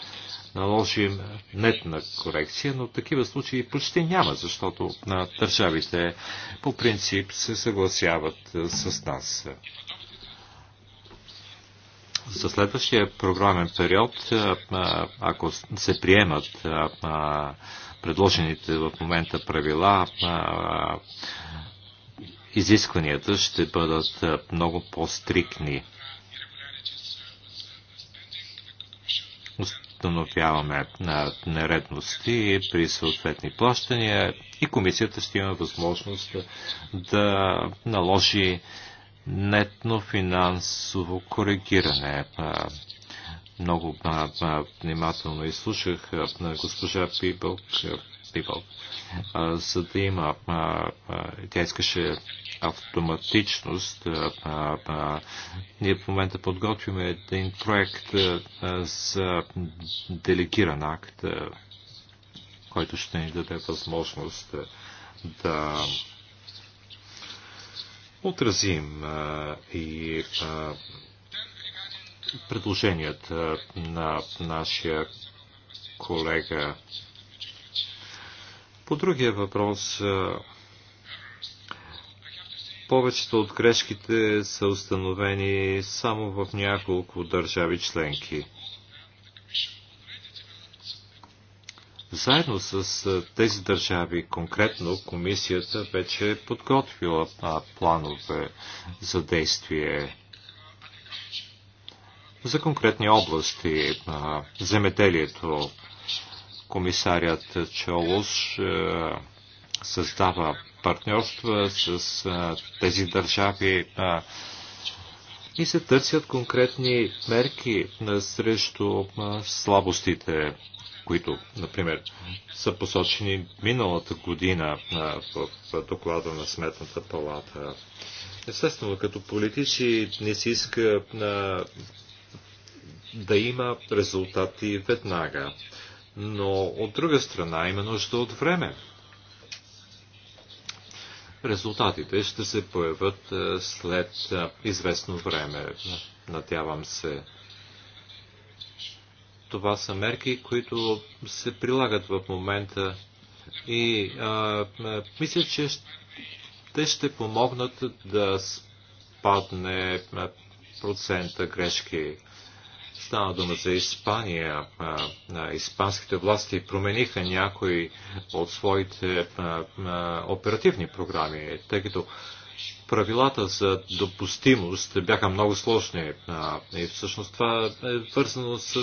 наложим нетна корекция, но такива случаи почти няма, защото на държавите по принцип се съгласяват с нас. За следващия програмен период, ако се приемат предложените в момента правила, изискванията ще бъдат много по-стрикни. Установяваме нередности при съответни плащания и комисията ще има възможност да наложи нетно финансово коригиране много а, а, внимателно изслушах на госпожа Пибълк, Пибъл, а, за да има, а, а, тя искаше автоматичност. А, а, а, ние в момента подготвяме един проект а, за делегиран акт, а, който ще ни даде възможност а, да отразим а, и а, предложенията на нашия колега. По другия въпрос, повечето от грешките са установени само в няколко държави членки. Заедно с тези държави, конкретно комисията вече е подготвила планове за действие за конкретни области. Земеделието, комисарият Чолош създава партньорства с тези държави и се търсят конкретни мерки срещу слабостите, които, например, са посочени миналата година в доклада на Сметната палата. Естествено, като политици не си иска да има резултати веднага. Но от друга страна има нужда от време. Резултатите ще се появят е, след е, известно време. Надявам се. Това са мерки, които се прилагат в момента и а, е, мисля, че те ще помогнат да спадне процента грешки. Става дума за Испания. Испанските власти промениха някои от своите оперативни програми, тъй като правилата за допустимост бяха много сложни. И всъщност това е вързано с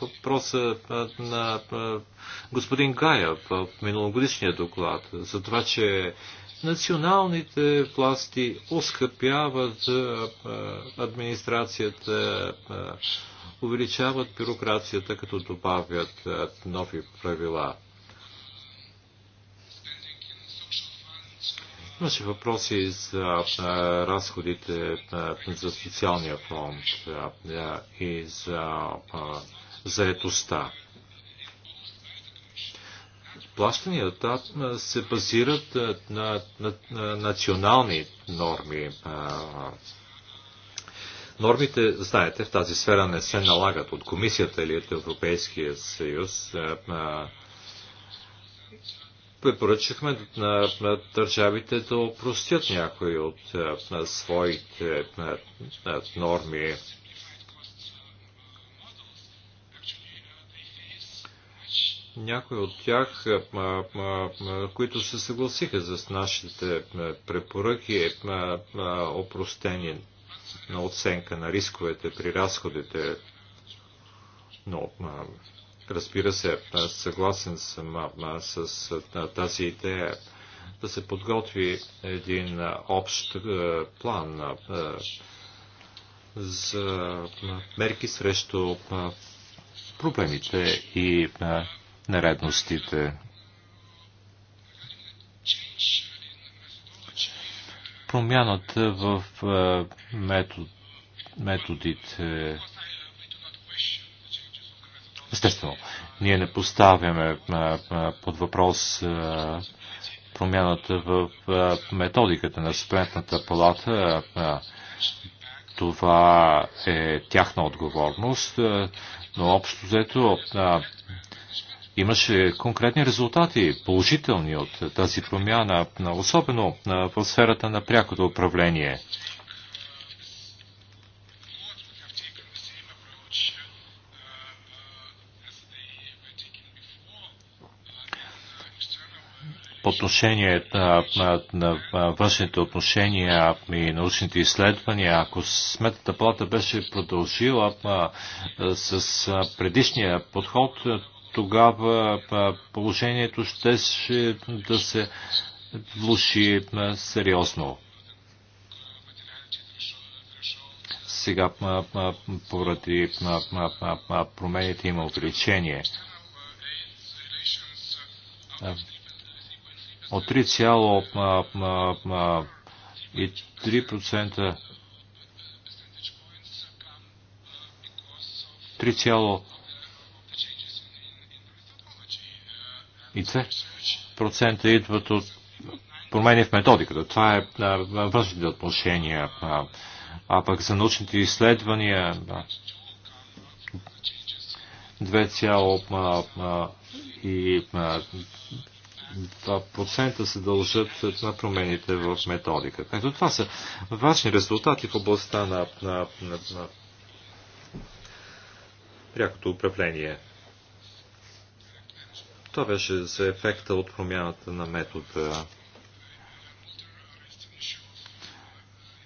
въпроса на господин Гая в миналогодишния доклад за това, че националните власти оскъпяват администрацията, увеличават бюрокрацията, като добавят е, нови правила. Имаше въпроси за е, разходите е, за социалния фонд и за заетостта. Плащанията се базират на национални норми Нормите, знаете, в тази сфера не се налагат от комисията или от Европейския съюз. Е, е, препоръчахме на, на държавите да опростят някои от е, на своите на, на норми. Някои от тях, които се съгласиха с нашите препоръки, опростени на оценка на рисковете при разходите. Но, разбира се, съгласен съм с тази идея да се подготви един общ план за мерки срещу проблемите и нередностите. промяната в е, метод, методите. Естествено, ние не поставяме е, е, под въпрос промяната в методиката на Сметната палата. Това е тяхна отговорност, но общо взето Имаше конкретни резултати, положителни от тази промяна, особено в сферата на прякото управление. по отношение на, на, на външните отношения и научните изследвания, ако сметната плата беше продължила а, с предишния подход, тогава положението ще, ще да се влуши сериозно. Сега поради промените има увеличение от 3,3% 3,3% И 2% идват от промени в методиката. Това е външните отношения. А, а пък за научните изследвания 2,2% се дължат на промените в методиката. Ето това са важни резултати в областта на, на, на, на прякото управление. Това беше за ефекта от промяната на метода.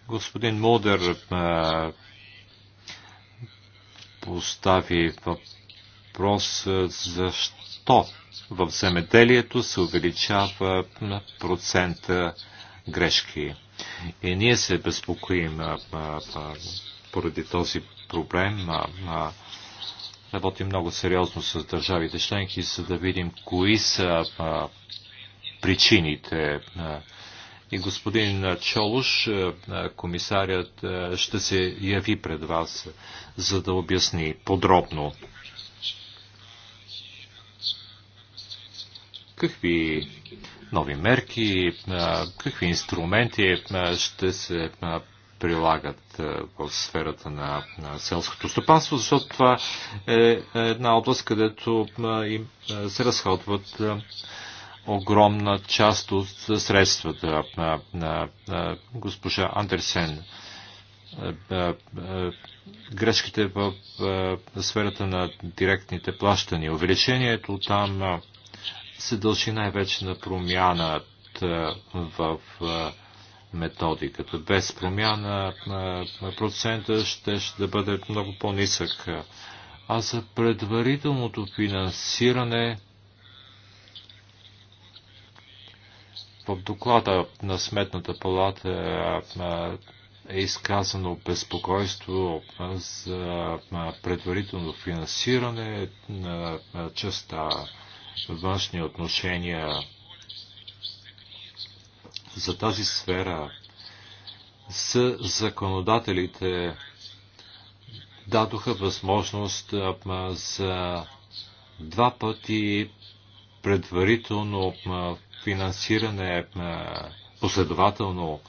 Господин Модер постави въпрос защо в земеделието се увеличава процента грешки. И ние се безпокоим поради този проблем. Работим много сериозно с държавите членки, за да видим кои са причините. И господин Чолуш, комисарят, ще се яви пред вас, за да обясни подробно. Какви нови мерки, какви инструменти ще се прилагат е, в сферата на, на селското стопанство, защото това е една област, където е, им е, се разходват огромна част от средствата на, на, на госпожа Андерсен. Грешките в сферата на директните плащания. Увеличението там се дължи най-вече на промяната в методиката. Без промяна процента ще, ще бъде много по-нисък. А за предварителното финансиране в доклада на Сметната палата е изказано безпокойство за предварително финансиране на частта външни отношения за тази сфера с законодателите дадоха възможност за два пъти предварително финансиране последователно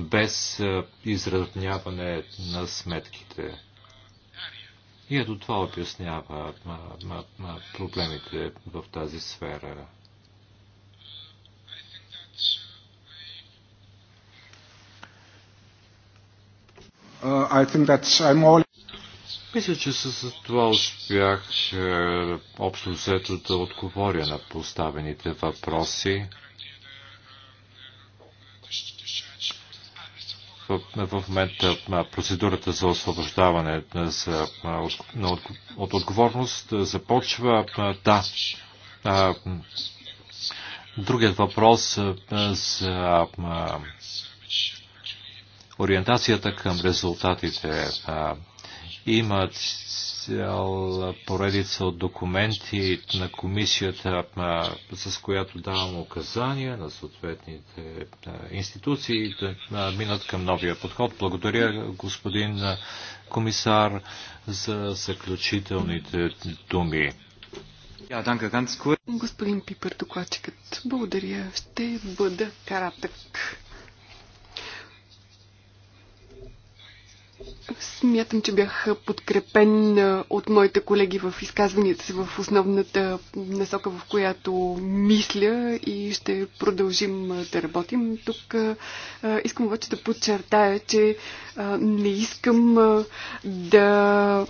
без изравняване на сметките. И ето това обяснява проблемите в тази сфера. Uh, Мисля, че с това успях е, общо взето да отговоря на поставените въпроси. В, момента процедурата за освобождаване за, от отговорност започва. Да. Другият въпрос за ориентацията към резултатите. Има цяла поредица от документи на комисията, с която давам указания на съответните институции да минат към новия подход. Благодаря, господин комисар, за заключителните думи. Господин Пипер, докладчикът, благодаря. Ще бъда каратък. Смятам, че бях подкрепен от моите колеги в изказванията си в основната насока, в която мисля и ще продължим да работим. Тук искам обаче да подчертая, че не искам да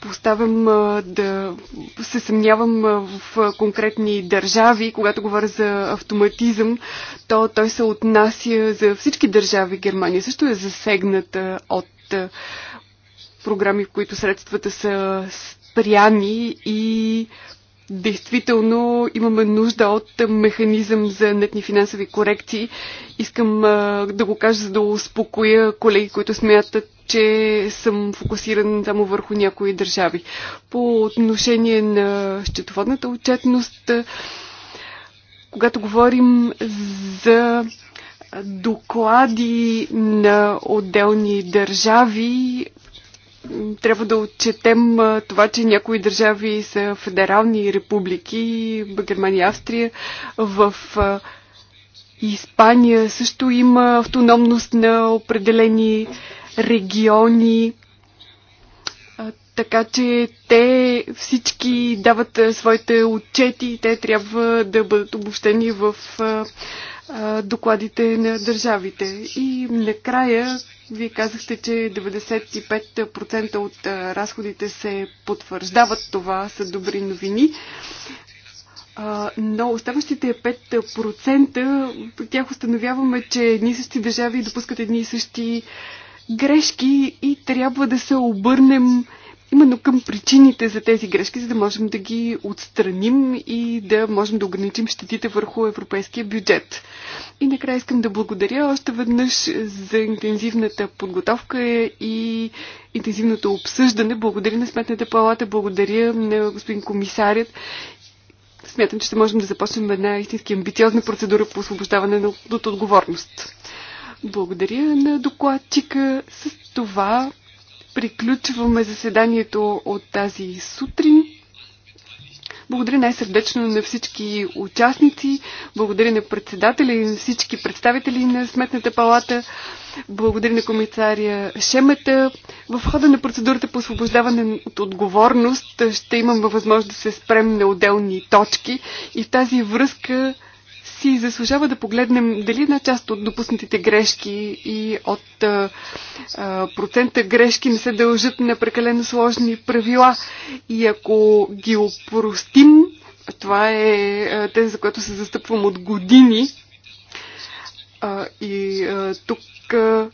поставям да се съмнявам в конкретни държави. Когато говоря за автоматизъм, то той се отнася за всички държави. Германия също е засегната от програми, в които средствата са спряни и действително имаме нужда от механизъм за нетни финансови корекции. Искам а, да го кажа, за да успокоя колеги, които смятат, че съм фокусиран само върху някои държави. По отношение на счетоводната отчетност, когато говорим за доклади на отделни държави, трябва да отчетем това, че някои държави са федерални републики, Германия, Австрия, в Испания също има автономност на определени региони, така че те всички дават своите отчети и те трябва да бъдат обобщени в докладите на държавите. И накрая, вие казахте, че 95% от разходите се потвърждават. Това са добри новини. Но оставащите 5% тях установяваме, че едни и същи държави допускат едни и същи грешки и трябва да се обърнем именно към причините за тези грешки, за да можем да ги отстраним и да можем да ограничим щетите върху европейския бюджет. И накрая искам да благодаря още веднъж за интензивната подготовка и интензивното обсъждане. Благодаря на Сметната палата, благодаря на господин комисарят. Смятам, че ще можем да започнем една истински амбициозна процедура по освобождаване от отговорност. Благодаря на докладчика. С това приключваме заседанието от тази сутрин. Благодаря най-сърдечно на всички участници, благодаря на председателя и на всички представители на Сметната палата, благодаря на комисария Шемета. В хода на процедурата по освобождаване от отговорност ще имам възможност да се спрем на отделни точки и в тази връзка си заслужава да погледнем дали една част от допуснатите грешки и от а, процента грешки не се дължат на прекалено сложни правила. И ако ги опростим, това е тези, за което се застъпвам от години. А, и а, тук а,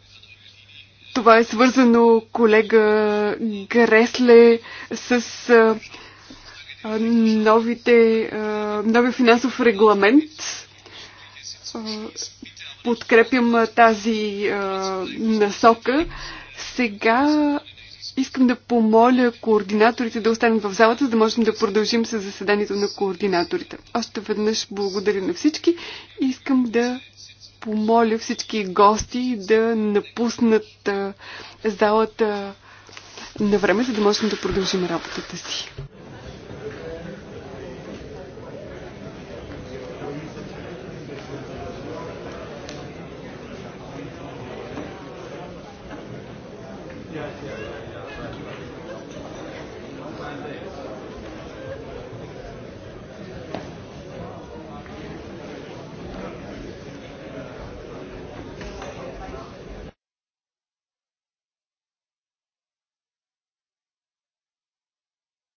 това е свързано, колега Гресле, с а, новите, нови финансов регламент. Подкрепям тази насока. Сега искам да помоля координаторите да останат в залата, за да можем да продължим с заседанието на координаторите. Още веднъж благодаря на всички и искам да помоля всички гости да напуснат залата на време, за да можем да продължим работата си.